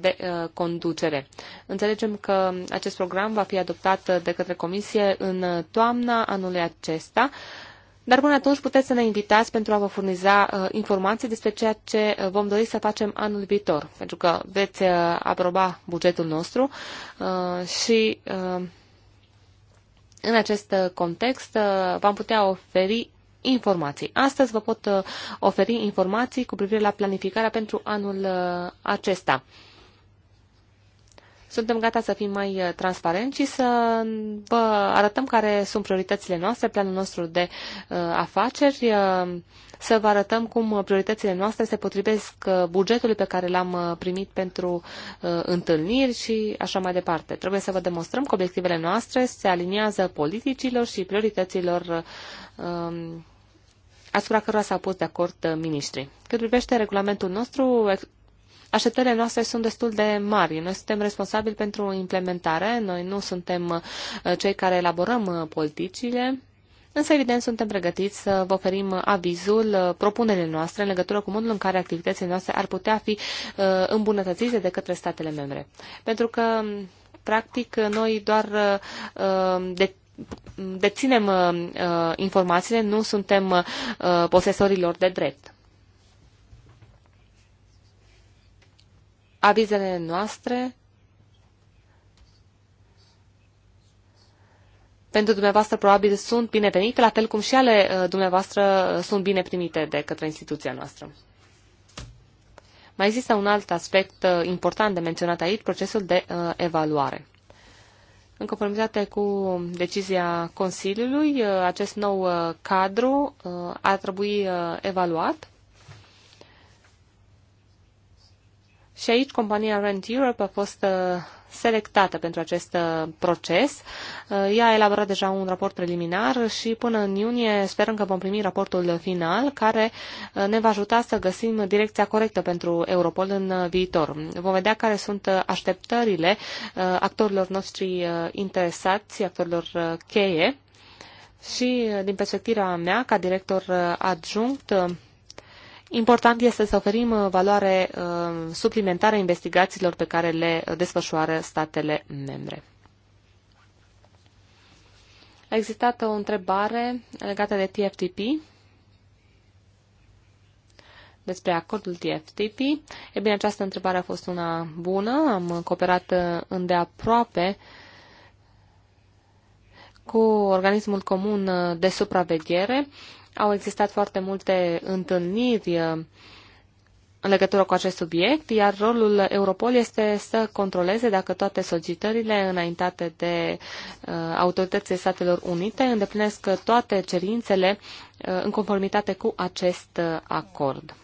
de Conducere. Înțelegem că acest program va fi adoptat de către Comisie în toamna anului acesta dar până atunci puteți să ne invitați pentru a vă furniza uh, informații despre ceea ce uh, vom dori să facem anul viitor, pentru că veți uh, aproba bugetul nostru uh, și uh, în acest context uh, v-am putea oferi informații. Astăzi vă pot uh, oferi informații cu privire la planificarea pentru anul uh, acesta. Suntem gata să fim mai uh, transparenți și să mm, vă arătăm care sunt prioritățile noastre, planul nostru de uh, afaceri, uh, să vă arătăm cum prioritățile noastre se potrivesc uh, bugetului pe care l-am uh, primit pentru uh, întâlniri și așa mai departe. Trebuie să vă demonstrăm că obiectivele noastre se aliniază politicilor și priorităților uh, um, asupra cărora s-au pus de acord miniștrii. Cât privește regulamentul nostru, așteptările noastre sunt destul de mari. Noi suntem responsabili pentru implementare, noi nu suntem uh, cei care elaborăm uh, politicile, Însă, evident, suntem pregătiți să vă oferim uh, avizul, propunerile noastre în legătură cu modul în care activitățile noastre ar putea fi îmbunătățite de către statele membre. Pentru că, practic, noi doar de deținem uh, informațiile, nu suntem uh, posesorilor de drept. avizele noastre pentru dumneavoastră probabil sunt binevenite, la fel cum și ale uh, dumneavoastră uh, sunt bine primite de către instituția noastră. Mai există un alt aspect uh, important de menționat aici, procesul de evaluare. În conformitate cu decizia Consiliului, acest nou cadru ar trebui evaluat Și aici compania Rent Europe a fost uh, selectată pentru acest uh, proces. Uh, ea a elaborat deja un raport preliminar și până în iunie sperăm că vom primi raportul final care ne va ajuta să găsim direcția corectă pentru Europol în viitor. Vom vedea care sunt așteptările actorilor noștri interesați, actorilor cheie și din perspectiva mea ca director adjunct Important este să oferim uh, valoare uh, suplimentară investigațiilor pe care le desfășoară statele membre. A existat o întrebare legată de TFTP despre acordul TFTP. E bine, această întrebare a fost una bună. Am cooperat uh, îndeaproape cu organismul comun de supraveghere au existat foarte multe întâlniri uh, în legătură cu acest subiect, iar rolul Europol este să controleze dacă toate solicitările înaintate de uh, autoritățile Statelor Unite îndeplinesc toate cerințele uh, în conformitate cu acest uh, acord.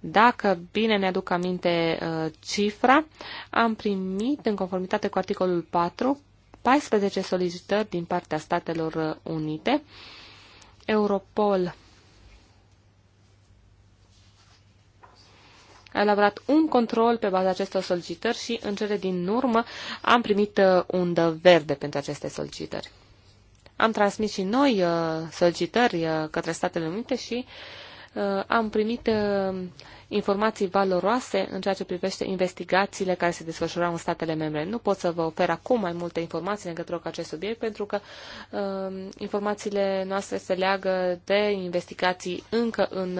Dacă bine ne-aduc aminte uh, cifra, am primit, în conformitate cu articolul 4, 14 solicitări din partea Statelor Unite, uh, Europol a elaborat un control pe baza acestor solicitări și în cele din urmă am primit uh, undă verde pentru aceste solicitări. Am transmis și noi uh, solicitări uh, către Statele Unite și uh, Uh, am primit uh, informații valoroase în ceea ce privește investigațiile care se desfășurau în statele membre. Nu pot să vă ofer acum mai multe informații în legătură cu acest subiect, pentru că uh, informațiile noastre se leagă de investigații încă în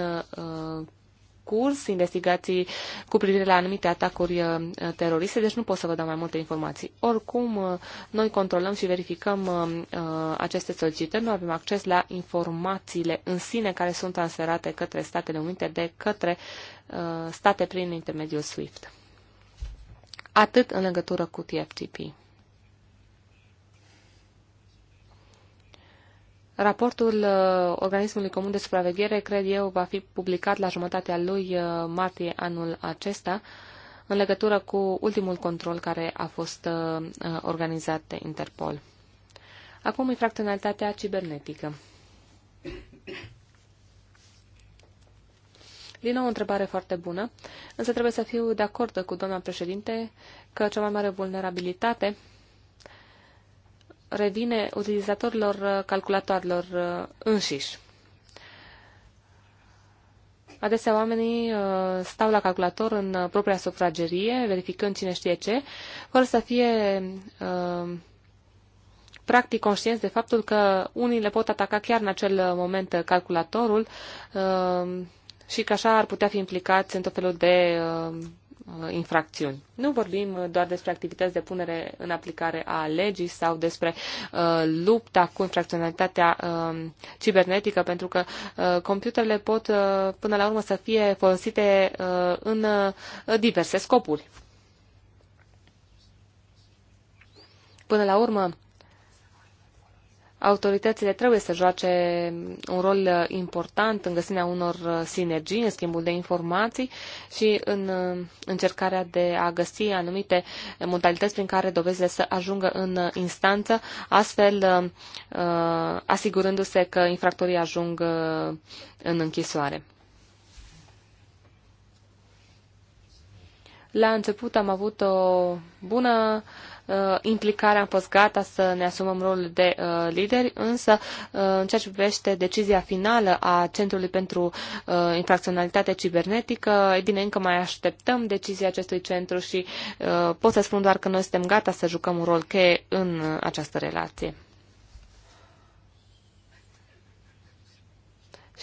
curs investigații cu privire la anumite atacuri uh, teroriste, deci nu pot să vă dau mai multe informații. Oricum, uh, noi controlăm și verificăm uh, aceste solicitări, nu avem acces la informațiile în sine care sunt transferate către Statele Unite de către state prin intermediul SWIFT. Atât în legătură cu TFTP. Raportul uh, Organismului Comun de Supraveghere, cred eu, va fi publicat la jumătatea lui uh, martie anul acesta în legătură cu ultimul control care a fost uh, organizat de Interpol. Acum, infracționalitatea cibernetică. Din nou, o întrebare foarte bună, însă trebuie să fiu de acord cu doamna președinte că cea mai mare vulnerabilitate revine utilizatorilor uh, calculatoarelor uh, înșiși. Adesea oamenii uh, stau la calculator în propria sufragerie, verificând cine știe ce, fără să fie practic conștienți de faptul că unii le pot ataca chiar în acel moment calculatorul și că așa ar putea fi implicați în tot felul de Uh, infracțiuni. Nu vorbim uh, doar despre activități de punere în aplicare a legii sau despre uh, lupta cu infracționalitatea uh, cibernetică, pentru că uh, computerele pot uh, până la urmă să fie folosite uh, în uh, diverse scopuri. Până la urmă, autoritățile trebuie să joace un rol important în găsirea unor sinergii, în schimbul de informații și în uh, încercarea de a găsi anumite modalități prin care dovezile să ajungă în instanță, astfel uh, uh, asigurându-se că infractorii ajung în închisoare. La început am avut o bună uh, Uh, implicarea, am fost gata să ne asumăm rolul de uh, lideri, însă uh, în ceea ce privește decizia finală a Centrului pentru Infracționalitate Cibernetică, e bine, încă mai așteptăm decizia acestui centru și pot să spun doar că noi suntem gata să jucăm un rol cheie în această relație.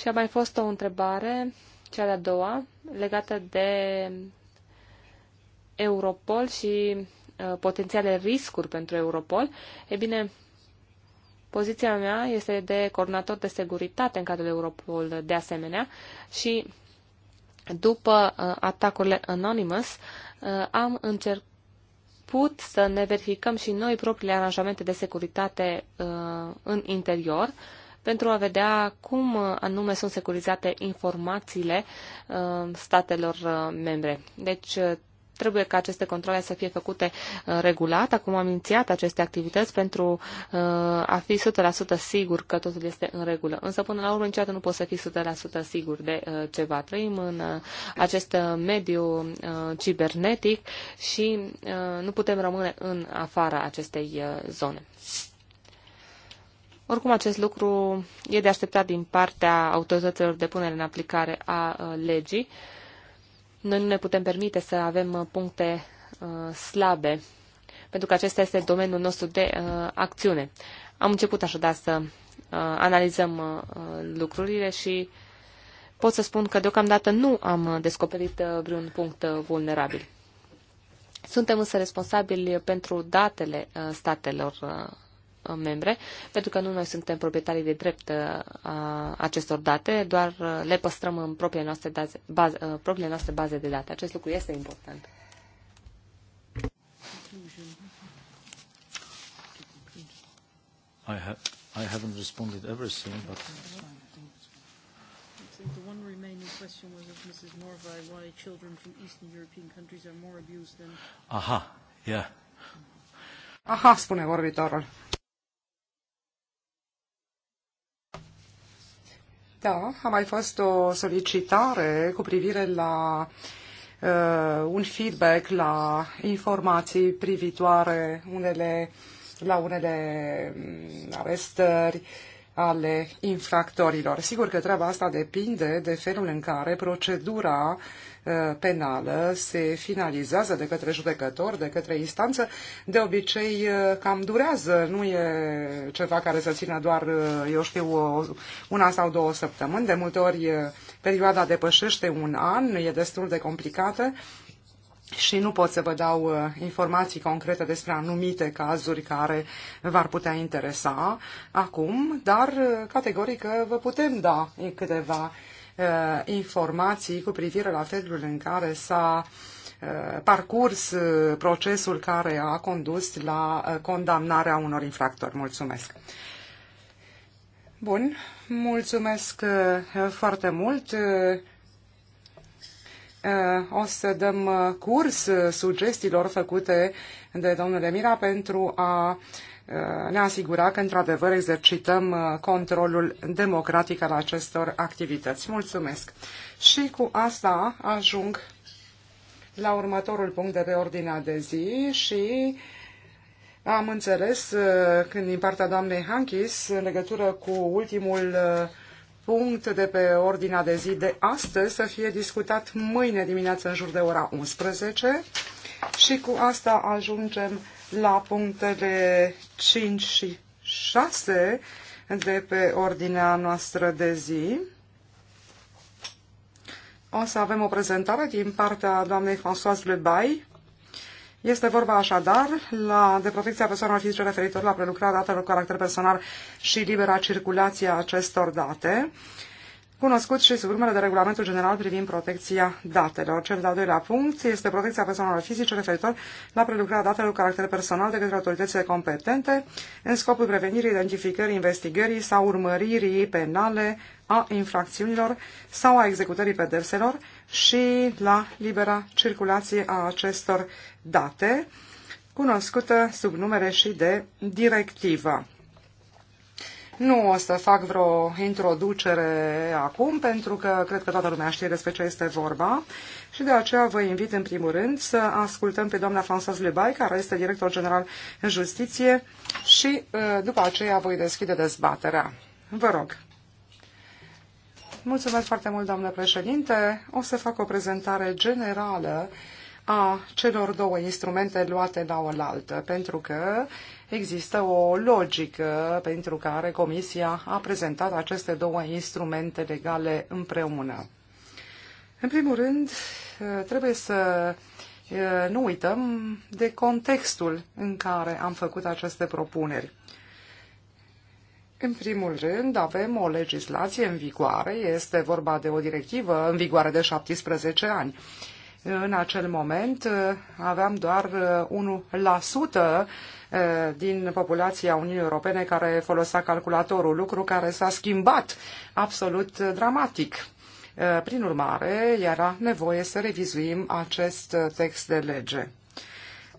Și a mai fost o întrebare, cea de-a doua, legată de Europol și Uh, potențiale riscuri pentru Europol, e bine, poziția mea este de coordonator de securitate în cadrul Europol de asemenea și după uh, atacurile Anonymous uh, am încercat put să ne verificăm și noi propriile aranjamente de securitate uh, în interior pentru a vedea cum anume sunt securizate informațiile uh, statelor uh, membre. Deci uh, Trebuie ca aceste controle să fie făcute uh, regulat. Acum am inițiat aceste activități pentru uh, a fi 100% sigur că totul este în regulă. Însă, până la urmă, niciodată nu poți să fii 100% sigur de uh, ceva. Trăim în acest mediu cibernetic și nu putem rămâne în afara acestei zone. Oricum, acest lucru e de așteptat din partea autorităților de punere în aplicare a legii noi nu ne putem permite să avem uh, puncte uh, slabe, pentru că acesta este domeniul nostru de uh, acțiune. Am început așadar să analizăm lucrurile și pot să spun că deocamdată nu am descoperit vreun punct vulnerabil. Suntem însă responsabili pentru datele statelor membre, pentru că nu noi suntem proprietarii de drept uh, a acestor date, doar uh, le păstrăm în propriile noastre, daze, baze, uh, propriile noastre baze de date. Acest lucru este important. I, ha I haven't responded but... The one remaining question was of Mrs. why children from Eastern European countries are more abused than... Aha, yeah. Aha, spune vorbitorul. Da, a mai fost o solicitare cu privire la uh, un feedback, la informații privitoare unele, la unele mm, arestări ale infractorilor. Sigur că treaba asta depinde de felul în care procedura Uh, penală se finalizează de către judecător, de către instanță, de obicei uh, cam durează, nu e ceva care să țină doar, uh, eu știu, una sau două săptămâni, de multe ori perioada depășește un an, e destul de complicată și nu pot să vă dau informații concrete despre anumite cazuri care v-ar putea interesa acum, dar categoric vă putem da câteva Uh, informații cu privire la felul în care s-a uh, parcurs uh, procesul care a condus la condamnarea unor infractori. Mulțumesc! Bun, mulțumesc foarte mult. O să dăm curs sugestiilor făcute de domnule Mira pentru a Uh, ne asigura că, într-adevăr, exercităm uh, controlul democratic al acestor activități. Mulțumesc! Și cu asta ajung la următorul punct de pe ordinea de zi și am înțeles uh, când din partea doamnei Hankis în legătură cu ultimul punct de pe ordinea de zi de astăzi să fie discutat mâine dimineață în jur de ora 11 și cu asta ajungem la punctele 5 și 6 de pe ordinea noastră de zi. O să avem o prezentare din partea doamnei Françoise Lebay. Este vorba așadar la, de protecția persoanelor fizice referitor la prelucrarea datelor cu caracter personal și libera circulație a acestor date. Uh, cunoscut și sub urmele de regulamentul general privind protecția datelor. Cel de-al doilea punct este protecția persoanelor fizice referitor la prelucrarea datelor cu caracter personal de către autoritățile competente în scopul prevenirii, identificării, investigării sau urmăririi penale a infracțiunilor sau a executării pedepselor și la libera circulație a acestor date, cunoscută sub numere și de directivă. Nu o să fac vreo introducere acum, pentru că cred că toată lumea știe despre ce este vorba și de aceea vă invit în primul rând să ascultăm pe doamna Françoise Lebai, care este director general în justiție și uh, după aceea voi deschide dezbaterea. Vă rog. Mulțumesc foarte mult, doamnă președinte. O să fac o prezentare generală a celor două instrumente luate la oaltă, pentru că există o logică pentru care Comisia a prezentat aceste două instrumente legale împreună. În primul rând, trebuie să nu uităm de contextul în care am făcut aceste propuneri. În primul rând, avem o legislație în vigoare, este vorba de o directivă în vigoare de 17 ani în acel moment uh, aveam doar 1% uh, uh, din populația Uniunii Europene care folosea calculatorul, lucru care s-a schimbat absolut dramatic. Prin urmare, era nevoie să revizuim acest text de lege.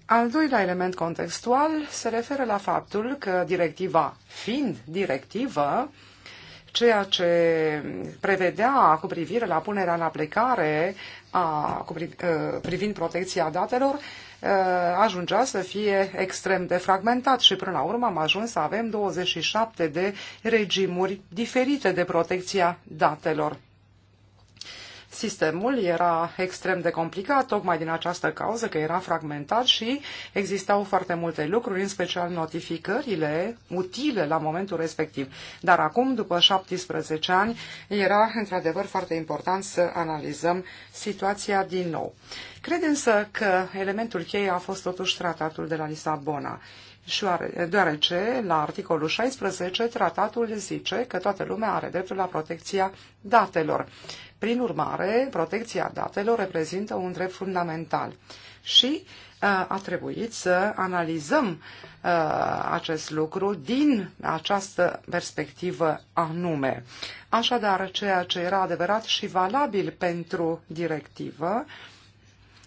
Al doilea element contextual se referă la faptul că directiva, fiind directivă, ceea ce prevedea cu privire la punerea în aplicare a, cu, privind protecția datelor ajungea să fie extrem de fragmentat și până la urmă am ajuns să avem 27 de regimuri diferite de protecția datelor. Sistemul era extrem de complicat, tocmai din această cauză că era fragmentat și existau foarte multe lucruri, în special notificările utile la momentul respectiv. Dar acum, după 17 ani, era într-adevăr foarte important să analizăm situația din nou. Cred însă că elementul cheie a fost totuși tratatul de la Lisabona deoarece la articolul 16 tratatul zice că toată lumea are dreptul la protecția datelor prin urmare, protecția datelor reprezintă un drept fundamental și uh, a trebuit să analizăm uh, acest lucru din această perspectivă anume. Așadar, ceea ce era adevărat și valabil pentru directivă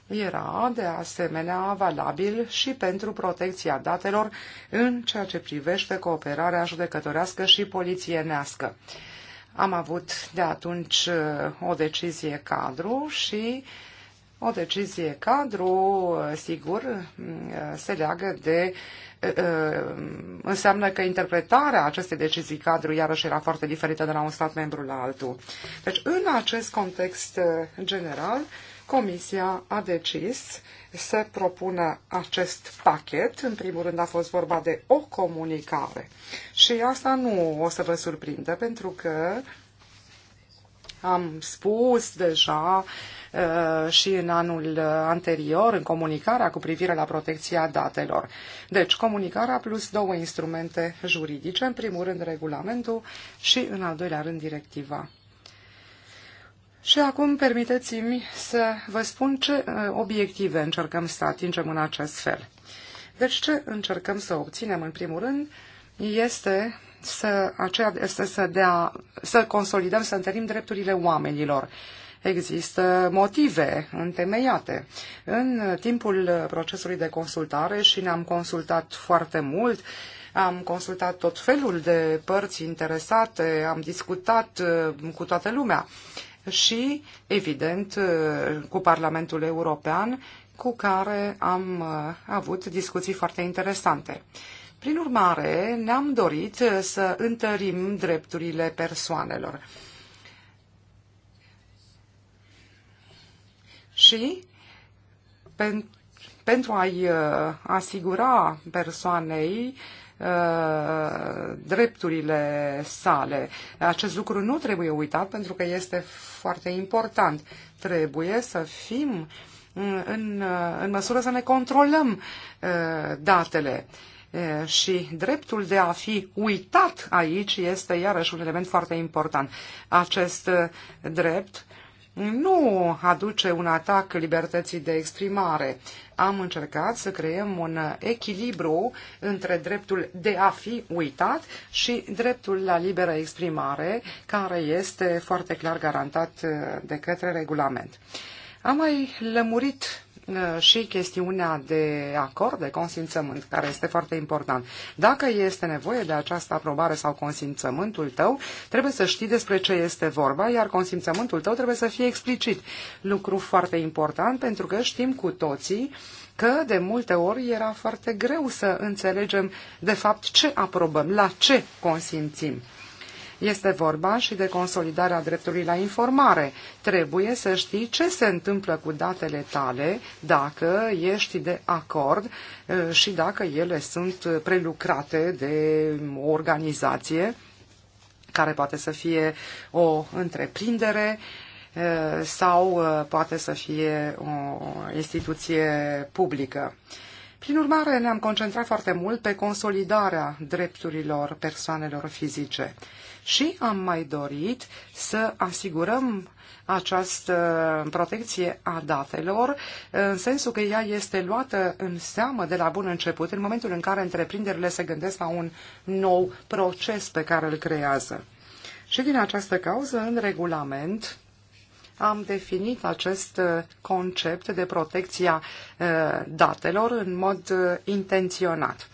era de asemenea valabil și pentru protecția datelor în ceea ce privește cooperarea judecătorească și polițienească am avut de atunci uh, o decizie cadru și o decizie cadru, uh, sigur, uh, se leagă de înseamnă că interpretarea acestei decizii cadru iarăși era foarte diferită de la un stat membru la altul. Deci, în acest context general, Comisia a decis să propună acest pachet. În primul rând a fost vorba de o comunicare. Și asta nu o să vă surprindă, pentru că am spus deja uh, și în anul anterior, în comunicarea cu privire la protecția datelor. Deci, comunicarea plus două instrumente juridice, în primul rând regulamentul și, în al doilea rând, directiva. Și acum permiteți-mi să vă spun ce uh, obiective încercăm să atingem în acest fel. Deci ce încercăm să obținem în primul rând este să, aceea, este să, dea, să consolidăm, să întărim drepturile oamenilor. Există motive întemeiate. În timpul procesului de consultare și ne-am consultat foarte mult, am consultat tot felul de părți interesate, am discutat uh, cu toată lumea și, evident, cu Parlamentul European, cu care am uh, avut discuții foarte interesante. Prin urmare, ne-am dorit uh, să întărim drepturile persoanelor. Și pentru a-i uh, asigura persoanei uh, Uh, drepturile sale. Acest lucru nu trebuie uitat pentru că este foarte important. Trebuie să fim în, în măsură să ne controlăm uh, datele. Uh, și dreptul de a fi uitat aici este iarăși un element foarte important. Acest drept nu aduce un atac libertății de exprimare. Am încercat să creăm un echilibru între dreptul de a fi uitat și dreptul la liberă exprimare, care este foarte clar garantat de către regulament. Am mai lămurit Uh, și chestiunea de acord, de consimțământ, care este foarte important. Dacă este nevoie de această aprobare sau consimțământul tău, trebuie să știi despre ce este vorba, iar consimțământul tău trebuie să fie explicit. Lucru foarte important pentru că știm cu toții că de multe ori era foarte greu să înțelegem de fapt ce aprobăm, la ce consimțim. Este vorba și de consolidarea dreptului la informare. Trebuie să știi ce se întâmplă cu datele tale dacă ești de acord și dacă ele sunt prelucrate de o organizație care poate să fie o întreprindere sau poate să fie o instituție publică. Prin urmare, ne-am concentrat foarte mult pe consolidarea drepturilor persoanelor fizice și am mai dorit să asigurăm această protecție a datelor, în sensul că ea este luată în seamă de la bun început, în momentul în care întreprinderile se gândesc la un nou proces pe care îl creează. Și din această cauză, în regulament, am definit acest concept de protecția eh, datelor în mod eh, intenționat.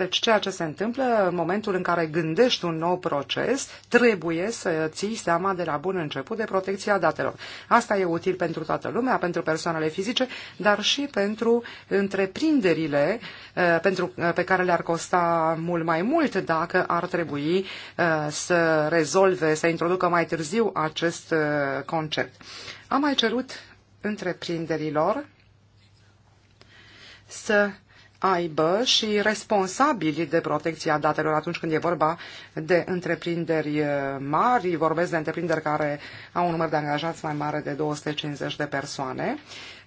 Deci ceea ce se întâmplă în momentul în care gândești un nou proces, trebuie să ții seama de la bun început de protecția datelor. Asta e util pentru toată lumea, pentru persoanele fizice, dar și pentru întreprinderile eh, pentru, eh, pe care le-ar costa mult mai mult dacă ar trebui eh, să rezolve, să introducă mai târziu acest concept. Am mai cerut întreprinderilor să aibă și responsabili de protecția datelor atunci când e vorba de întreprinderi uh, mari, vorbesc de întreprinderi care au un număr de angajați mai mare de 250 de persoane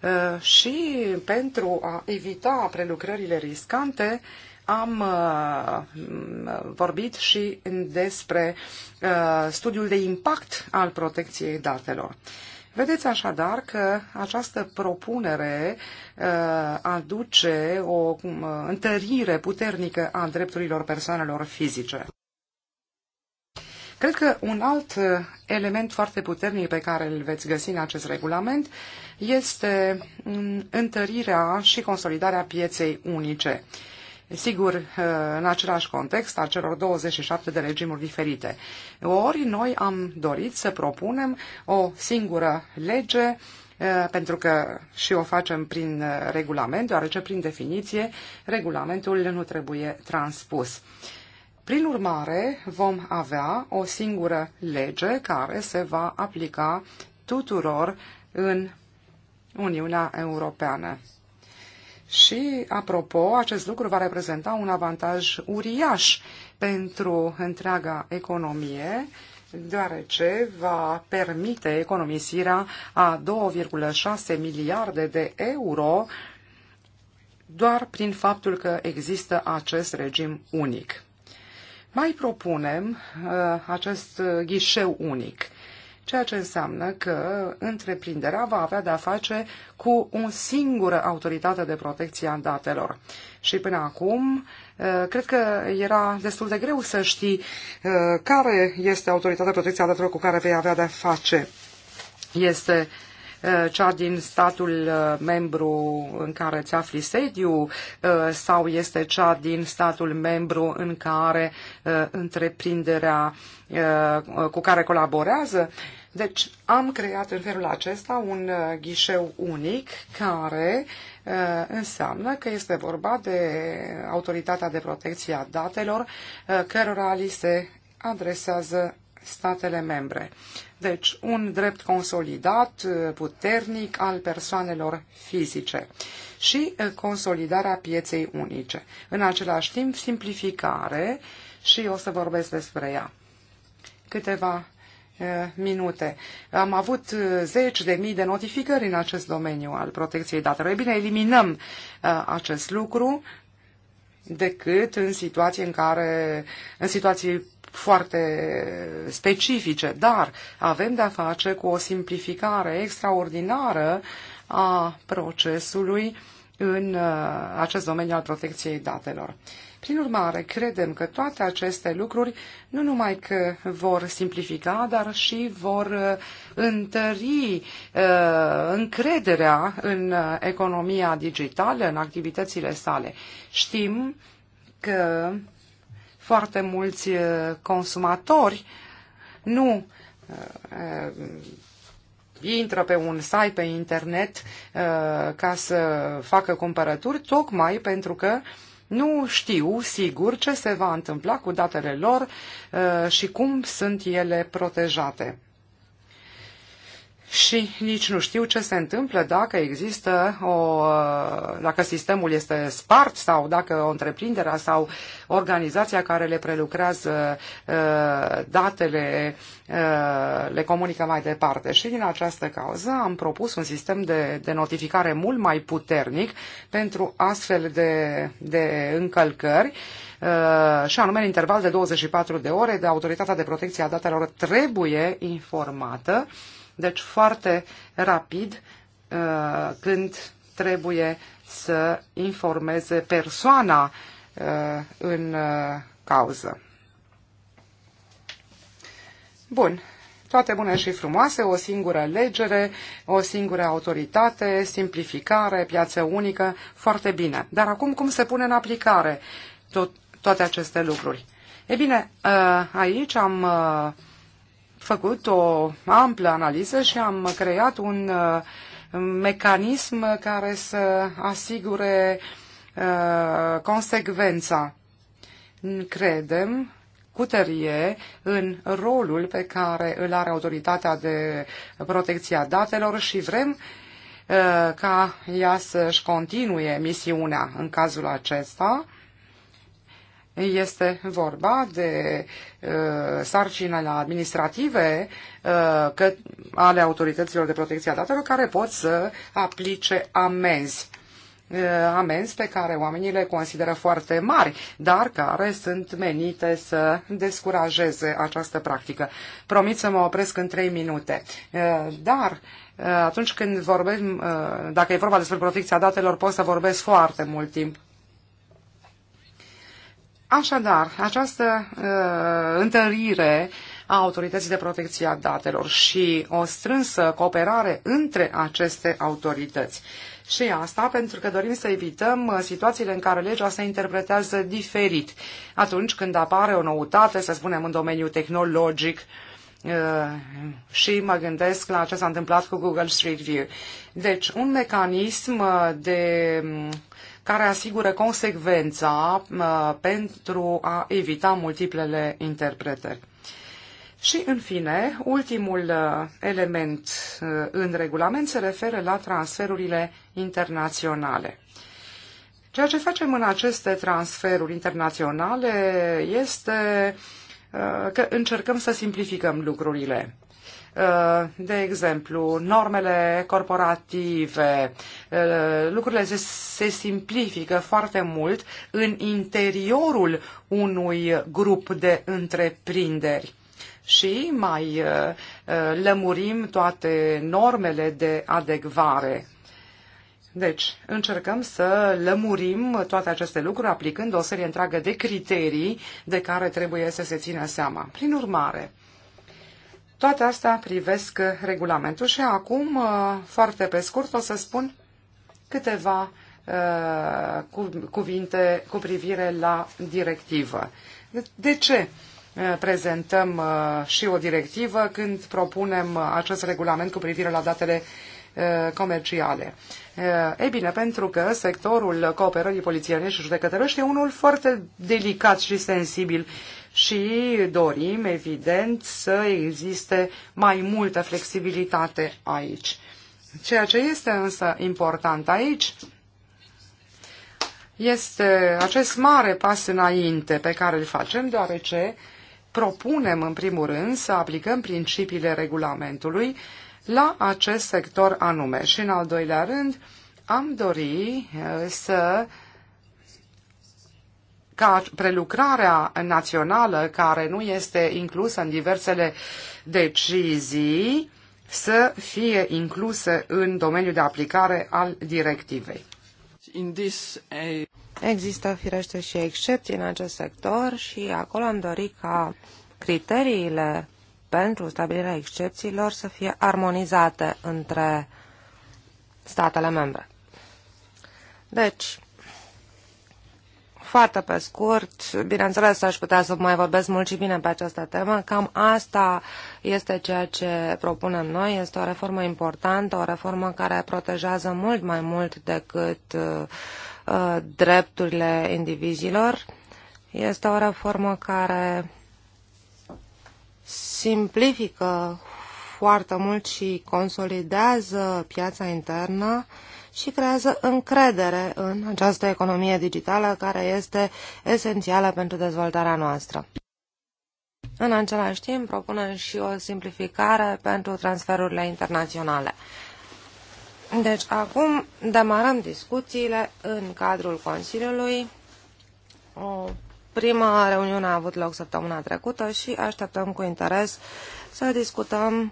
uh, și pentru a evita prelucrările riscante am uh, vorbit și despre studiul de impact al protecției datelor. Vedeți așadar că această propunere uh, aduce o uh, întărire puternică a drepturilor persoanelor fizice. Cred că un alt uh, element foarte puternic pe care îl veți găsi în acest regulament este mm, întărirea și consolidarea pieței unice sigur uh, în același context al celor 27 de regimuri diferite. Ori noi am dorit să propunem o singură lege uh, pentru că și o facem prin uh, regulament, deoarece prin definiție regulamentul nu trebuie transpus. Prin urmare, vom avea o singură lege care se va aplica tuturor în Uniunea Europeană. Și, apropo, acest lucru va reprezenta un avantaj uriaș pentru întreaga economie, deoarece va permite economisirea a 2,6 miliarde de euro doar prin faptul că există acest regim unic. Mai propunem uh, acest ghișeu unic ceea ce înseamnă că întreprinderea va avea de-a face cu o singură autoritate de protecție a datelor. Și până acum, uh, cred că era destul de greu să știi uh, care este autoritatea de protecție a datelor cu care vei avea de-a face. Este uh, Eh, cea din statul eh, membru în care îți afli sediu eh, sau este cea din statul membru în care întreprinderea cu care colaborează. Deci am creat în felul acesta un ghișeu unic care înseamnă că este vorba de autoritatea de protecție a datelor cărora li se adresează statele membre. Deci, un drept consolidat, uh, puternic al persoanelor fizice și uh, consolidarea pieței unice. În același timp, simplificare și o să vorbesc despre ea. Câteva uh, minute. Am avut zeci de mii de notificări în acest domeniu al protecției datelor. Ei bine, eliminăm acest lucru decât în situații în care, în situații foarte specifice, dar avem de-a face cu o simplificare extraordinară a procesului în uh, acest domeniu al protecției datelor. Prin urmare, credem că toate aceste lucruri nu numai că vor simplifica, dar și vor uh, întări uh, încrederea în economia digitală, în activitățile sale. Știm că foarte mulți uh, consumatori nu uh, uh, intră pe un site pe internet ca să facă cumpărături, tocmai pentru că nu știu sigur ce se va întâmpla cu datele lor și cum sunt ele protejate și nici nu știu ce se întâmplă dacă există o, dacă sistemul este spart sau dacă o întreprinderea sau organizația care le prelucrează uh, datele uh, le comunică mai departe. Și din această cauză am propus un sistem de, de notificare mult mai puternic pentru astfel de, de încălcări uh, și anume în interval de 24 de ore de autoritatea de protecție a datelor trebuie informată uh, deci foarte rapid uh, când trebuie să informeze persoana uh, în uh, cauză. Bun. Toate bune și frumoase, o singură legere, o singură autoritate, simplificare, piață unică, foarte bine. Dar acum cum se pune în aplicare tot, toate aceste lucruri? E bine, aici am făcut o amplă analiză și am creat un uh, mecanism care să asigure uh, consecvența. Credem cu tărie în rolul pe care îl are autoritatea de protecție a datelor și vrem uh, ca ea să-și continue misiunea în cazul acesta este vorba de uh, sarcinile administrative uh, că, ale autorităților de protecție a datelor care pot să aplice amenzi uh, amenzi pe care oamenii le consideră foarte mari, dar care sunt menite să descurajeze această practică. Promit să mă opresc în trei minute. Uh, dar uh, atunci când vorbim, dacă e vorba despre protecția datelor, pot să vorbesc foarte mult timp Așadar, această uh, întărire a autorității de protecție a datelor și o strânsă cooperare între aceste autorități. Și asta pentru că dorim să evităm uh, situațiile în care legea se interpretează diferit atunci când apare o noutate, să spunem, în domeniul tehnologic, uh, și mă gândesc la ce s-a întâmplat cu Google Street View. Deci, un mecanism uh, de mm, care asigură consecvența uh, pentru a evita multiplele interpretări. Și, în fine, ultimul uh, element uh, în regulament se referă la transferurile internaționale. Ceea ce facem în aceste transferuri internaționale este că încercăm să simplificăm lucrurile. Uh, de exemplu, normele corporative, uh, lucrurile se, se simplifică foarte mult în interiorul unui grup de întreprinderi și mai uh, lămurim toate normele de adecvare. Deci, încercăm să lămurim toate aceste lucruri aplicând o serie întreagă de criterii de care trebuie să se țină seama. Prin urmare, toate astea privesc regulamentul și acum, uh, foarte pe scurt, o să spun câteva uh, cuvinte cu privire la directivă. De ce uh, prezentăm și o directivă când propunem acest regulament cu privire la datele comerciale? Ei bine, pentru că sectorul cooperării polițienești și judecătărești e unul foarte delicat și sensibil și dorim, evident, să existe mai multă flexibilitate aici. Ceea ce este însă important aici este acest mare pas înainte pe care îl facem, deoarece propunem în primul rând să aplicăm principiile regulamentului la acest sector anume. Și în al doilea rând am dori eh, să ca prelucrarea națională care nu este inclusă în diversele decizii să fie inclusă în domeniul de aplicare al directivei. Există firește și excepții în acest sector și acolo am dorit ca criteriile pentru stabilirea excepțiilor să fie armonizate între statele membre. Deci, foarte pe scurt, bineînțeles aș putea să mai vorbesc mult și bine pe această temă, cam asta este ceea ce propunem noi, este o reformă importantă, o reformă care protejează mult mai mult decât uh, drepturile indivizilor. Este o reformă care simplifică foarte mult și consolidează piața internă uh, și creează încredere în această economie digitală care este esențială pentru dezvoltarea noastră. În același timp, propunem și o simplificare pentru transferurile internaționale. Deci, acum demarăm discuțiile în cadrul Consiliului. O prima reuniune a avut loc săptămâna trecută și așteptăm cu interes să discutăm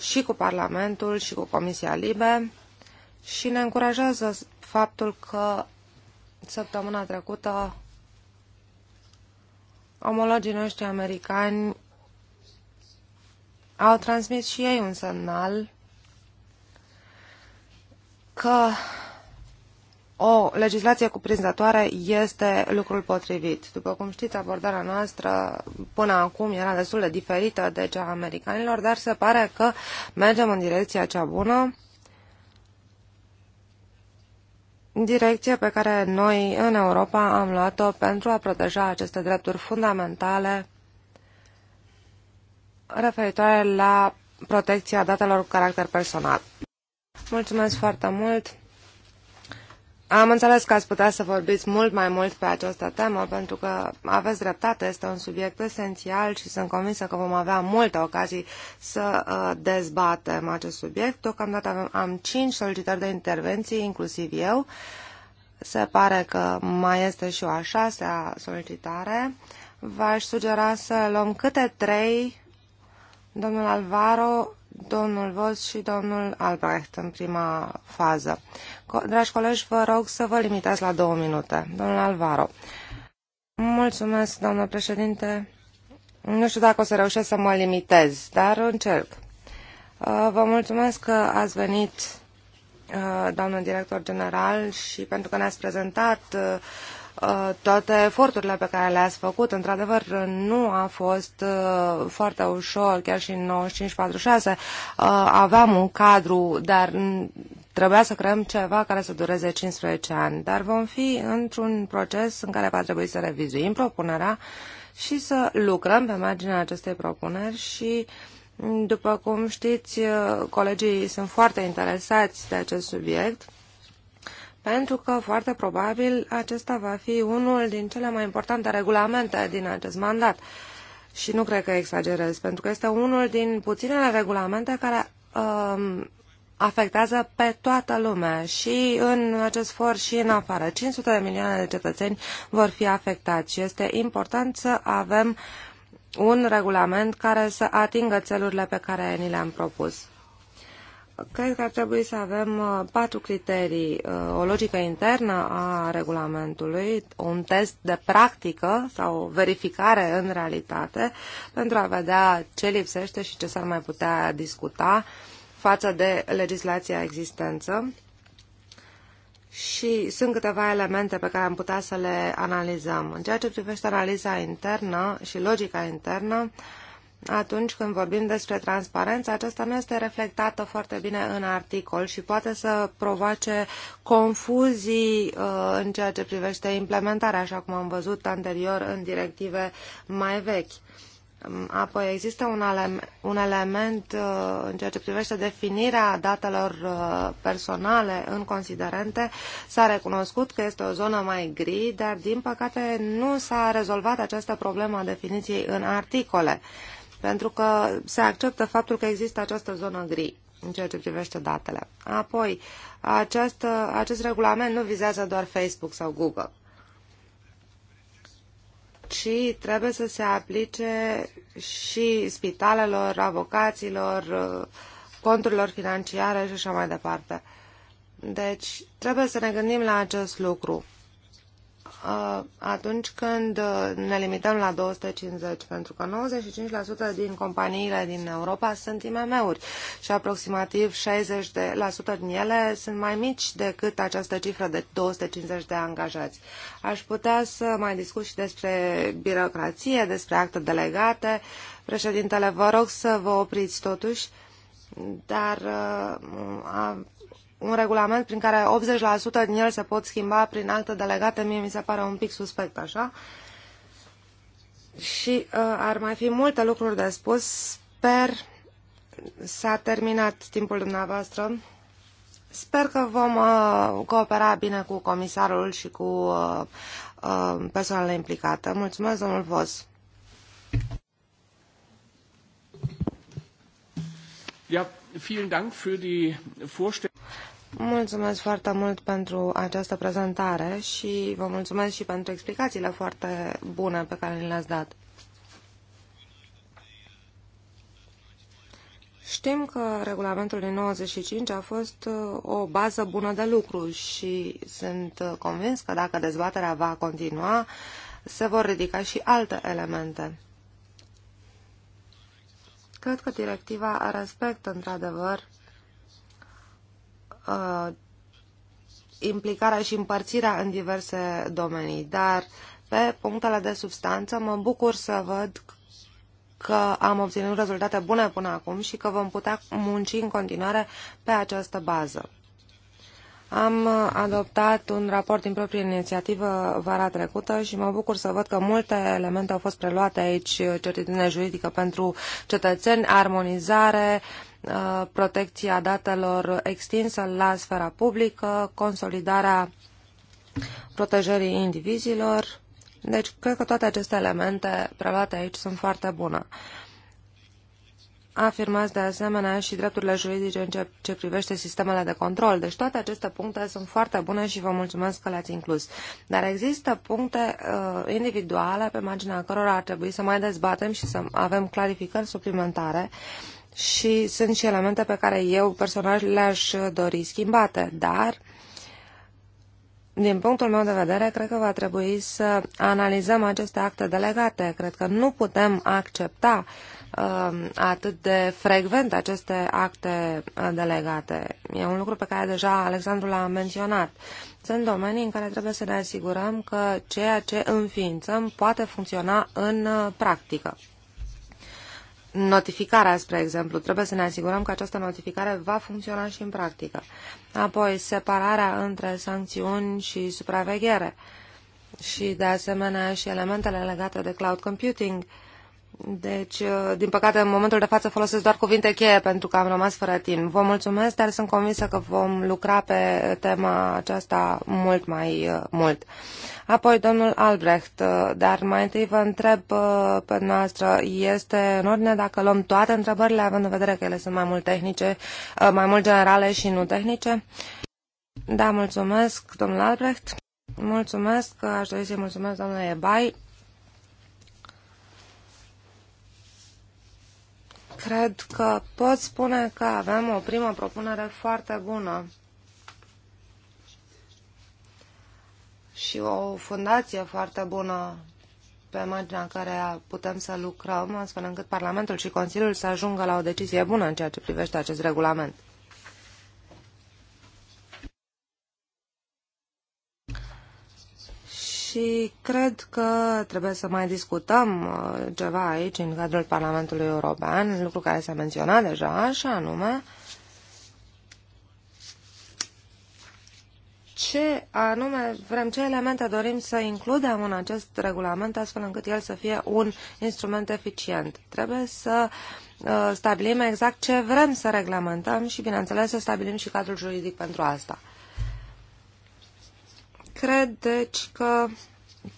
și cu Parlamentul și cu Comisia Libe și ne încurajează faptul că săptămâna trecută omologii noștri americani au transmis și ei un semnal că o legislație cuprinzătoare este lucrul potrivit. După cum știți, abordarea noastră până acum era destul de diferită de cea a americanilor, dar se pare că mergem în direcția cea bună direcție pe care noi în Europa am luat-o pentru a proteja aceste drepturi fundamentale referitoare la protecția datelor cu caracter personal. Mulțumesc foarte mult! Am înțeles că ați putea să vorbiți mult mai mult pe această temă, pentru că aveți dreptate, este un subiect esențial și sunt convinsă că vom avea multe ocazii să uh, dezbatem acest subiect. Deocamdată avem, am cinci solicitări de intervenție, inclusiv eu. Se pare că mai este și o a șasea solicitare. V-aș sugera să luăm câte trei, domnul Alvaro, domnul Vos și domnul Albrecht în prima fază. Dragi colegi, vă rog să vă limitați la două minute. Domnul Alvaro. Mulțumesc, doamnă președinte. Nu știu dacă o să reușesc să mă limitez, dar încerc. Uh, vă mulțumesc că ați venit uh, doamnă director general și pentru că ne-ați prezentat uh, Uh, toate eforturile pe care le-ați făcut. Într-adevăr, nu a fost uh, foarte ușor, chiar și în 95-46 uh, aveam un cadru, dar trebuia să creăm ceva care să dureze 15 ani. Dar vom fi într-un proces în care va trebui să revizuim propunerea și să lucrăm pe marginea acestei propuneri și după cum știți, colegii sunt foarte interesați de acest subiect pentru că foarte probabil acesta va fi unul din cele mai importante regulamente din acest mandat. Și nu cred că exagerez, pentru că este unul din puținele regulamente care um, afectează pe toată lumea și în acest for și în afară. 500 de milioane de cetățeni vor fi afectați și este important să avem un regulament care să atingă țelurile pe care ni le-am propus cred că ar trebui să avem uh, patru criterii. Uh, o logică internă a regulamentului, un test de practică sau o verificare în realitate pentru a vedea ce lipsește și ce s-ar mai putea discuta față de legislația existență. Și sunt câteva elemente pe care am putea să le analizăm. În ceea ce privește analiza internă și logica internă, uh, atunci când vorbim despre transparență, aceasta nu este reflectată foarte bine în articol și poate să provoace confuzii uh, în ceea ce privește implementarea, așa cum am văzut anterior în directive mai vechi. Um, apoi există un, element, un element uh, în ceea ce privește definirea datelor uh, personale în considerente. S-a recunoscut că este o zonă mai gri, dar din păcate nu s-a rezolvat această problemă a definiției în articole. Uh, pentru că se acceptă faptul că există această zonă gri în ceea ce privește datele. Apoi, acest acest regulament nu vizează doar Facebook sau Google, ci trebuie să se aplice și spitalelor, avocaților, conturilor financiare și așa mai departe. Deci, trebuie să ne gândim la acest lucru. Uh, atunci când uh, ne limităm la 250, pentru că 95% din companiile din Europa sunt IMM-uri și aproximativ 60% din ele sunt mai mici decât această cifră de 250 de angajați. Aș putea să mai discut și despre birocrație, despre acte delegate. Președintele, vă rog să vă opriți totuși dar uh, un regulament prin care 80% din el se pot schimba prin acte delegate, mie mi se pare un pic suspect așa. Și uh, ar mai fi multe lucruri de spus. Sper s-a terminat timpul dumneavoastră. Sper că vom uh, coopera bine cu comisarul și cu uh, uh, persoanele implicate. Mulțumesc, domnul Vos. Yep vielen Dank für die Vorstellung. Mulțumesc foarte mult pentru această prezentare și vă mulțumesc și pentru explicațiile foarte bune pe care le-ați dat. Știm că regulamentul din 95 a fost uh, o bază bună de lucru și sunt uh, convins că dacă dezbaterea va continua, se vor ridica și alte elemente. Cred că directiva respectă, într-adevăr, uh, implicarea și împărțirea în diverse domenii, dar pe punctele de substanță mă bucur să văd că am obținut rezultate bune până acum și că vom putea munci în continuare pe această bază. Am adoptat un raport din proprie inițiativă vara trecută și mă bucur să văd că multe elemente au fost preluate aici, certitudine juridică pentru cetățeni, armonizare, uh, protecția datelor extinsă la sfera publică, consolidarea protejării indivizilor. Deci, cred că toate aceste elemente preluate aici sunt foarte bune. Afirmați de asemenea și drepturile juridice în ce, ce privește sistemele de control. Deci toate aceste puncte sunt foarte bune și vă mulțumesc că le-ați inclus. Dar există puncte uh, individuale pe marginea cărora ar trebui să mai dezbatem și să avem clarificări suplimentare și sunt și elemente pe care eu personal le-aș dori schimbate, dar din punctul meu de vedere, cred că va trebui să analizăm aceste acte delegate. Cred că nu putem accepta uh, Um, atât de frecvent aceste acte uh, delegate. E un lucru pe care deja Alexandru l-a menționat. Sunt domenii în care trebuie să ne asigurăm că ceea ce înființăm poate funcționa în uh, practică. Notificarea, spre exemplu, trebuie să ne asigurăm că această notificare va funcționa și în practică. Apoi, separarea între sancțiuni și supraveghere și, de asemenea, și elementele legate de cloud computing uh, deci, uh, din păcate, în momentul de față folosesc doar cuvinte cheie pentru că am rămas fără timp. Vă mulțumesc, dar sunt convinsă că vom lucra pe tema aceasta mult mai uh, mult. Apoi, domnul Albrecht, uh, dar mai întâi vă întreb pe noastră, este în ordine dacă luăm toate întrebările, având în vedere că ele sunt mai mult tehnice, mai mult generale și nu tehnice? Da, mulțumesc, domnul Albrecht. Mulțumesc, aș dori să-i mulțumesc, domnule Ebai Cred că pot spune că avem o primă propunere foarte bună și o fundație foarte bună pe marginea care putem să lucrăm, astfel încât Parlamentul și Consiliul să ajungă la o decizie bună în ceea ce privește acest regulament. și cred că trebuie să mai discutăm uh, ceva aici în cadrul Parlamentului European, lucru care s-a menționat deja, și anume ce anume vrem, ce elemente dorim să includem în acest regulament astfel încât el să fie un instrument eficient. Trebuie să uh, stabilim exact ce vrem să reglementăm și, bineînțeles, să stabilim și cadrul juridic pentru asta. Cred, deci, că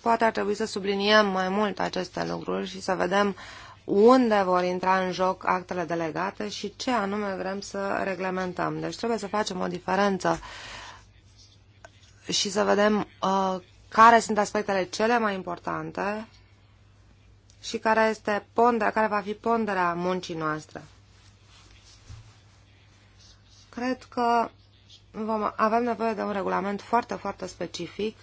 poate ar trebui să subliniem mai mult aceste lucruri și să vedem unde vor intra în joc actele delegate și ce anume vrem să reglementăm. Deci trebuie să facem o diferență și să vedem uh, care sunt aspectele cele mai importante și care, este pondera, care va fi ponderea muncii noastre. Cred că vom, avem nevoie de un regulament foarte, foarte specific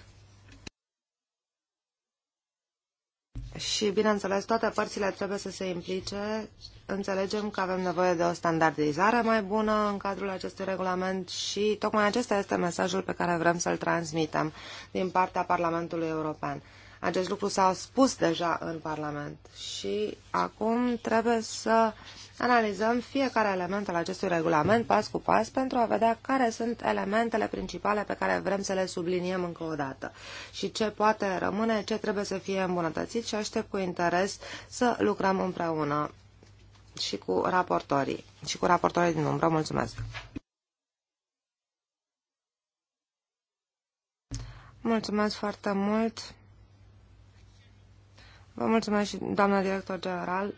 și, bineînțeles, toate părțile trebuie să se implice. Înțelegem că avem nevoie de o standardizare mai bună în cadrul acestui regulament și tocmai acesta este mesajul pe care vrem să-l transmitem din partea Parlamentului European. Acest lucru s-a spus deja în Parlament și acum trebuie să uh, analizăm fiecare element al acestui regulament pas cu pas pentru a vedea care sunt elementele principale pe care vrem să le subliniem încă o dată și ce poate rămâne, ce trebuie să fie îmbunătățit și aștept cu interes să lucrăm împreună și cu raportorii și cu raportorii din umbră. Mulțumesc! Mulțumesc foarte mult! Vă mulțumesc și doamna director general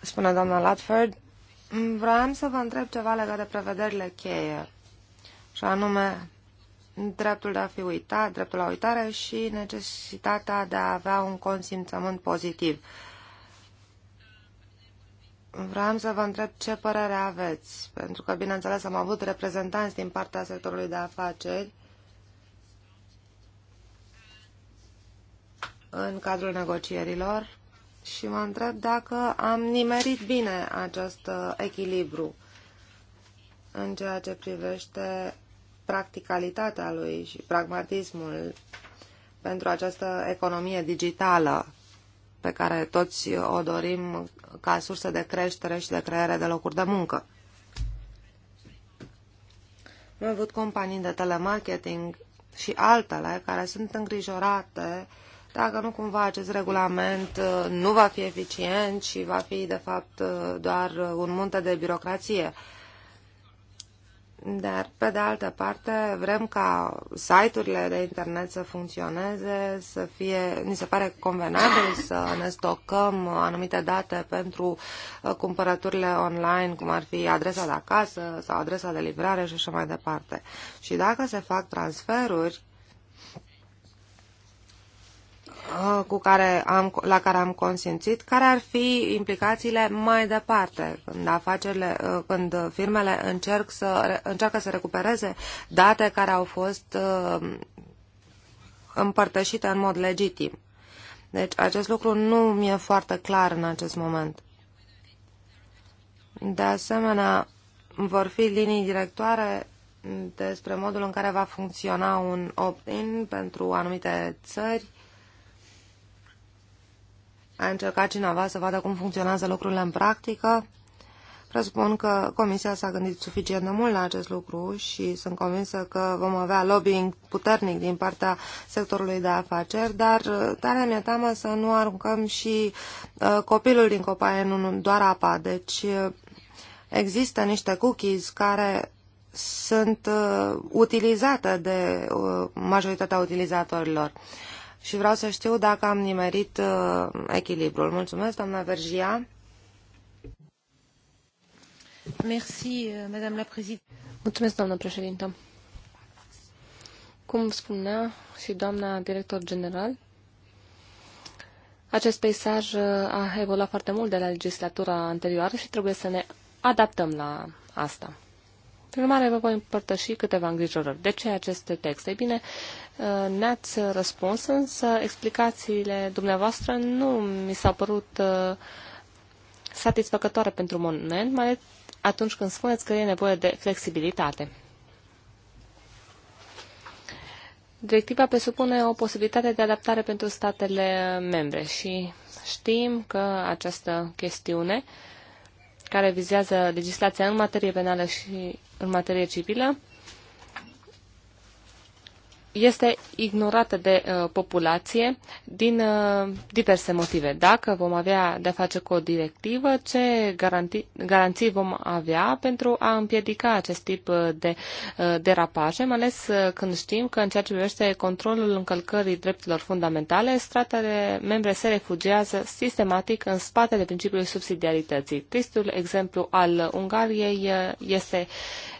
spune doamna Latford, vreau să vă întreb ceva legat de prevederile cheie, și anume dreptul de a fi uitat, dreptul la uitare și necesitatea de a avea un consimțământ pozitiv. Vreau să vă întreb ce părere aveți, pentru că, bineînțeles, am avut reprezentanți din partea sectorului de afaceri în cadrul negocierilor și mă întreb dacă am nimerit bine acest uh, echilibru în ceea ce privește practicalitatea lui și pragmatismul pentru această economie digitală pe care toți o dorim ca sursă de creștere și de creare de locuri de muncă. Am avut companii de telemarketing și altele care sunt îngrijorate uh, dacă nu cumva acest regulament uh, nu va fi eficient și va fi, de fapt, uh, doar uh, un munte de birocrație. Dar, pe de altă parte, vrem ca site-urile de internet să funcționeze, să fie, ni se pare convenabil să ne stocăm anumite date pentru cumpărăturile online, cum ar fi adresa de acasă sau adresa de livrare și așa mai departe. Și dacă se fac transferuri, Uh, cu care am, la care am consimțit, care ar fi implicațiile mai departe când, afacerile, uh, când firmele încerc să, încearcă să recupereze date care au fost uh, împărtășite în mod legitim. Deci acest lucru nu mi-e foarte clar în acest moment. De asemenea, vor fi linii directoare despre modul în care va funcționa un opt-in pentru anumite țări a încercat cineva să vadă cum funcționează lucrurile în practică. Presupun că Comisia s-a gândit suficient de mult la acest lucru și sunt convinsă că vom avea lobbying puternic din partea sectorului de afaceri, dar uh, tare mi-e teamă să nu aruncăm și uh, copilul din copaie, nu doar apa. Deci uh, există niște cookies care sunt uh, utilizate de uh, majoritatea utilizatorilor. Uh, și vreau să știu dacă am nimerit uh, echilibrul. Mulțumesc, doamna Vergia. Merci, uh, madame la Mulțumesc, doamna președintă. Cum spunea și doamna director general, acest peisaj uh, a evoluat foarte mult de la legislatura anterioară și trebuie să ne adaptăm la asta. Prin urmare, vă voi împărtăși câteva îngrijorări. De ce aceste texte? Ei bine, uh, ne-ați răspuns, însă explicațiile dumneavoastră nu mi s-au părut uh, satisfăcătoare pentru moment, mai atunci când spuneți că e nevoie de flexibilitate. Directiva presupune o posibilitate de adaptare pentru statele membre și știm că această chestiune uh, care vizează legislația în materie penală și în materie civilă este ignorată de uh, populație din uh, diverse motive. Dacă vom avea de-a face cu o directivă, ce garanti, garanții vom avea pentru a împiedica acest tip uh, de uh, derapaje, mai ales uh, când știm că în ceea ce privește controlul încălcării drepturilor fundamentale, statele membre se refugiază sistematic în spatele principiului subsidiarității. Tristul exemplu al Ungariei uh, este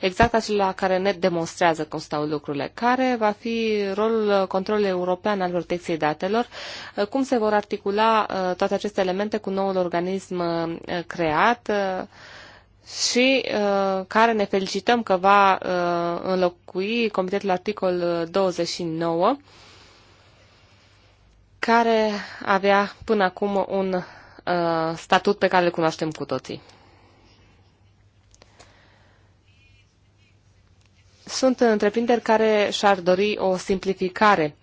exact acela care ne demonstrează cum stau lucrurile, care va fi rolul uh, controlului european al protecției datelor, uh, cum se vor articula uh, toate aceste elemente cu noul organism creat și care ne felicităm că va înlocui comitetul articol 29 care avea până acum un statut pe care îl cunoaștem cu toții. sunt întreprinderi care și-ar dori o simplificare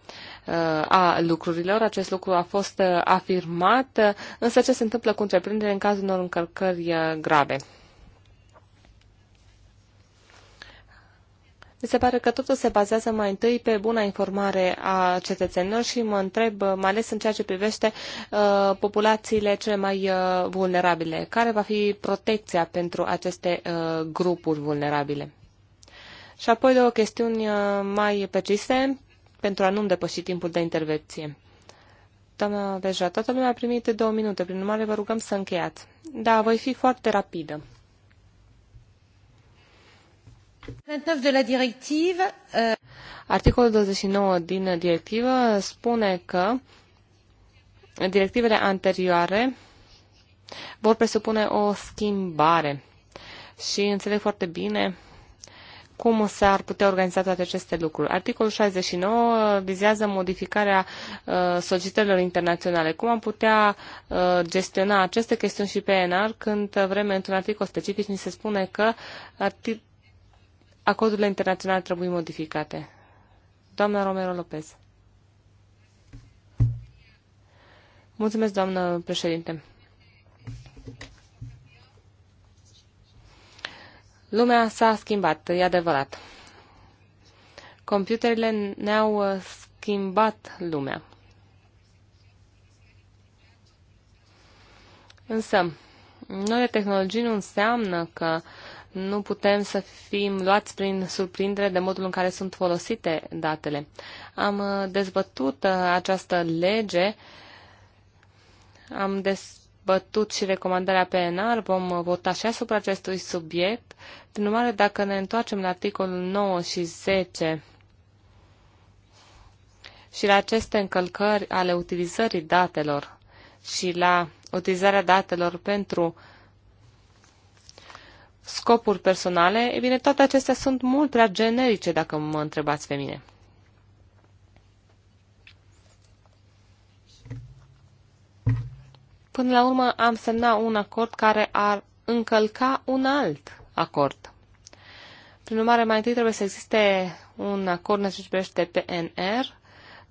uh, a lucrurilor. Acest lucru a fost uh, afirmat, uh, însă ce se întâmplă cu întreprindere în cazul unor încărcări grave? Mi se pare că totul se bazează mai întâi pe buna informare a cetățenilor și mă întreb, mai ales în ceea ce privește uh, populațiile cele mai uh, vulnerabile, care va fi protecția pentru aceste uh, grupuri vulnerabile? Și apoi două chestiuni uh, mai precise pentru a nu depăși timpul de intervenție. Doamna Veja, toată lumea a primit două minute, prin urmare vă rugăm să încheiați. Da, voi fi foarte rapidă. 29 de la directivă. Uh... Articolul 29 din directivă spune că directivele anterioare vor presupune o schimbare. Și înțeleg foarte bine cum s-ar putea organiza toate aceste lucruri. Articolul 69 vizează modificarea uh, internaționale. Cum am putea uh, gestiona aceste chestiuni și pe ENAR când vreme într-un articol specific ni se spune că acordurile internaționale trebuie modificate? Doamna Romero Lopez. Mulțumesc, doamnă președinte. Lumea s-a schimbat, e adevărat. Computerele ne-au uh, schimbat lumea. Însă, noile tehnologii nu înseamnă că nu putem să fim luați prin surprindere de modul în care sunt folosite datele. Am uh, dezbătut uh, această lege, am des bătut și recomandarea PNR, vom vota și asupra acestui subiect. Prin urmare, dacă ne întoarcem la articolul 9 și 10 și la aceste încălcări ale utilizării datelor și la utilizarea datelor pentru scopuri personale, e bine, toate acestea sunt mult prea generice, dacă mă întrebați pe mine. Până la urmă am semnat un acord care ar încălca un alt acord. Prin urmare, mai întâi trebuie să existe un acord în ce privește PNR,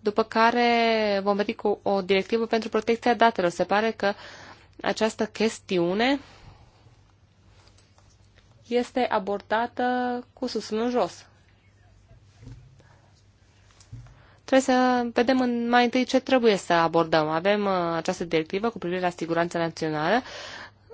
după care vom veni cu o directivă pentru protecția datelor. Se pare că această chestiune este abordată cu susul în jos. Trebuie să vedem în, mai întâi ce trebuie să abordăm. Avem uh, această directivă cu privire la siguranța națională,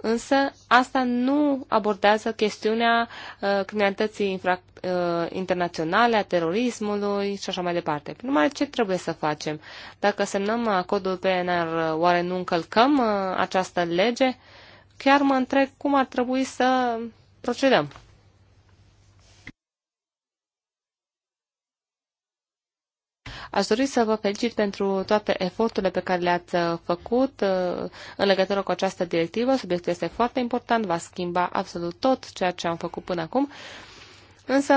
însă asta nu abordează chestiunea uh, criminalității infra- uh, internaționale, a terorismului și așa mai departe. Prin urmare, ce trebuie să facem? Dacă semnăm acordul uh, PNR, uh, oare nu încălcăm uh, această lege? Chiar mă întreb cum ar trebui să procedăm. Aș dori să vă felicit pentru toate eforturile pe care le-ați uh, făcut uh, în legătură cu această directivă. Subiectul este foarte important, va schimba absolut tot ceea ce am făcut până acum. Însă,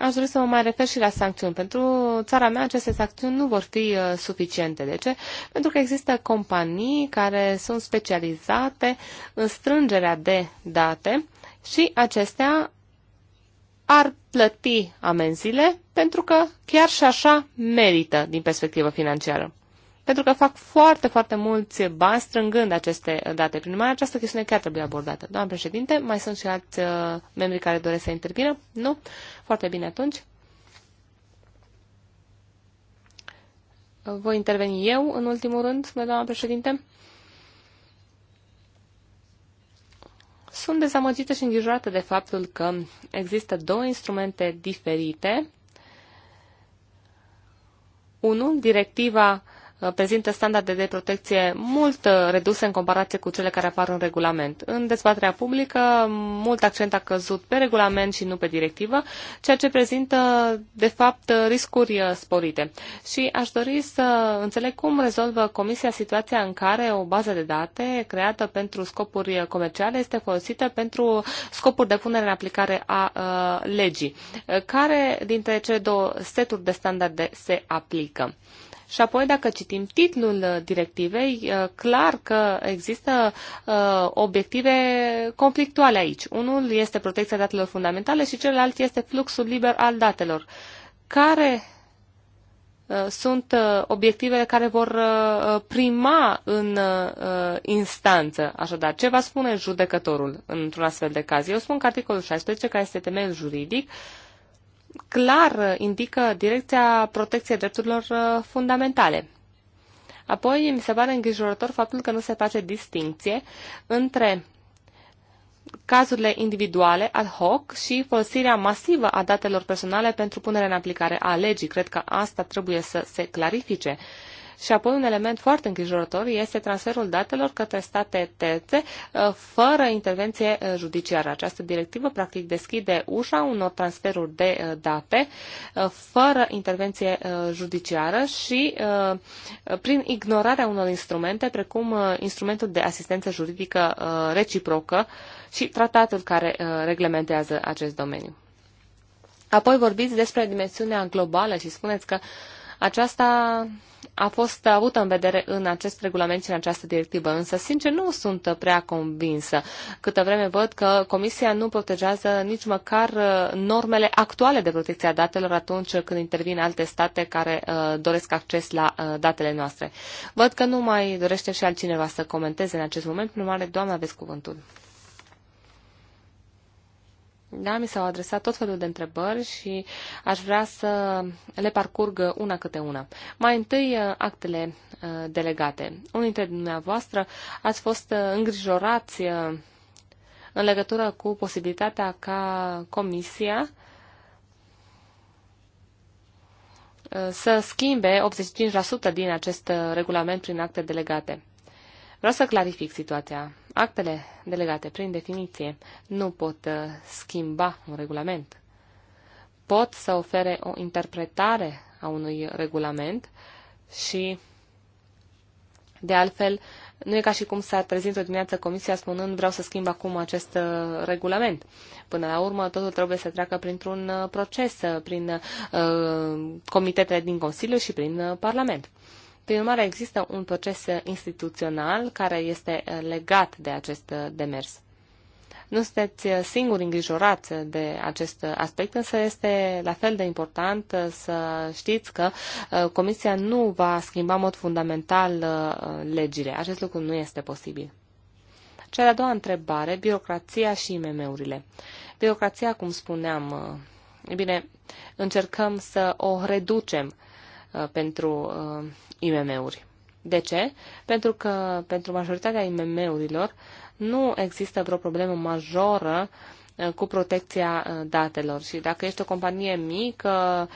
aș dori să mă mai refer și la sancțiuni. Pentru țara mea, aceste sancțiuni nu vor fi uh, suficiente. De ce? Pentru că există companii care sunt specializate în strângerea de date și acestea ar plăti amenziile pentru că chiar și așa merită din perspectivă financiară. Pentru că fac foarte, foarte mulți bani strângând aceste date. Prin urmare, această chestiune chiar trebuie abordată. Doamna președinte, mai sunt și alți uh, membri care doresc să intervină? Nu? Foarte bine atunci. Voi interveni eu, în ultimul rând, doamna președinte. Sunt dezamăgită și îngrijorată de faptul că există două instrumente diferite. Unul, directiva Uh, prezintă standarde de protecție mult uh, reduse în comparație cu cele care apar în regulament. În dezbaterea publică, mult accent a căzut pe regulament și nu pe directivă, ceea ce prezintă, de fapt, uh, riscuri sporite. Și aș dori să înțeleg cum rezolvă Comisia situația în care o bază de date creată pentru scopuri comerciale este folosită pentru scopuri de punere în aplicare a legii. Care dintre cele două seturi de standarde se aplică? Și apoi, dacă citim titlul uh, directivei, uh, clar că există uh, obiective conflictuale aici. Unul este protecția datelor fundamentale și celălalt este fluxul liber al datelor. Care sunt obiectivele care vor prima în instanță. Așadar, ce va spune judecătorul într-un astfel de caz? Eu spun că articolul 16, care este temeiul juridic, clar indică direcția protecției drepturilor uh, fundamentale. Apoi, mi se pare îngrijorător faptul că nu se face distinție între cazurile individuale ad hoc și folosirea masivă a datelor personale pentru punerea în aplicare a legii. Cred că asta trebuie să se clarifice. Uh, și apoi un element foarte îngrijorător este transferul datelor către state terțe uh, fără intervenție uh, judiciară. Această directivă practic deschide ușa unor transferuri de uh, date fără intervenție judiciară și prin ignorarea unor instrumente precum instrumentul de asistență juridică reciprocă și tratatul care reglementează acest domeniu. Apoi vorbiți despre dimensiunea globală și spuneți că aceasta a fost avută în vedere în acest regulament și în această directivă, însă, sincer, nu sunt prea convinsă. Câtă vreme văd că Comisia nu protejează nici măcar uh, normele actuale de protecție a datelor atunci când intervin alte state care uh, doresc acces la uh, datele noastre. Văd că nu mai dorește și altcineva să comenteze în acest moment, prin urmare, doamna, aveți cuvântul. Da, mi s-au adresat tot felul de întrebări și aș vrea să le parcurg una câte una. Mai întâi, uh, actele uh, delegate. Unii dintre dumneavoastră ați fost uh, îngrijorați în legătură cu posibilitatea ca Comisia să schimbe 85% din acest regulament prin acte delegate. Vreau să clarific situația. Actele delegate, prin definiție, nu pot uh, schimba un regulament. Pot să ofere o interpretare a unui regulament și, de altfel, nu e ca și cum s-ar trezi o dimineață comisia spunând vreau să schimb acum acest uh, regulament. Până la urmă, totul trebuie să treacă printr-un uh, proces, prin uh, comitetele din Consiliu și prin Parlament. Prin urmare, există un proces instituțional care este eh, legat de acest eh, demers. Nu sunteți eh, singuri îngrijorați de acest aspect, însă este la fel de important să știți că Comisia nu va schimba în mod fundamental legile. Acest lucru nu este posibil. Cea de-a doua întrebare, birocrația și IMM-urile. Birocrația, cum spuneam, e bine, încercăm să o reducem Uh, pentru uh, IMM-uri. De ce? Pentru că pentru majoritatea IMM-urilor nu există vreo problemă majoră uh, cu protecția datelor. Și dacă ești o companie mică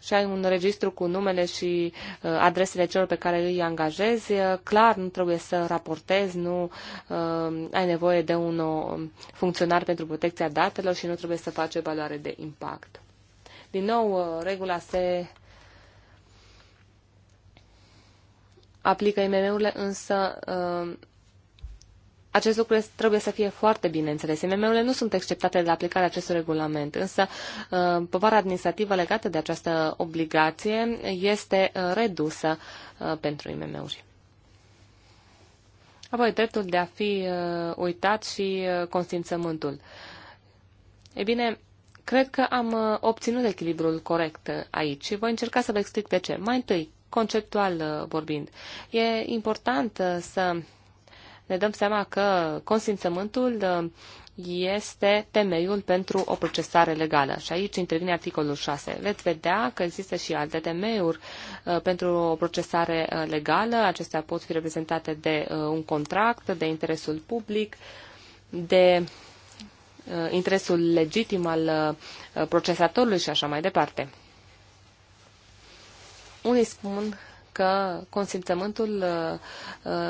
și ai un registru cu numele și adresele celor pe care îi angajezi, clar nu trebuie să raportezi, nu ai nevoie de un funcționar pentru protecția datelor și nu trebuie să faci evaluare de impact. Din nou, regula se aplică IMM-urile, însă uh, acest lucru trebuie să fie foarte bine înțeles. IMM-urile nu sunt exceptate de aplicarea acestui regulament, însă uh, povara administrativă legată de această obligație este uh, redusă pentru IMM-uri. Apoi, dreptul de a fi uitat și consimțământul. E bine, cred că am obținut echilibrul corect aici și voi încerca să vă explic de ce. Mai întâi, conceptual uh, vorbind. E important uh, să ne dăm seama că consimțământul uh, este temeiul pentru o procesare legală. Și aici intervine articolul 6. Veți vedea că există și alte temeiuri pentru o procesare legală. Acestea pot fi reprezentate de un contract, de interesul public, de interesul legitim al procesatorului și așa mai departe. Unii spun că consimțământul uh,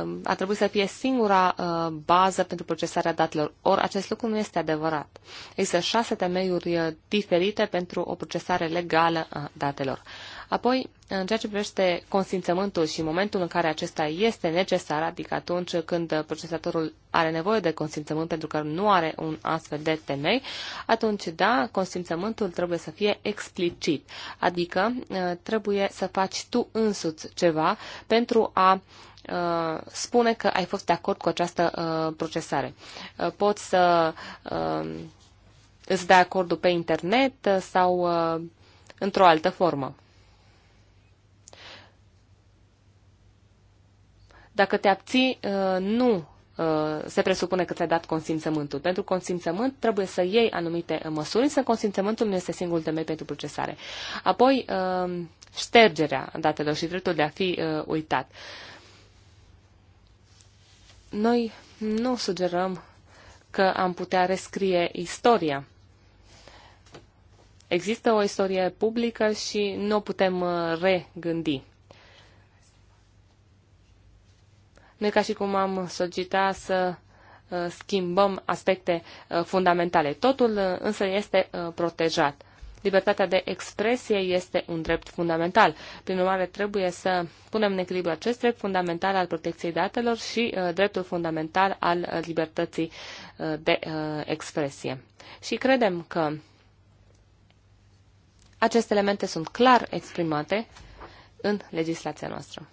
uh, a trebuit să fie singura uh, bază pentru procesarea datelor. Ori acest lucru nu este adevărat. Există șase temeiuri diferite pentru o procesare legală a datelor. Apoi, în ceea ce privește consimțământul și momentul în care acesta este necesar, adică atunci când procesatorul are nevoie de consimțământ pentru că nu are un astfel de temei, atunci, da, consimțământul trebuie să fie explicit, adică ă, trebuie să faci tu însuți ceva pentru a ă, spune că ai fost de acord cu această ă, procesare. Poți să îți dai acordul pe internet sau într-o altă formă. Dacă te abții, uh, nu uh, se presupune că ți-ai dat consimțământul. Pentru consimțământ trebuie să iei anumite uh, măsuri, însă consimțământul nu este singurul temei pentru procesare. Apoi, ștergerea datelor și dreptul de a fi uitat. Noi nu sugerăm că am putea rescrie istoria. Există o istorie publică și nu o putem regândi. Nu e ca și cum am solicita să uh, schimbăm aspecte uh, fundamentale. Totul uh, însă este protejat. Libertatea de expresie este un drept fundamental. Prin urmare, trebuie să punem în echilibru acest drept fundamental al protecției datelor și uh, dreptul fundamental al libertății uh, de uh, expresie. Și credem că aceste elemente sunt clar exprimate în legislația noastră.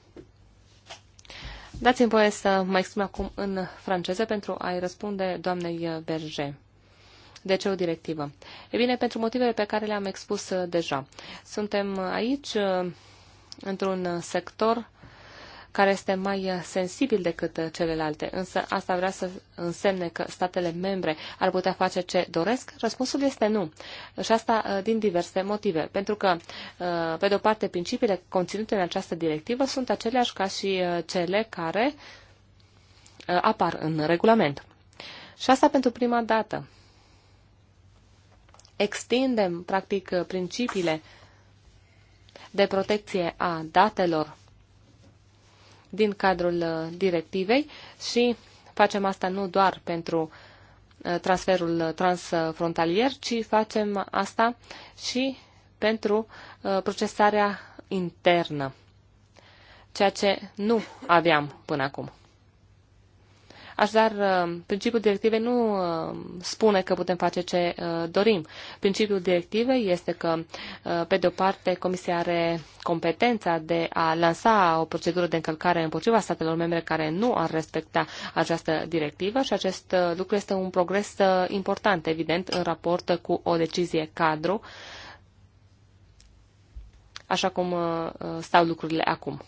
Dați-mi voie să mă exprim acum în franceză pentru a-i răspunde doamnei Berger. De ce o directivă? E bine, pentru motivele pe care le-am expus uh, deja. Suntem uh, aici uh, într-un sector care este mai uh, sensibil decât uh, celelalte, însă asta vrea să însemne că statele membre ar putea face ce doresc? Răspunsul este nu. Și asta uh, din diverse motive. Pentru că, pe de o parte, principiile conținute în această directivă sunt aceleași ca și cele care apar în regulament. Și asta pentru prima dată. Extindem, practic, principiile de protecție a datelor din cadrul uh, directivei și facem asta nu doar pentru uh, transferul transfrontalier, ci facem asta și pentru uh, procesarea internă, ceea ce nu aveam până acum. Așadar, uh, principiul directivei nu uh, spune că putem face ce uh, dorim. Principiul directivei este că, pe de o parte, Comisia are competența de a lansa o procedură de încălcare împotriva statelor membre care nu ar respecta această directivă și acest lucru este un progres important, evident, în raport cu o decizie cadru, așa cum stau lucrurile acum.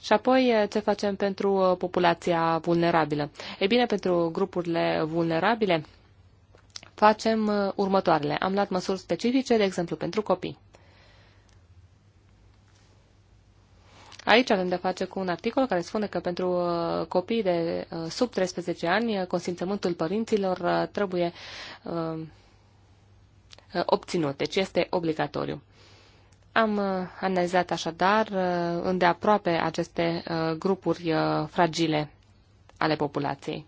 Și apoi, eh, ce facem pentru eh, populația vulnerabilă? E bine, pentru grupurile vulnerabile facem eh, următoarele. Am luat măsuri specifice, de exemplu, pentru copii. Aici avem de face cu un articol care spune că pentru copii de sub 13 ani, consimțământul părinților trebuie obținut, deci este obligatoriu. Am uh, analizat așadar uh, îndeaproape aceste uh, grupuri fragile ale populației.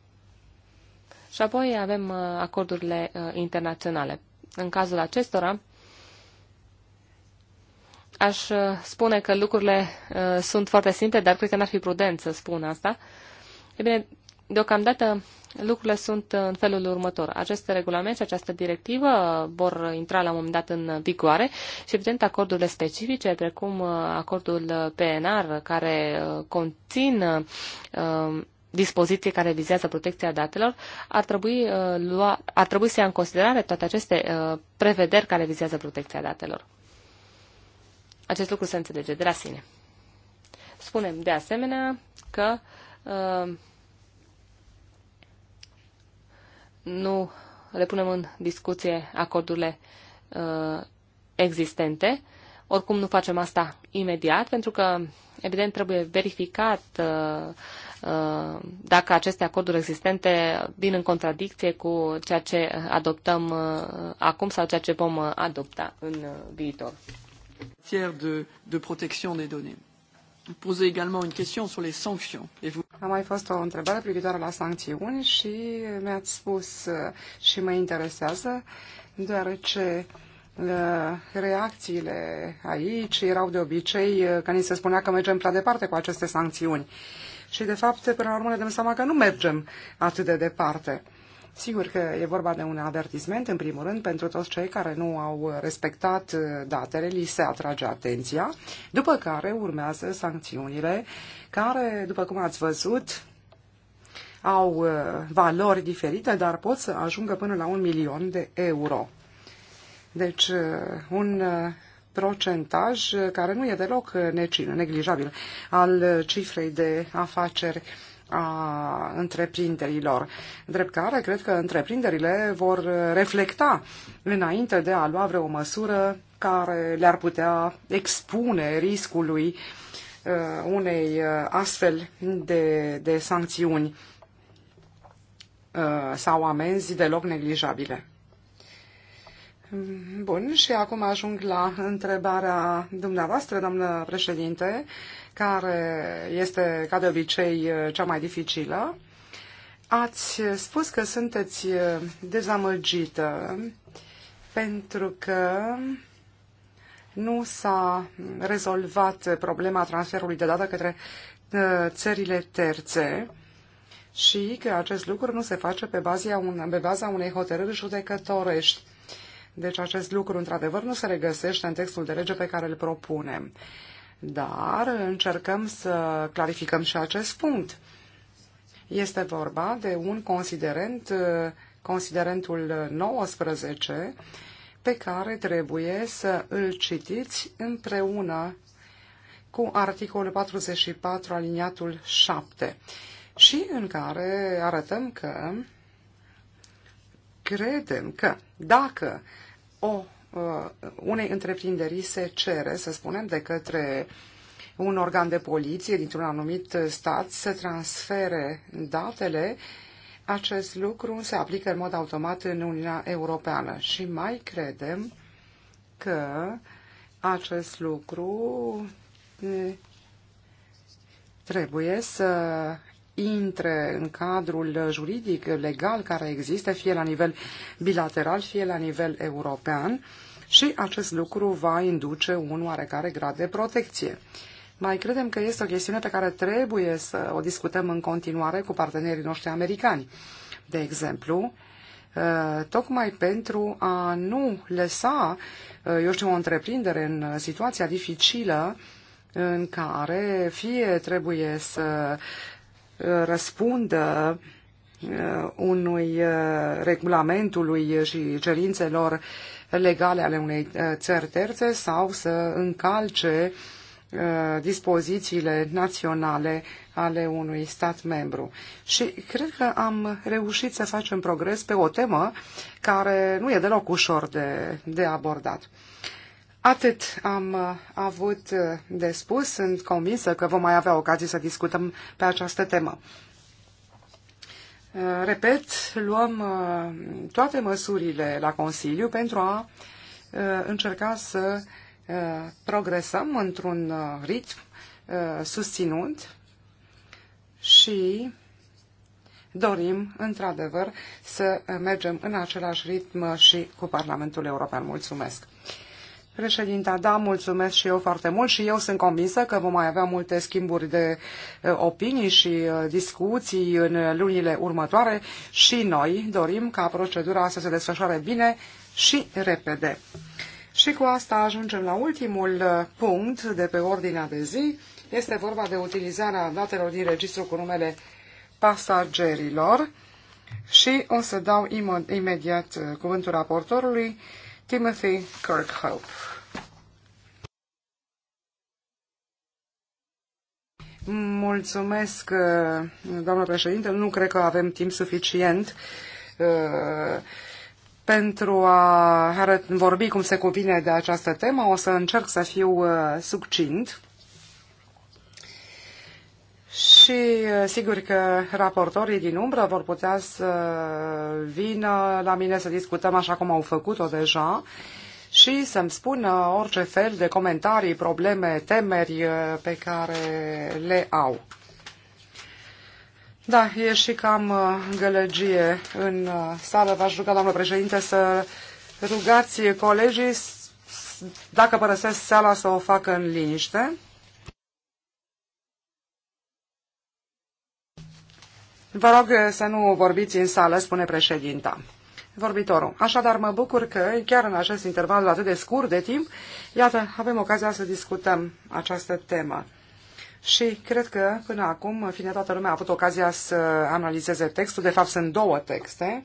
Și apoi avem acordurile internaționale. În cazul acestora, aș spune că lucrurile sunt foarte simple, dar cred că n-ar fi prudent să spun asta. E bine, Deocamdată lucrurile sunt în felul următor. aceste regulamente, și această directivă vor intra la un moment dat în vigoare și, evident, acordurile specifice, precum uh, acordul PNR, care uh, conțin uh, dispoziții care vizează protecția datelor, ar trebui, lua, ar trebui să ia în considerare toate aceste prevederi care vizează protecția datelor. Acest lucru se înțelege de la sine. Spunem, de asemenea, că uh, nu le punem în discuție acordurile uh, existente. Oricum nu facem asta imediat, pentru că, evident, trebuie verificat uh, uh, dacă aceste acorduri existente vin în contradicție cu ceea ce adoptăm uh, acum sau ceea ce vom adopta în uh, viitor. De, de protecțiune des données. Am également une question sur les sanctions. Et vous... A mai fost o întrebare privitoare la sancțiuni și mi-ați spus uh, și mă interesează, deoarece uh, reacțiile aici erau de obicei uh, că ni se spunea că mergem prea departe cu aceste sancțiuni. Și de fapt, până la urmă, ne dăm seama că nu mergem atât de departe. Sigur că e vorba de un avertisment, în primul rând, pentru toți cei care nu au respectat uh, datele, li se atrage atenția, după care urmează sancțiunile care, după cum ați văzut, au uh, valori diferite, dar pot să ajungă până la un milion de euro. Deci, uh, un procentaj care nu e deloc neglijabil al cifrei de afaceri a întreprinderilor. Drept care, cred că întreprinderile vor reflecta înainte de a lua vreo măsură care le-ar putea expune riscului uh, unei uh, astfel de, de sancțiuni uh, sau amenzi deloc neglijabile. Bun, și acum ajung la întrebarea dumneavoastră, doamnă președinte. Uh, care este, ca de obicei, eh, cea mai dificilă. Ați spus că sunteți eh, dezamăgită pentru că nu s-a rezolvat problema transferului de dată către eh, țările terțe și că acest lucru nu se face pe baza, un, pe baza unei hotărâri judecătorești. Deci acest lucru, într-adevăr, nu se regăsește în textul de lege pe care îl propunem dar încercăm să clarificăm și acest punct. Este vorba de un considerent, considerentul 19, pe care trebuie să îl citiți împreună cu articolul 44 aliniatul 7 și în care arătăm că credem că dacă o Uh, unei întreprinderi se cere, să spunem, de către un organ de poliție dintr-un anumit stat să transfere datele, acest lucru se aplică în mod automat în Uniunea Europeană și mai credem că acest lucru uh, trebuie să intre în cadrul juridic, legal care există, fie la nivel bilateral, fie la nivel european și acest lucru va induce un oarecare grad de protecție. Mai credem că este o chestiune pe care trebuie să o discutăm în continuare cu partenerii noștri americani. De exemplu, uh, tocmai pentru a nu lăsa, uh, eu știu, o întreprindere în situația dificilă în care fie trebuie să răspundă uh, unui uh, regulamentului și cerințelor legale ale unei uh, țări terțe sau să încalce dispozițiile naționale ale unui stat membru. Și cred că am reușit să facem progres pe o temă care nu e deloc ușor de, de abordat. Atât am uh, avut uh, de spus. Sunt convinsă că vom mai avea ocazie să discutăm pe această temă. Uh, repet, luăm toate măsurile la Consiliu pentru a încerca să progresăm într-un ritm susținut și dorim, într-adevăr, să mergem în același ritm și cu Parlamentul European. Mulțumesc! Președinta, da, mulțumesc și eu foarte mult și eu sunt convinsă că vom mai avea multe schimburi de opinii și discuții în lunile următoare și noi dorim ca procedura să se desfășoare bine și repede. Și cu asta ajungem la ultimul punct de pe ordinea de zi. Este vorba de utilizarea datelor din registru cu numele pasagerilor și o să dau imediat cuvântul raportorului Timothy Kirkhope. Mulțumesc, uh, doamnă președinte. Nu cred că avem timp suficient uh, pentru a vorbi cum se cuvine de această temă. O să încerc să fiu uh, succint și uh, sigur că raportorii din umbră vor putea să vină la mine să discutăm așa cum au făcut-o deja și să-mi spună orice fel de comentarii, probleme, temeri uh, pe care le au. Da, e și cam uh, gălăgie în sală. V-aș ruga, doamnă președinte, să rugați colegii dacă părăsesc sala să o facă în liniște. Vă rog eh, să nu vorbiți în sală, spune președinta. Vorbitorul. Așadar, mă bucur că chiar în acest interval atât de scurt de timp, iată, avem ocazia să discutăm această temă. Și cred că până acum, în fine, toată lumea a avut ocazia să analizeze textul. De fapt, sunt două texte.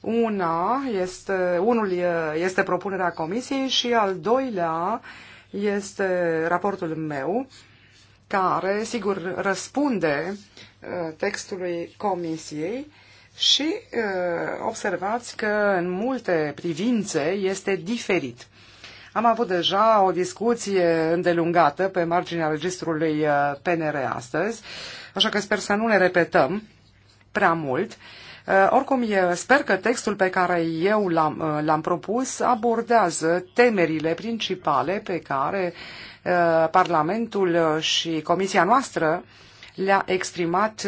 Una este, unul eh, este propunerea comisiei și al doilea este raportul meu care, sigur, răspunde uh, textului comisiei și uh, observați că în multe privințe este diferit. Am avut deja o discuție îndelungată pe marginea registrului uh, PNR astăzi, așa că sper să nu ne repetăm prea mult. Uh, oricum, sper că textul pe care eu l-am, uh, propus abordează temerile principale pe care uh, Parlamentul și Comisia noastră le-a exprimat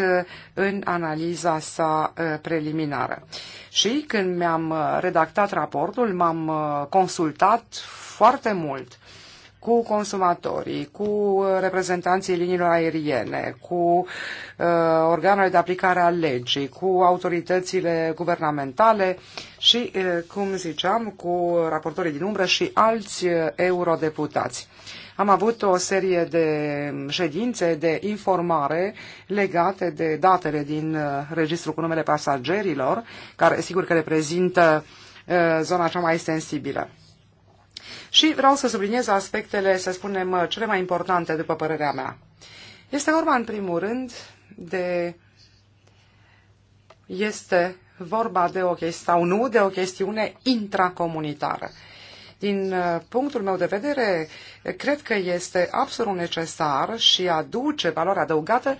în analiza sa preliminară. Și când mi-am redactat raportul, m-am consultat foarte mult cu consumatorii, cu reprezentanții liniilor aeriene, cu uh, organele de aplicare a legii, cu autoritățile guvernamentale și, uh, cum ziceam, cu raportorii din umbră și alți uh, eurodeputați. Am avut o serie de ședințe de informare legate de datele din uh, registrul cu numele pasagerilor, care sigur că reprezintă uh, zona cea mai sensibilă și vreau să subliniez aspectele, să spunem, uh, cele mai importante, după părerea mea. Este vorba, în primul rând, de... Este vorba de o chestie sau nu, de o chestiune intracomunitară. Din uh, punctul meu de vedere, cred că este absolut necesar și aduce valoare adăugată uh,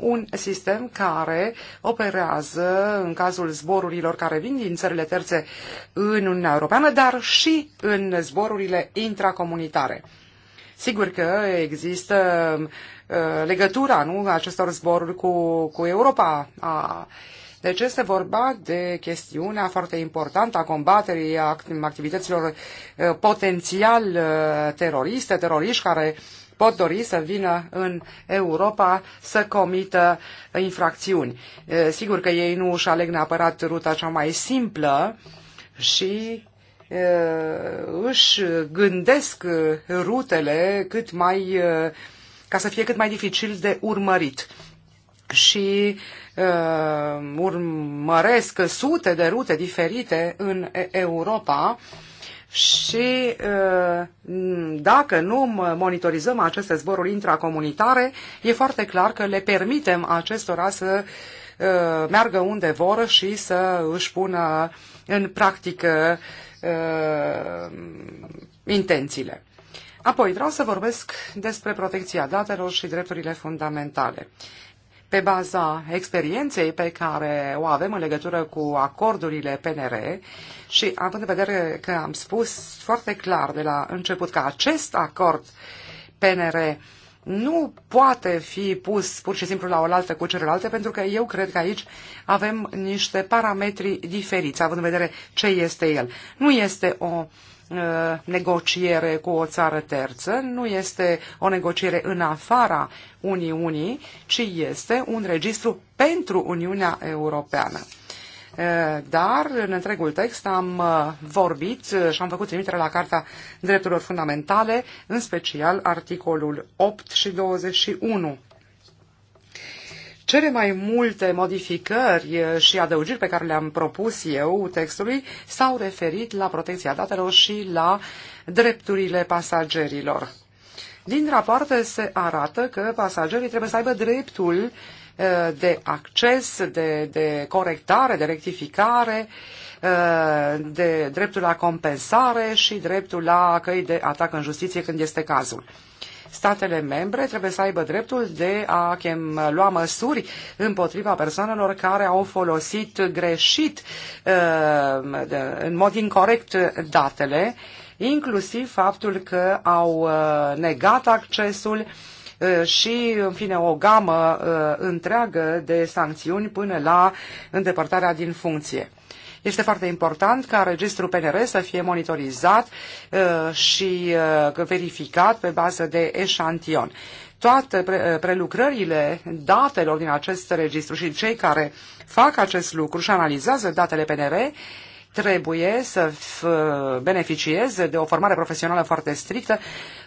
un sistem care operează în cazul zborurilor care vin din țările terțe în Uniunea Europeană, dar și în zborurile intracomunitare. Sigur că există uh, legătura nu, acestor zboruri cu, cu Europa. A, deci este vorba de chestiunea foarte importantă a combaterii activităților uh, potențial uh, teroriste, teroriști care uh, pot dori să vină în Europa să comită infracțiuni. Sigur că ei nu își aleg neapărat ruta cea mai simplă și își gândesc rutele cât mai, ca să fie cât mai dificil de urmărit și uh, urmăresc sute de rute diferite în Europa și dacă nu monitorizăm aceste zboruri intracomunitare, e foarte clar că le permitem acestora să meargă unde vor și să își pună în practică intențiile. Apoi vreau să vorbesc despre protecția datelor și drepturile fundamentale pe baza experienței pe care o avem în legătură cu acordurile PNR și având în vedere că am spus foarte clar de la început că acest acord PNR nu poate fi pus pur și simplu la oaltă cu celelalte, pentru că eu cred că aici avem niște parametri diferiți, având în vedere ce este el. Nu este o Uh, negociere cu o țară terță, nu este o negociere în afara Uniunii, ci este un registru pentru Uniunea Europeană. Uh, dar în întregul text am uh, vorbit și am făcut trimitere la Carta Drepturilor Fundamentale, în special articolul 8 și 21 cele mai multe modificări și adăugiri pe care le-am propus eu textului s-au referit la protecția datelor și la drepturile pasagerilor. Din rapoarte se arată că pasagerii trebuie să aibă dreptul de acces, de, de corectare, de rectificare, de dreptul la compensare și dreptul la căi de atac în justiție când este cazul statele membre trebuie să aibă dreptul de a chem, lua măsuri împotriva persoanelor care au folosit greșit, uh, în mod incorrect, datele, inclusiv faptul că au uh, negat accesul uh, și, în fine, o gamă întreagă de sancțiuni până la îndepărtarea din funcție. Este foarte important ca registrul PNR să fie monitorizat uh, și uh, verificat pe bază de eșantion. Toate uh, prelucrările datelor din acest registru și cei care fac acest lucru și analizează datele PNR trebuie să beneficieze de o formare profesională foarte strictă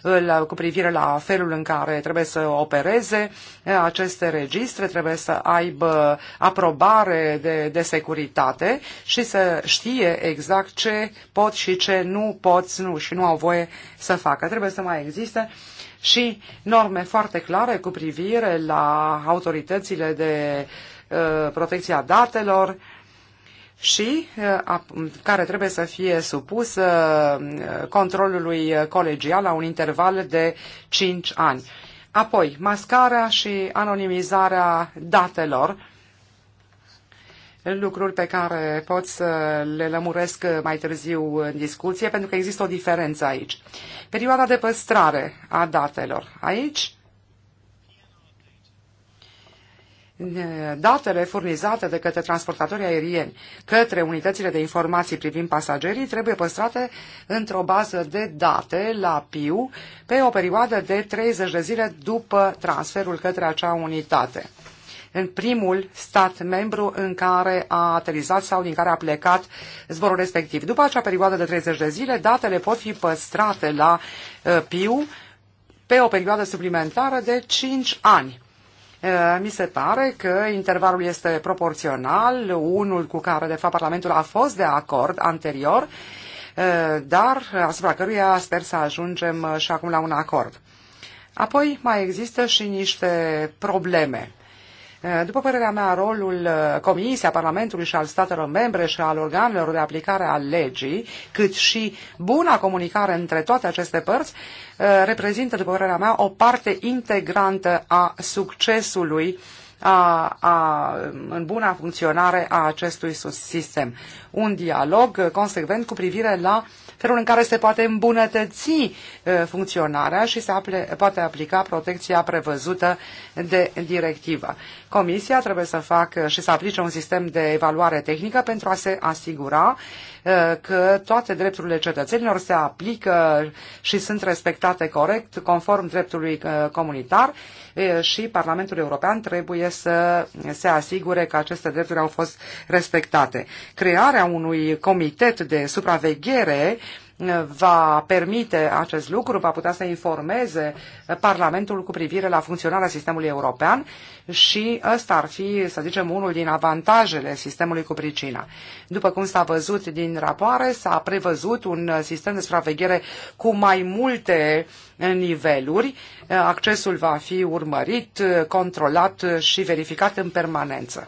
uh, cu privire la felul în care trebuie să opereze uh, aceste registre, trebuie să aibă aprobare de, de securitate și să știe exact ce pot și ce nu pot nu, și nu au voie să facă. Trebuie să mai existe și norme foarte clare cu privire la autoritățile de uh, protecția datelor, și uh, care trebuie să fie supus uh, controlului colegial la un interval de 5 ani. Apoi, mascarea și anonimizarea datelor, lucruri pe care pot să le lămuresc mai târziu în discuție, pentru că există o diferență aici. Perioada de păstrare a datelor. Aici datele furnizate de către transportatorii aerieni către unitățile de informații privind pasagerii trebuie păstrate într-o bază de date la PIU pe o perioadă de 30 de zile după transferul către acea unitate în primul stat membru în care a aterizat sau din care a plecat zborul respectiv. După acea perioadă de 30 de zile, datele pot fi păstrate la uh, PIU pe o perioadă suplimentară de 5 ani mi se pare că intervalul este proporțional, unul cu care, de fapt, Parlamentul a fost de acord anterior, dar asupra căruia sper să ajungem și acum la un acord. Apoi mai există și niște probleme după părerea mea, rolul uh, Comisiei, Parlamentului și al statelor membre și al organelor de aplicare a legii, cât și buna comunicare între toate aceste părți, uh, reprezintă, după părerea mea, o parte integrantă a succesului a, a, în buna funcționare a acestui sistem. Un dialog consecvent cu privire la felul în care se poate îmbunătăți uh, funcționarea și se aple, poate aplica protecția prevăzută de directivă. Comisia trebuie să facă și să aplice un sistem de evaluare tehnică pentru a se asigura uh, Uh, că toate drepturile cetățenilor se aplică și sunt respectate corect conform dreptului uh, comunitar uh, și Parlamentul European trebuie să se asigure că aceste drepturi au fost respectate. Crearea unui comitet de supraveghere va permite acest lucru, va putea să informeze Parlamentul cu privire la funcționarea sistemului european și ăsta ar fi, să zicem, unul din avantajele sistemului cu pricina. După cum s-a văzut din rapoare, s-a prevăzut un sistem de supraveghere cu mai multe niveluri. Accesul va fi urmărit, controlat și verificat în permanență.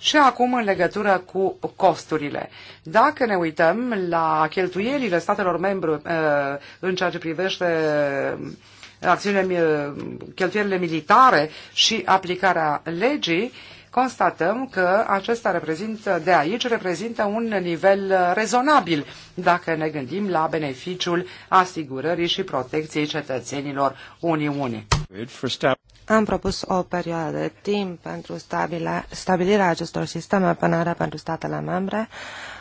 Și acum în legătură cu costurile. Dacă ne uităm la cheltuielile statelor membru uh, în ceea ce privește uh, acțiunile, uh, cheltuielile militare și aplicarea legii, constatăm că acesta reprezintă, de aici reprezintă un nivel rezonabil dacă ne gândim la beneficiul asigurării și protecției cetățenilor Uniunii. Am propus o perioadă de timp pentru stabile, stabilirea acestor sisteme penale pentru statele membre,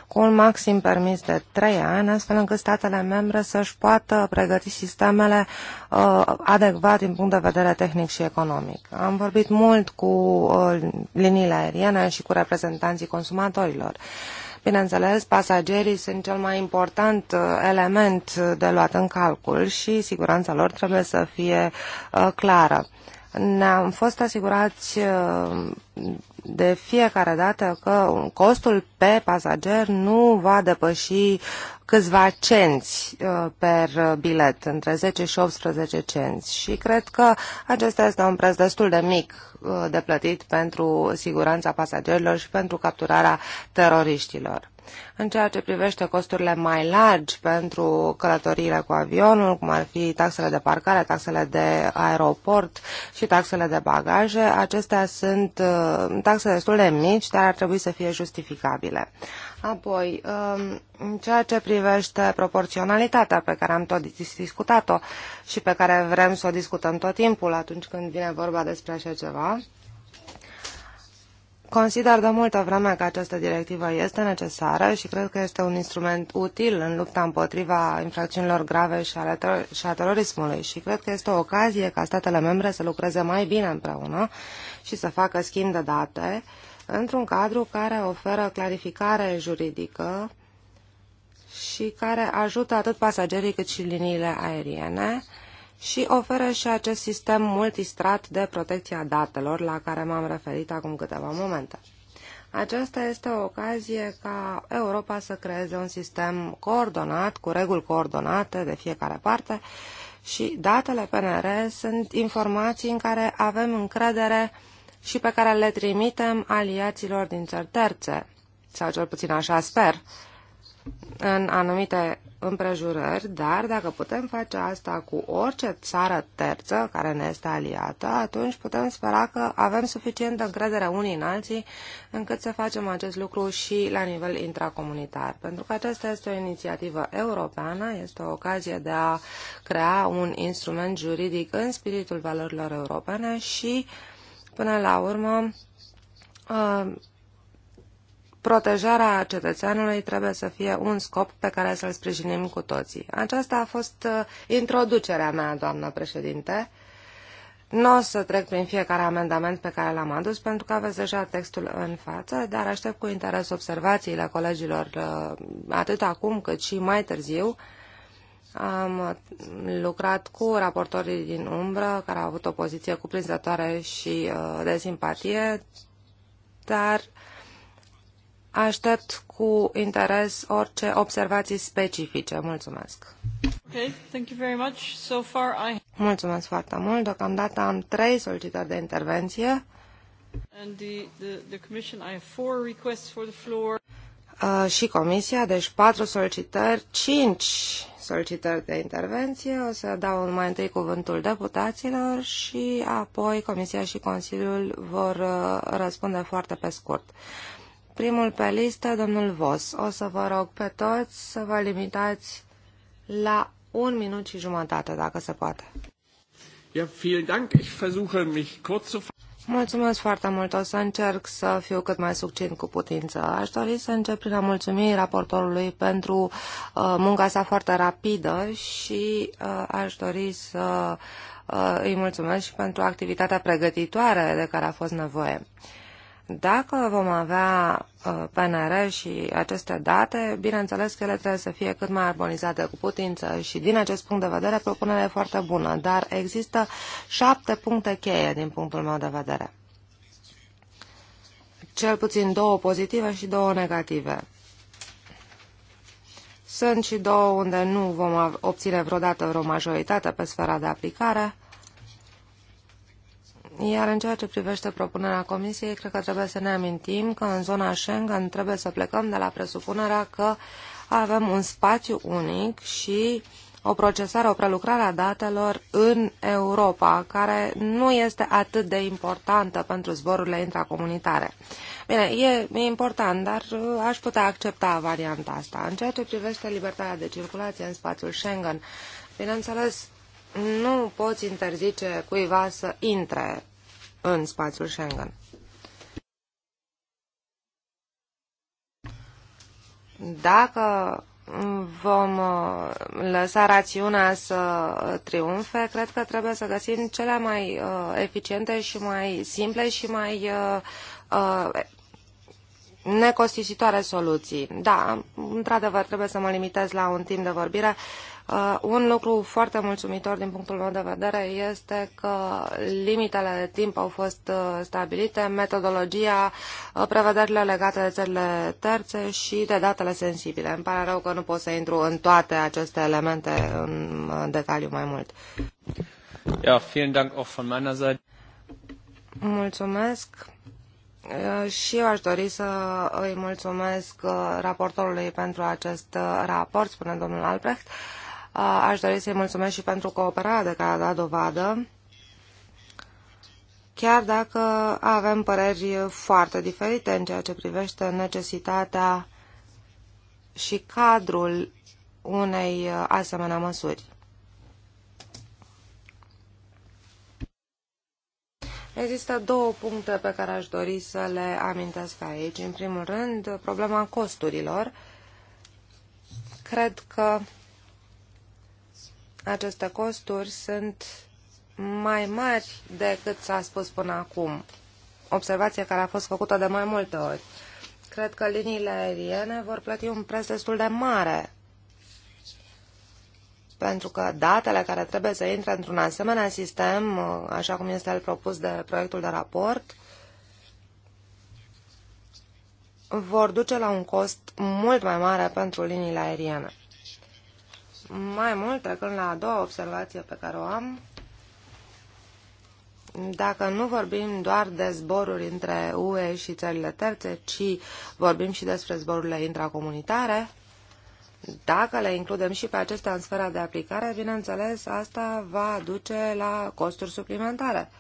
cu un maxim permis de 3 ani, astfel încât statele membre să-și poată pregăti sistemele uh, adecvat din punct de vedere tehnic și economic. Am vorbit mult cu uh, liniile aeriene și cu reprezentanții consumatorilor. Bineînțeles, pasagerii sunt cel mai important uh, element de luat în calcul și siguranța lor trebuie să fie uh, clară ne-am fost asigurați uh, de fiecare dată că costul pe pasager nu va depăși câțiva cenți uh, per bilet, între 10 și 18 cenți. Și cred că acesta este un preț destul de mic uh, de plătit pentru siguranța pasagerilor și pentru capturarea teroriștilor. În ceea ce privește costurile mai largi pentru călătoriile cu avionul, cum ar fi taxele de parcare, taxele de aeroport și taxele de bagaje, acestea sunt uh, taxe destul de mici, dar ar trebui să fie justificabile. Apoi, um, în ceea ce privește proporționalitatea pe care am tot discutat-o și pe care vrem să o discutăm tot timpul atunci când vine vorba despre așa ceva, Consider de multă vreme că această directivă este necesară și cred că este un instrument util în lupta împotriva infracțiunilor grave și, ter- și a terorismului și cred că este o ocazie ca statele membre să lucreze mai bine împreună și să facă schimb de date într-un cadru care oferă clarificare juridică și care ajută atât pasagerii cât și liniile aeriene și oferă și acest sistem multistrat de protecție a datelor la care m-am referit acum câteva momente. Aceasta este o ocazie ca Europa să creeze un sistem coordonat, cu reguli coordonate de fiecare parte și datele PNR sunt informații în care avem încredere și pe care le trimitem aliaților din țări terțe, sau cel puțin așa sper, în anumite împrejurări, dar dacă putem face asta cu orice țară terță care ne este aliată, atunci putem spera că avem suficientă încredere unii în alții încât să facem acest lucru și la nivel intracomunitar. Pentru că aceasta este o inițiativă europeană, este o ocazie de a crea un instrument juridic în spiritul valorilor europene și, până la urmă, uh, protejarea cetățeanului trebuie să fie un scop pe care să-l sprijinim cu toții. Aceasta a fost uh, introducerea mea, doamnă președinte. Nu o să trec prin fiecare amendament pe care l-am adus, pentru că aveți deja textul în față, dar aștept cu interes observațiile colegilor uh, atât acum cât și mai târziu. Am uh, lucrat cu raportorii din umbră, care au avut o poziție cuprinzătoare și de simpatie, dar Aștept cu interes orice observații specifice. Mulțumesc. Okay, thank you very much. So far I... Mulțumesc foarte mult. Deocamdată am trei solicitări de intervenție. And the, the, the commission, I have four requests for the floor. Uh, și comisia, deci patru solicitări, cinci solicitări de intervenție. O să dau mai întâi cuvântul deputaților și apoi comisia și Consiliul vor uh, răspunde foarte pe scurt. Primul pe listă, domnul Vos. O să vă rog pe toți să vă limitați la un minut și jumătate, dacă se poate. Ja, vielen Dank. Ich versuche mich kurz zu Mulțumesc foarte mult. O să încerc să fiu cât mai succint cu putință. Aș dori să încep prin a mulțumi raportorului pentru uh, munca sa foarte rapidă și uh, aș dori să uh, îi mulțumesc și pentru activitatea pregătitoare de care a fost nevoie. Uh, dacă vom avea uh, PNR și aceste date, bineînțeles că ele trebuie să fie cât mai armonizate cu putință și din acest punct de vedere propunerea e foarte bună, dar există șapte puncte cheie din punctul meu de vedere. Cel puțin două pozitive și două negative. Sunt și două unde nu vom obține vreodată vreo majoritate pe sfera de aplicare – iar în ceea ce privește propunerea Comisiei, cred că trebuie să ne amintim că în zona Schengen trebuie să plecăm de la presupunerea că avem un spațiu unic și o procesare, o prelucrare a datelor în Europa, care nu este atât de importantă pentru zborurile intracomunitare. Bine, e, e important, dar uh, aș putea accepta varianta asta. În ceea ce privește libertatea de circulație în spațiul Schengen, bineînțeles, nu poți interzice cuiva să intre în spațiul Schengen. Dacă vom uh, lăsa rațiunea să triumfe, cred că trebuie să găsim cele mai uh, eficiente și mai simple și mai uh, necostisitoare soluții. Da, într-adevăr, trebuie să mă limitez la un timp de vorbire. Uh, un lucru foarte mulțumitor din punctul meu de vedere este că limitele de timp au fost uh, stabilite, metodologia, uh, prevederile legate de țările terțe și de datele sensibile. Îmi pare rău că nu pot să intru în toate aceste elemente în detaliu mai mult. Ja, vielen Dank auch von meiner Seite. Mulțumesc. Uh, și eu aș dori să îi mulțumesc uh, raportorului pentru acest uh, raport, spune domnul Albrecht. Aș dori să-i mulțumesc și pentru cooperarea de care a dat dovadă, chiar dacă avem păreri foarte diferite în ceea ce privește necesitatea și cadrul unei asemenea măsuri. Există două puncte pe care aș dori să le amintesc aici. În primul rând, problema costurilor. Cred că aceste costuri sunt mai mari decât s-a spus până acum. Observație care a fost făcută de mai multe ori. Cred că liniile aeriene vor plăti un preț destul de mare pentru că datele care trebuie să intre într-un asemenea sistem, uh, așa cum este el propus de proiectul de raport, vor duce la un cost mult mai mare pentru liniile aeriene. Mai mult, trecând la a doua observație pe care o am, dacă nu vorbim doar de zboruri între UE și țările terțe, ci vorbim și despre zborurile intracomunitare, dacă le includem și pe acestea în sfera de aplicare, bineînțeles, asta va duce la costuri suplimentare.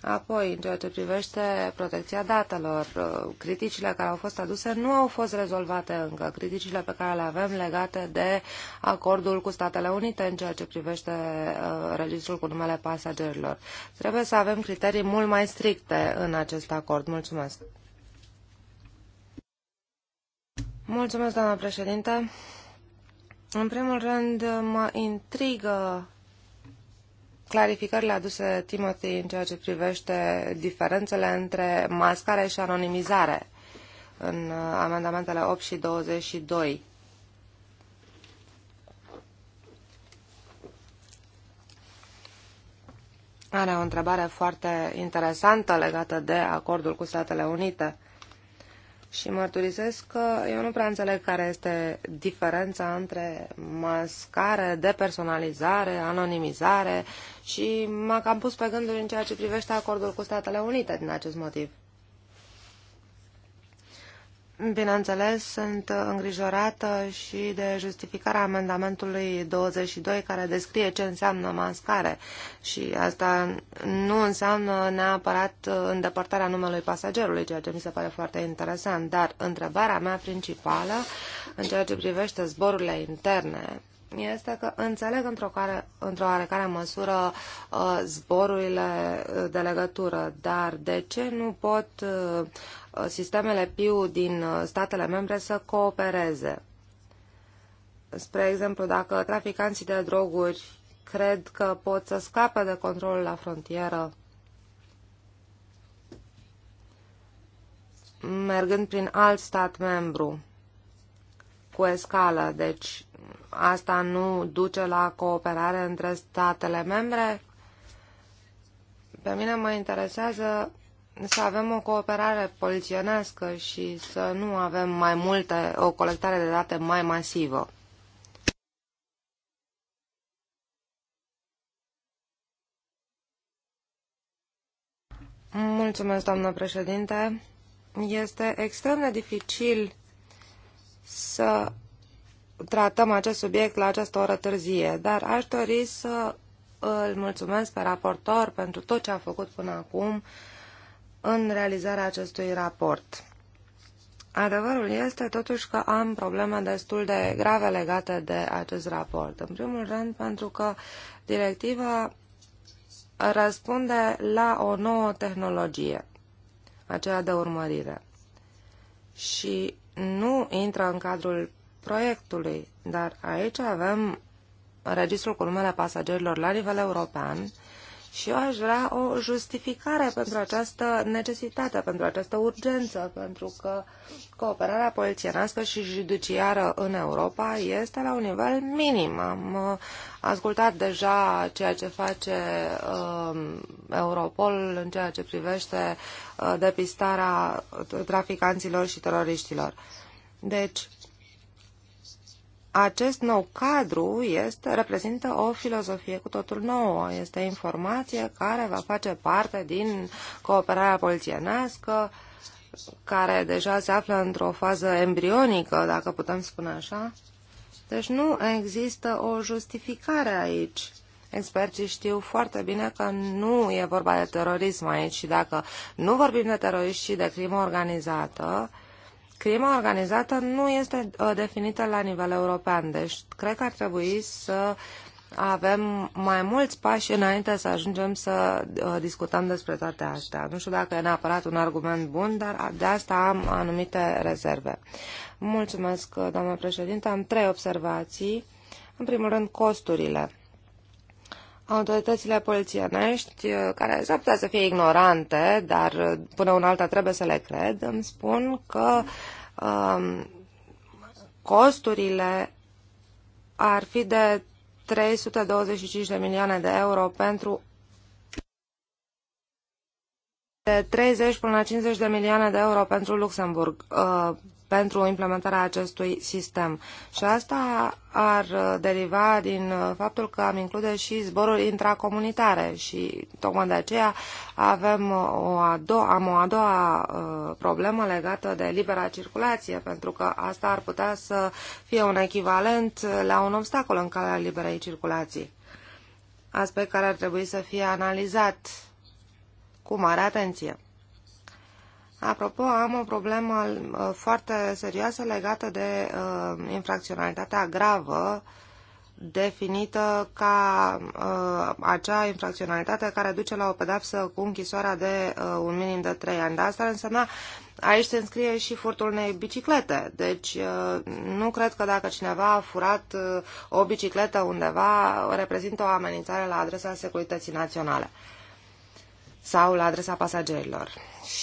Apoi, în ceea ce privește protecția datelor, uh, criticile care au fost aduse nu au fost rezolvate încă. Criticile pe care le avem legate de acordul cu Statele Unite în ceea ce privește uh, registrul cu numele pasagerilor. Trebuie să avem criterii mult mai stricte în acest acord. Mulțumesc! Mulțumesc, doamna președinte! În primul rând, mă intrigă clarificările aduse Timothy în ceea ce privește diferențele între mascare și anonimizare în uh, amendamentele 8 și 22. Are o întrebare foarte interesantă legată de acordul cu Statele Unite și mărturisesc că eu nu prea înțeleg care este diferența între mascare, depersonalizare, anonimizare și m am cam pus pe gânduri în ceea ce privește acordul cu Statele Unite din acest motiv. Bineînțeles, sunt îngrijorată și de justificarea amendamentului 22 care descrie ce înseamnă mascare și asta nu înseamnă neapărat îndepărtarea numelui pasagerului, ceea ce mi se pare foarte interesant, dar întrebarea mea principală în ceea ce privește zborurile interne este că înțeleg într-o, care, într oarecare măsură uh, zborurile uh, de legătură, dar de ce nu pot uh, sistemele PIU din statele membre să coopereze? Spre exemplu, dacă traficanții de droguri cred că pot să scape de controlul la frontieră, mergând prin alt stat membru cu escală, deci asta nu duce la cooperare între statele membre? Pe mine mă interesează să avem o cooperare poliționească și să nu avem mai multe, o colectare de date mai masivă. Mulțumesc, doamnă președinte. Este extrem de dificil să tratăm acest subiect la această oră târzie, dar aș dori să îl mulțumesc pe raportor pentru tot ce a făcut până acum în realizarea acestui raport. Adevărul este totuși că am probleme destul de grave legate de acest raport. În primul rând pentru că directiva răspunde la o nouă tehnologie, aceea de urmărire, și nu intră în cadrul proiectului, dar aici avem registrul cu numele pasagerilor la nivel european și eu aș vrea o justificare pentru această necesitate, pentru această urgență, pentru că cooperarea polițienească și judiciară în Europa este la un nivel minim. Am uh, ascultat deja ceea ce face uh, Europol în ceea ce privește uh, depistarea traficanților și teroriștilor. Deci, acest nou cadru este, reprezintă o filozofie cu totul nouă. Este informație care va face parte din cooperarea polițienească, care deja se află într-o fază embrionică, dacă putem spune așa. Deci nu există o justificare aici. Experții știu foarte bine că nu e vorba de terorism aici și dacă nu vorbim de terorism, și de crimă organizată, uh, Crima organizată nu este uh, definită la nivel european, deci cred că ar trebui să avem mai mulți pași înainte să ajungem să uh, discutăm despre toate astea. Nu știu dacă e neapărat un argument bun, dar de asta am anumite rezerve. Mulțumesc, uh, doamnă președinte. Am trei observații. În primul rând, costurile autoritățile polițienești, uh, care s-ar putea să fie ignorante, dar uh, până un alta trebuie să le cred, îmi spun că um, costurile ar fi de 325 de milioane de euro pentru de 30 până la 50 de milioane de euro pentru Luxemburg. Uh, pentru implementarea acestui sistem. Și asta ar uh, deriva din uh, faptul că am include și zboruri intracomunitare și tocmai de aceea avem uh, o a doua, am o a doua problemă legată de libera circulație, pentru că asta ar putea să fie un echivalent la un obstacol în calea liberei circulații. Aspect care ar trebui să fie analizat cu mare atenție. Apropo, am o problemă uh, foarte serioasă legată de uh, infracționalitatea gravă definită ca uh, acea infracționalitate care duce la o pedapsă cu închisoarea de uh, un minim de 3 ani. de asta însemna, aici se înscrie și furtul unei biciclete. Deci uh, nu cred că dacă cineva a furat uh, o bicicletă undeva, reprezintă o amenințare la adresa securității naționale sau la adresa pasagerilor.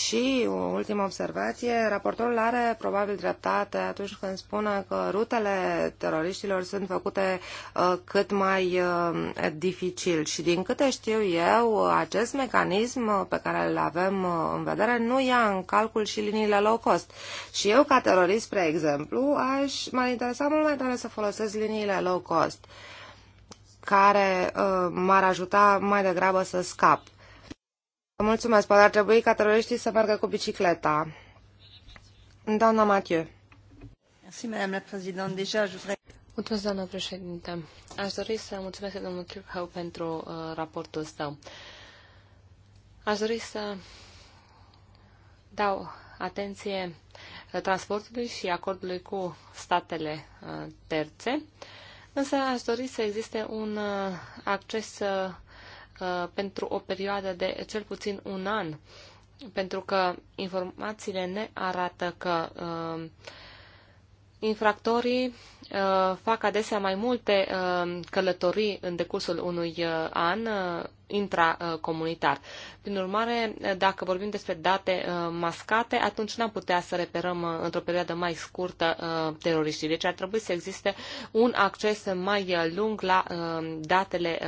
Și o ultimă observație, raportorul are probabil dreptate atunci când spune că rutele teroriștilor sunt făcute uh, cât mai uh, dificil și din câte știu eu, acest mecanism uh, pe care îl avem uh, în vedere nu ia în calcul și liniile low cost. Și eu, ca terorist, spre exemplu, aș, m-ar interesa mult mai tare să folosesc liniile low cost care uh, m-ar ajuta mai degrabă să scap Mulțumesc, poate ar trebui ca teroriștii să meargă cu bicicleta. Doamna Mathieu. Mulțumesc, doamna președinte. Aș dori să mulțumesc domnul Kirchhoff pentru uh, raportul său. Aș dori să dau atenție transportului și acordului cu statele uh, terțe, însă aș dori să existe un uh, acces uh, pentru o perioadă de cel puțin un an, pentru că informațiile ne arată că uh, infractorii uh, fac adesea mai multe uh, călătorii în decursul unui uh, an, uh, intracomunitar. Prin urmare, dacă vorbim despre date uh, mascate, atunci n-am putea să reperăm uh, într-o perioadă mai scurtă uh, teroriștii. Deci ar trebui să existe un acces mai lung la datele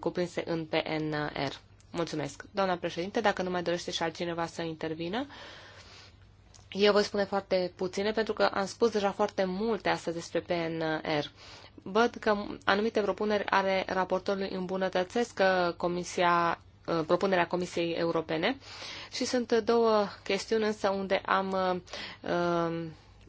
cuprinse în PNR. Mulțumesc. Doamna președinte, dacă nu mai dorește și altcineva să intervină, eu voi spune foarte puține pentru că am spus deja foarte multe astăzi despre PNR văd că anumite propuneri ale raportorului îmbunătățesc uh, comisia, uh, propunerea Comisiei Europene și sunt două chestiuni însă unde am uh,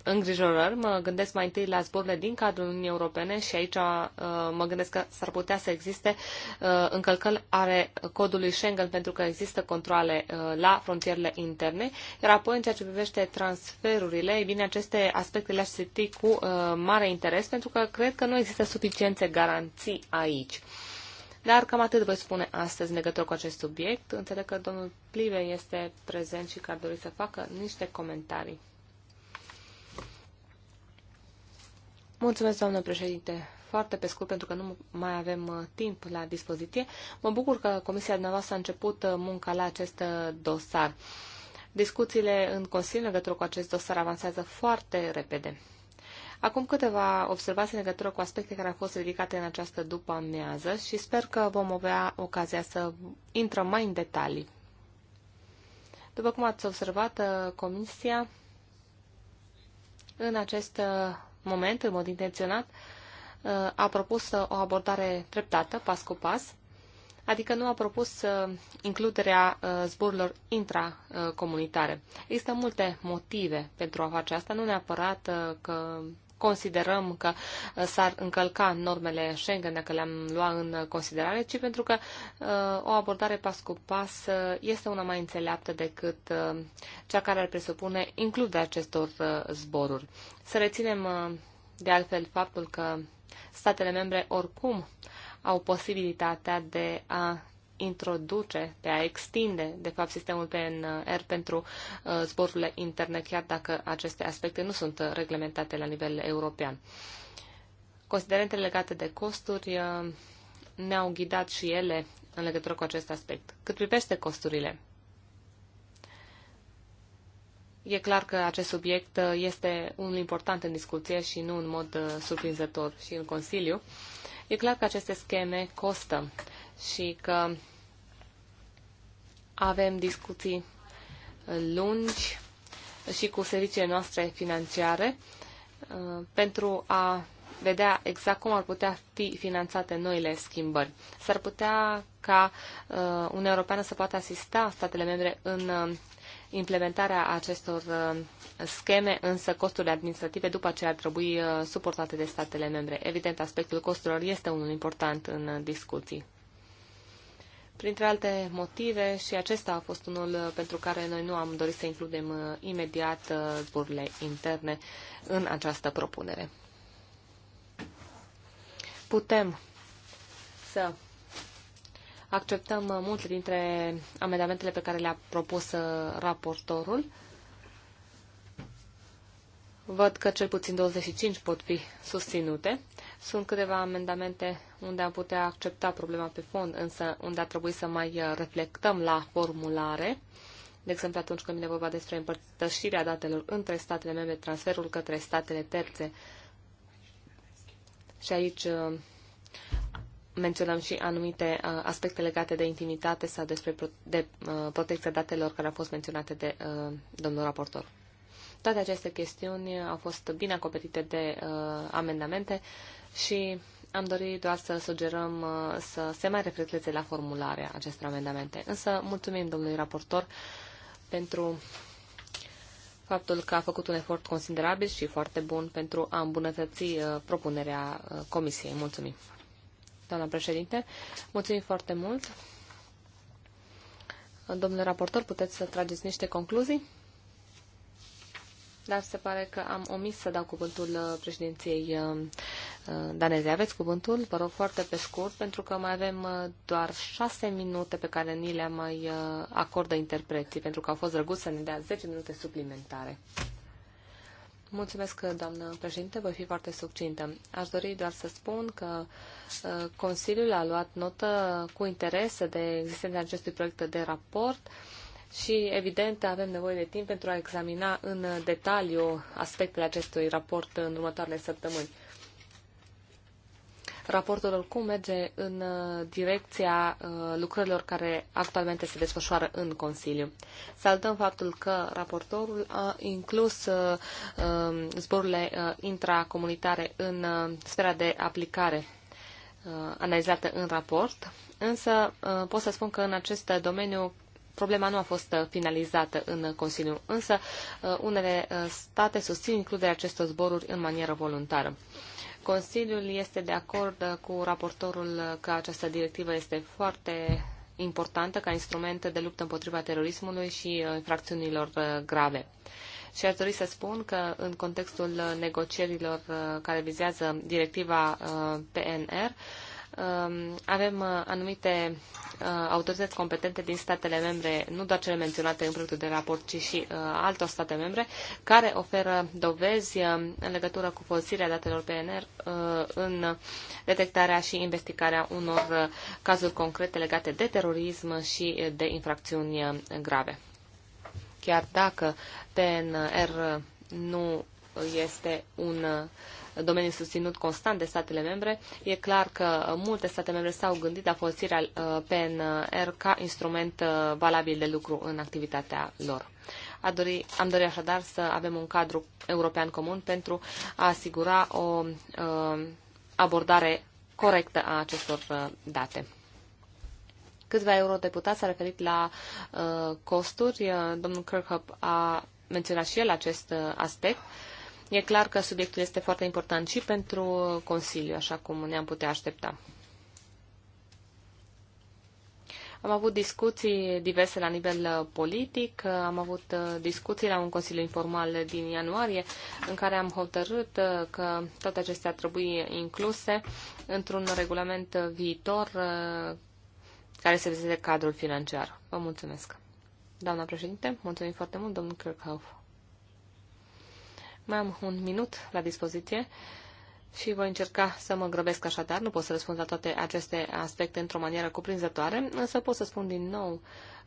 îngrijorări. Mă gândesc mai întâi la zborurile din cadrul Uniunii Europene și aici uh, mă gândesc că s-ar putea să existe uh, încălcări are codului Schengen pentru că există controle uh, la frontierele interne. Iar apoi, în ceea ce privește transferurile, bine, aceste aspecte le-aș citi cu mare interes pentru că cred că nu există suficiențe garanții aici. Dar cam atât voi spune astăzi în legătură cu acest subiect. Înțeleg că domnul Plive este prezent și că ar dori să facă niște comentarii. Mulțumesc, doamnă președinte. Foarte pe scurt, pentru că nu mai avem uh, timp la dispoziție. Mă bucur că Comisia dumneavoastră a început uh, munca la acest uh, dosar. Discuțiile în Consiliu în legătură cu acest dosar avansează foarte repede. Acum câteva observații în legătură cu aspecte care au fost ridicate în această după-amiază și sper că vom avea ocazia să intrăm mai în detalii. După cum ați observat, Comisia în acest moment, în mod intenționat, uh, a propus uh, o abordare treptată, pas cu pas, adică nu a propus uh, includerea zborurilor intracomunitare. Există multe motive pentru a face asta, nu neapărat că considerăm că uh, s-ar încălca normele Schengen dacă le-am luat în considerare, ci pentru că uh, o abordare pas cu pas uh, este una mai înțeleaptă decât cea care ar presupune includerea acestor zboruri. Să reținem de altfel faptul că statele membre oricum au posibilitatea de a introduce, de a extinde, de fapt, sistemul PNR pentru uh, zborurile interne, chiar dacă aceste aspecte nu sunt reglementate la nivel european. Considerentele legate de costuri uh, ne-au ghidat și ele în legătură cu acest aspect. Cât privește costurile, E clar că acest subiect uh, este unul important în discuție și nu în mod surprinzător și în Consiliu. E clar că aceste scheme costă și că avem discuții lungi și cu serviciile noastre financiare uh, pentru a vedea exact cum ar putea fi finanțate noile schimbări. S-ar putea ca uh, Uniunea Europeană să poată asista statele membre în uh, implementarea acestor scheme, însă costurile administrative după aceea ar trebui suportate de statele membre. Evident, aspectul costurilor este unul important în discuții. Printre alte motive, și acesta a fost unul uh, pentru care noi nu am dorit să includem uh, imediat uh, zborurile interne în această propunere. Putem să acceptăm multe dintre amendamentele pe care le-a propus raportorul. Văd că cel puțin 25 pot fi susținute. Sunt câteva amendamente unde am putea accepta problema pe fond, însă unde ar trebui să mai uh, reflectăm la formulare. De exemplu, atunci când vine vorba despre împărtășirea datelor între statele membre, transferul către statele terțe. Și aici uh, menționăm și anumite uh, aspecte legate de intimitate sau despre de protecția datelor care au fost menționate de domnul raportor. Toate aceste chestiuni au fost bine acoperite de amendamente și am dorit doar să sugerăm uh, să se mai reflecteze la formularea acestor amendamente. Însă mulțumim domnului raportor pentru faptul că a făcut un efort considerabil și foarte bun pentru a îmbunătăți uh, propunerea uh, comisiei. Mulțumim. Doamna președinte, mulțumim foarte mult. Domnule raportor, puteți să trageți niște concluzii? Dar se pare că am omis să dau cuvântul uh, președinției uh, uh, daneze. Aveți cuvântul, vă rog foarte pe scurt, pentru că mai avem doar șase minute pe care ni le mai acordă interpreții, pentru că au fost drăguți să ne dea 10 minute suplimentare. Mulțumesc, doamnă președinte, voi fi foarte succintă. Aș dori doar să spun că Consiliul a luat notă cu interes de existența acestui proiect de raport și, evident, avem nevoie de timp pentru a examina în detaliu aspectele acestui raport în următoarele săptămâni. Raportul oricum merge în uh, direcția uh, lucrărilor care actualmente se desfășoară în Consiliu. Salutăm faptul că raportorul a inclus uh, um, zborurile intracomunitare în sfera de aplicare analizată în raport, însă pot să spun că în acest domeniu problema nu a fost uh, finalizată în Consiliu, însă uh, unele uh, state susțin includerea acestor zboruri în manieră voluntară. Consiliul este de acord cu raportorul că această directivă este foarte importantă ca instrument de luptă împotriva terorismului și infracțiunilor grave. Și ar dori să spun că în contextul negocierilor care vizează directiva PNR, Um, avem uh, anumite uh, autorități competente din statele membre, nu doar cele menționate în proiectul de raport, ci și uh, altor state membre, care oferă dovezi în legătură cu folosirea datelor PNR în detectarea și investigarea unor cazuri concrete legate de terorism și de infracțiuni grave. Chiar dacă PNR nu este un uh, domeniu susținut constant de statele membre. E clar că multe state membre s-au gândit la folosirea uh, PNR ca instrument uh, valabil de lucru în activitatea lor. A dori, am dorit așadar să avem un cadru european comun pentru a asigura o uh, abordare corectă a acestor date câțiva eurodeputați s-a referit la uh, costuri. Domnul Kirkhope a menționat și el acest uh, aspect. Uh, E clar că subiectul este foarte important și pentru Consiliu, așa cum ne-am putea aștepta. Am avut discuții diverse la nivel uh, politic, uh, am avut uh, discuții la un consiliu informal din ianuarie în care am hotărât că toate acestea trebuie incluse într-un regulament viitor care se vizeze cadrul financiar. Vă mulțumesc. Doamna președinte, mulțumim foarte mult, domnul Kirchhoff. Mai am un minut la dispoziție și voi încerca să mă grăbesc așadar. Nu pot să răspund la toate aceste aspecte într-o manieră cuprinzătoare, însă pot să spun din nou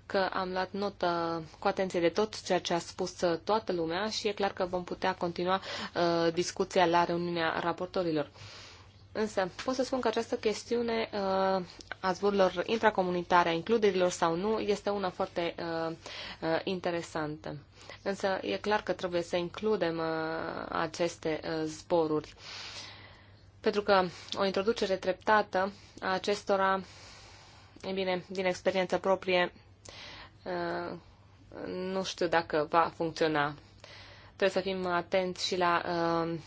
că am luat notă cu atenție de tot ceea ce a spus toată lumea și e clar că vom putea continua uh, discuția la reuniunea raportorilor. Însă, pot să spun că această chestiune uh, a zburilor intracomunitare, a includerilor sau nu, este una foarte uh, uh, interesantă însă e clar că trebuie să includem uh, aceste uh, zboruri. Pentru că o introducere treptată a acestora, e bine, din experiență proprie, uh, nu știu dacă va funcționa. Trebuie să fim atenți și la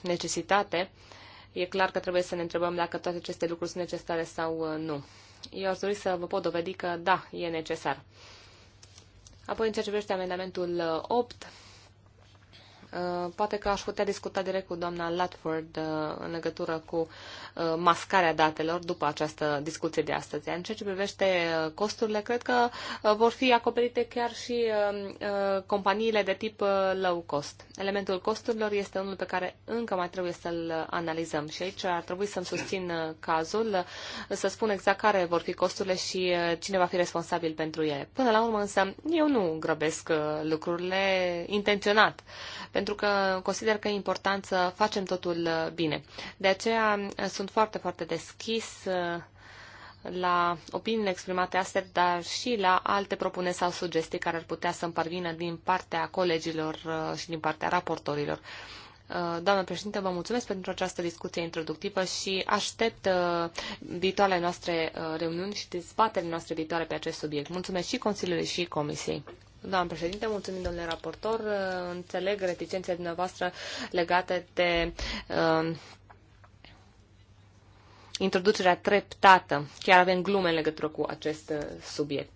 necesitate. E clar că trebuie să ne întrebăm dacă toate aceste lucruri sunt necesare sau nu. Eu aș dori să vă pot dovedi că da, e necesar. Apoi, în ce privește amendamentul 8, uh, Uh, poate că aș putea discuta direct cu doamna Latford uh, în legătură cu uh, mascarea datelor după această discuție de astăzi. În ceea ce privește costurile, cred că vor fi acoperite chiar și companiile de tip low cost. Elementul costurilor este unul pe care încă mai trebuie să-l analizăm și aici ar trebui să-mi susțin cazul, să spun exact care vor fi costurile și cine va fi responsabil pentru ele. Până la urmă însă eu nu grăbesc lucrurile intenționat pentru că consider că e important să facem totul uh, bine. De aceea uh, sunt foarte, foarte deschis uh, la opiniile exprimate astăzi, dar și la alte propuneri sau sugestii care ar putea să îmi din partea colegilor și din partea raportorilor. Doamnă președinte, vă mulțumesc pentru această discuție introductivă și aștept viitoarele noastre reuniuni și dezbaterile noastre viitoare pe acest subiect. Mulțumesc și Consiliului și Comisiei. Doamnă președinte, mulțumim, domnule raportor. Uh, înțeleg reticențele dumneavoastră legate de uh, introducerea treptată. Chiar avem glume în legătură cu acest uh, subiect.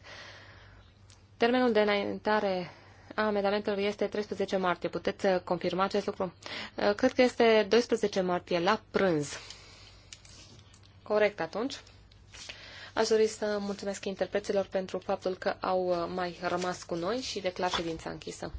Termenul de înaintare a amendamentelor este 13 martie. Puteți uh, confirma acest lucru? Cred că este 12 martie la prânz. Corect atunci. Aș dori să mulțumesc interpreților pentru faptul că au uh, mai rămas cu noi și declar ședința închisă.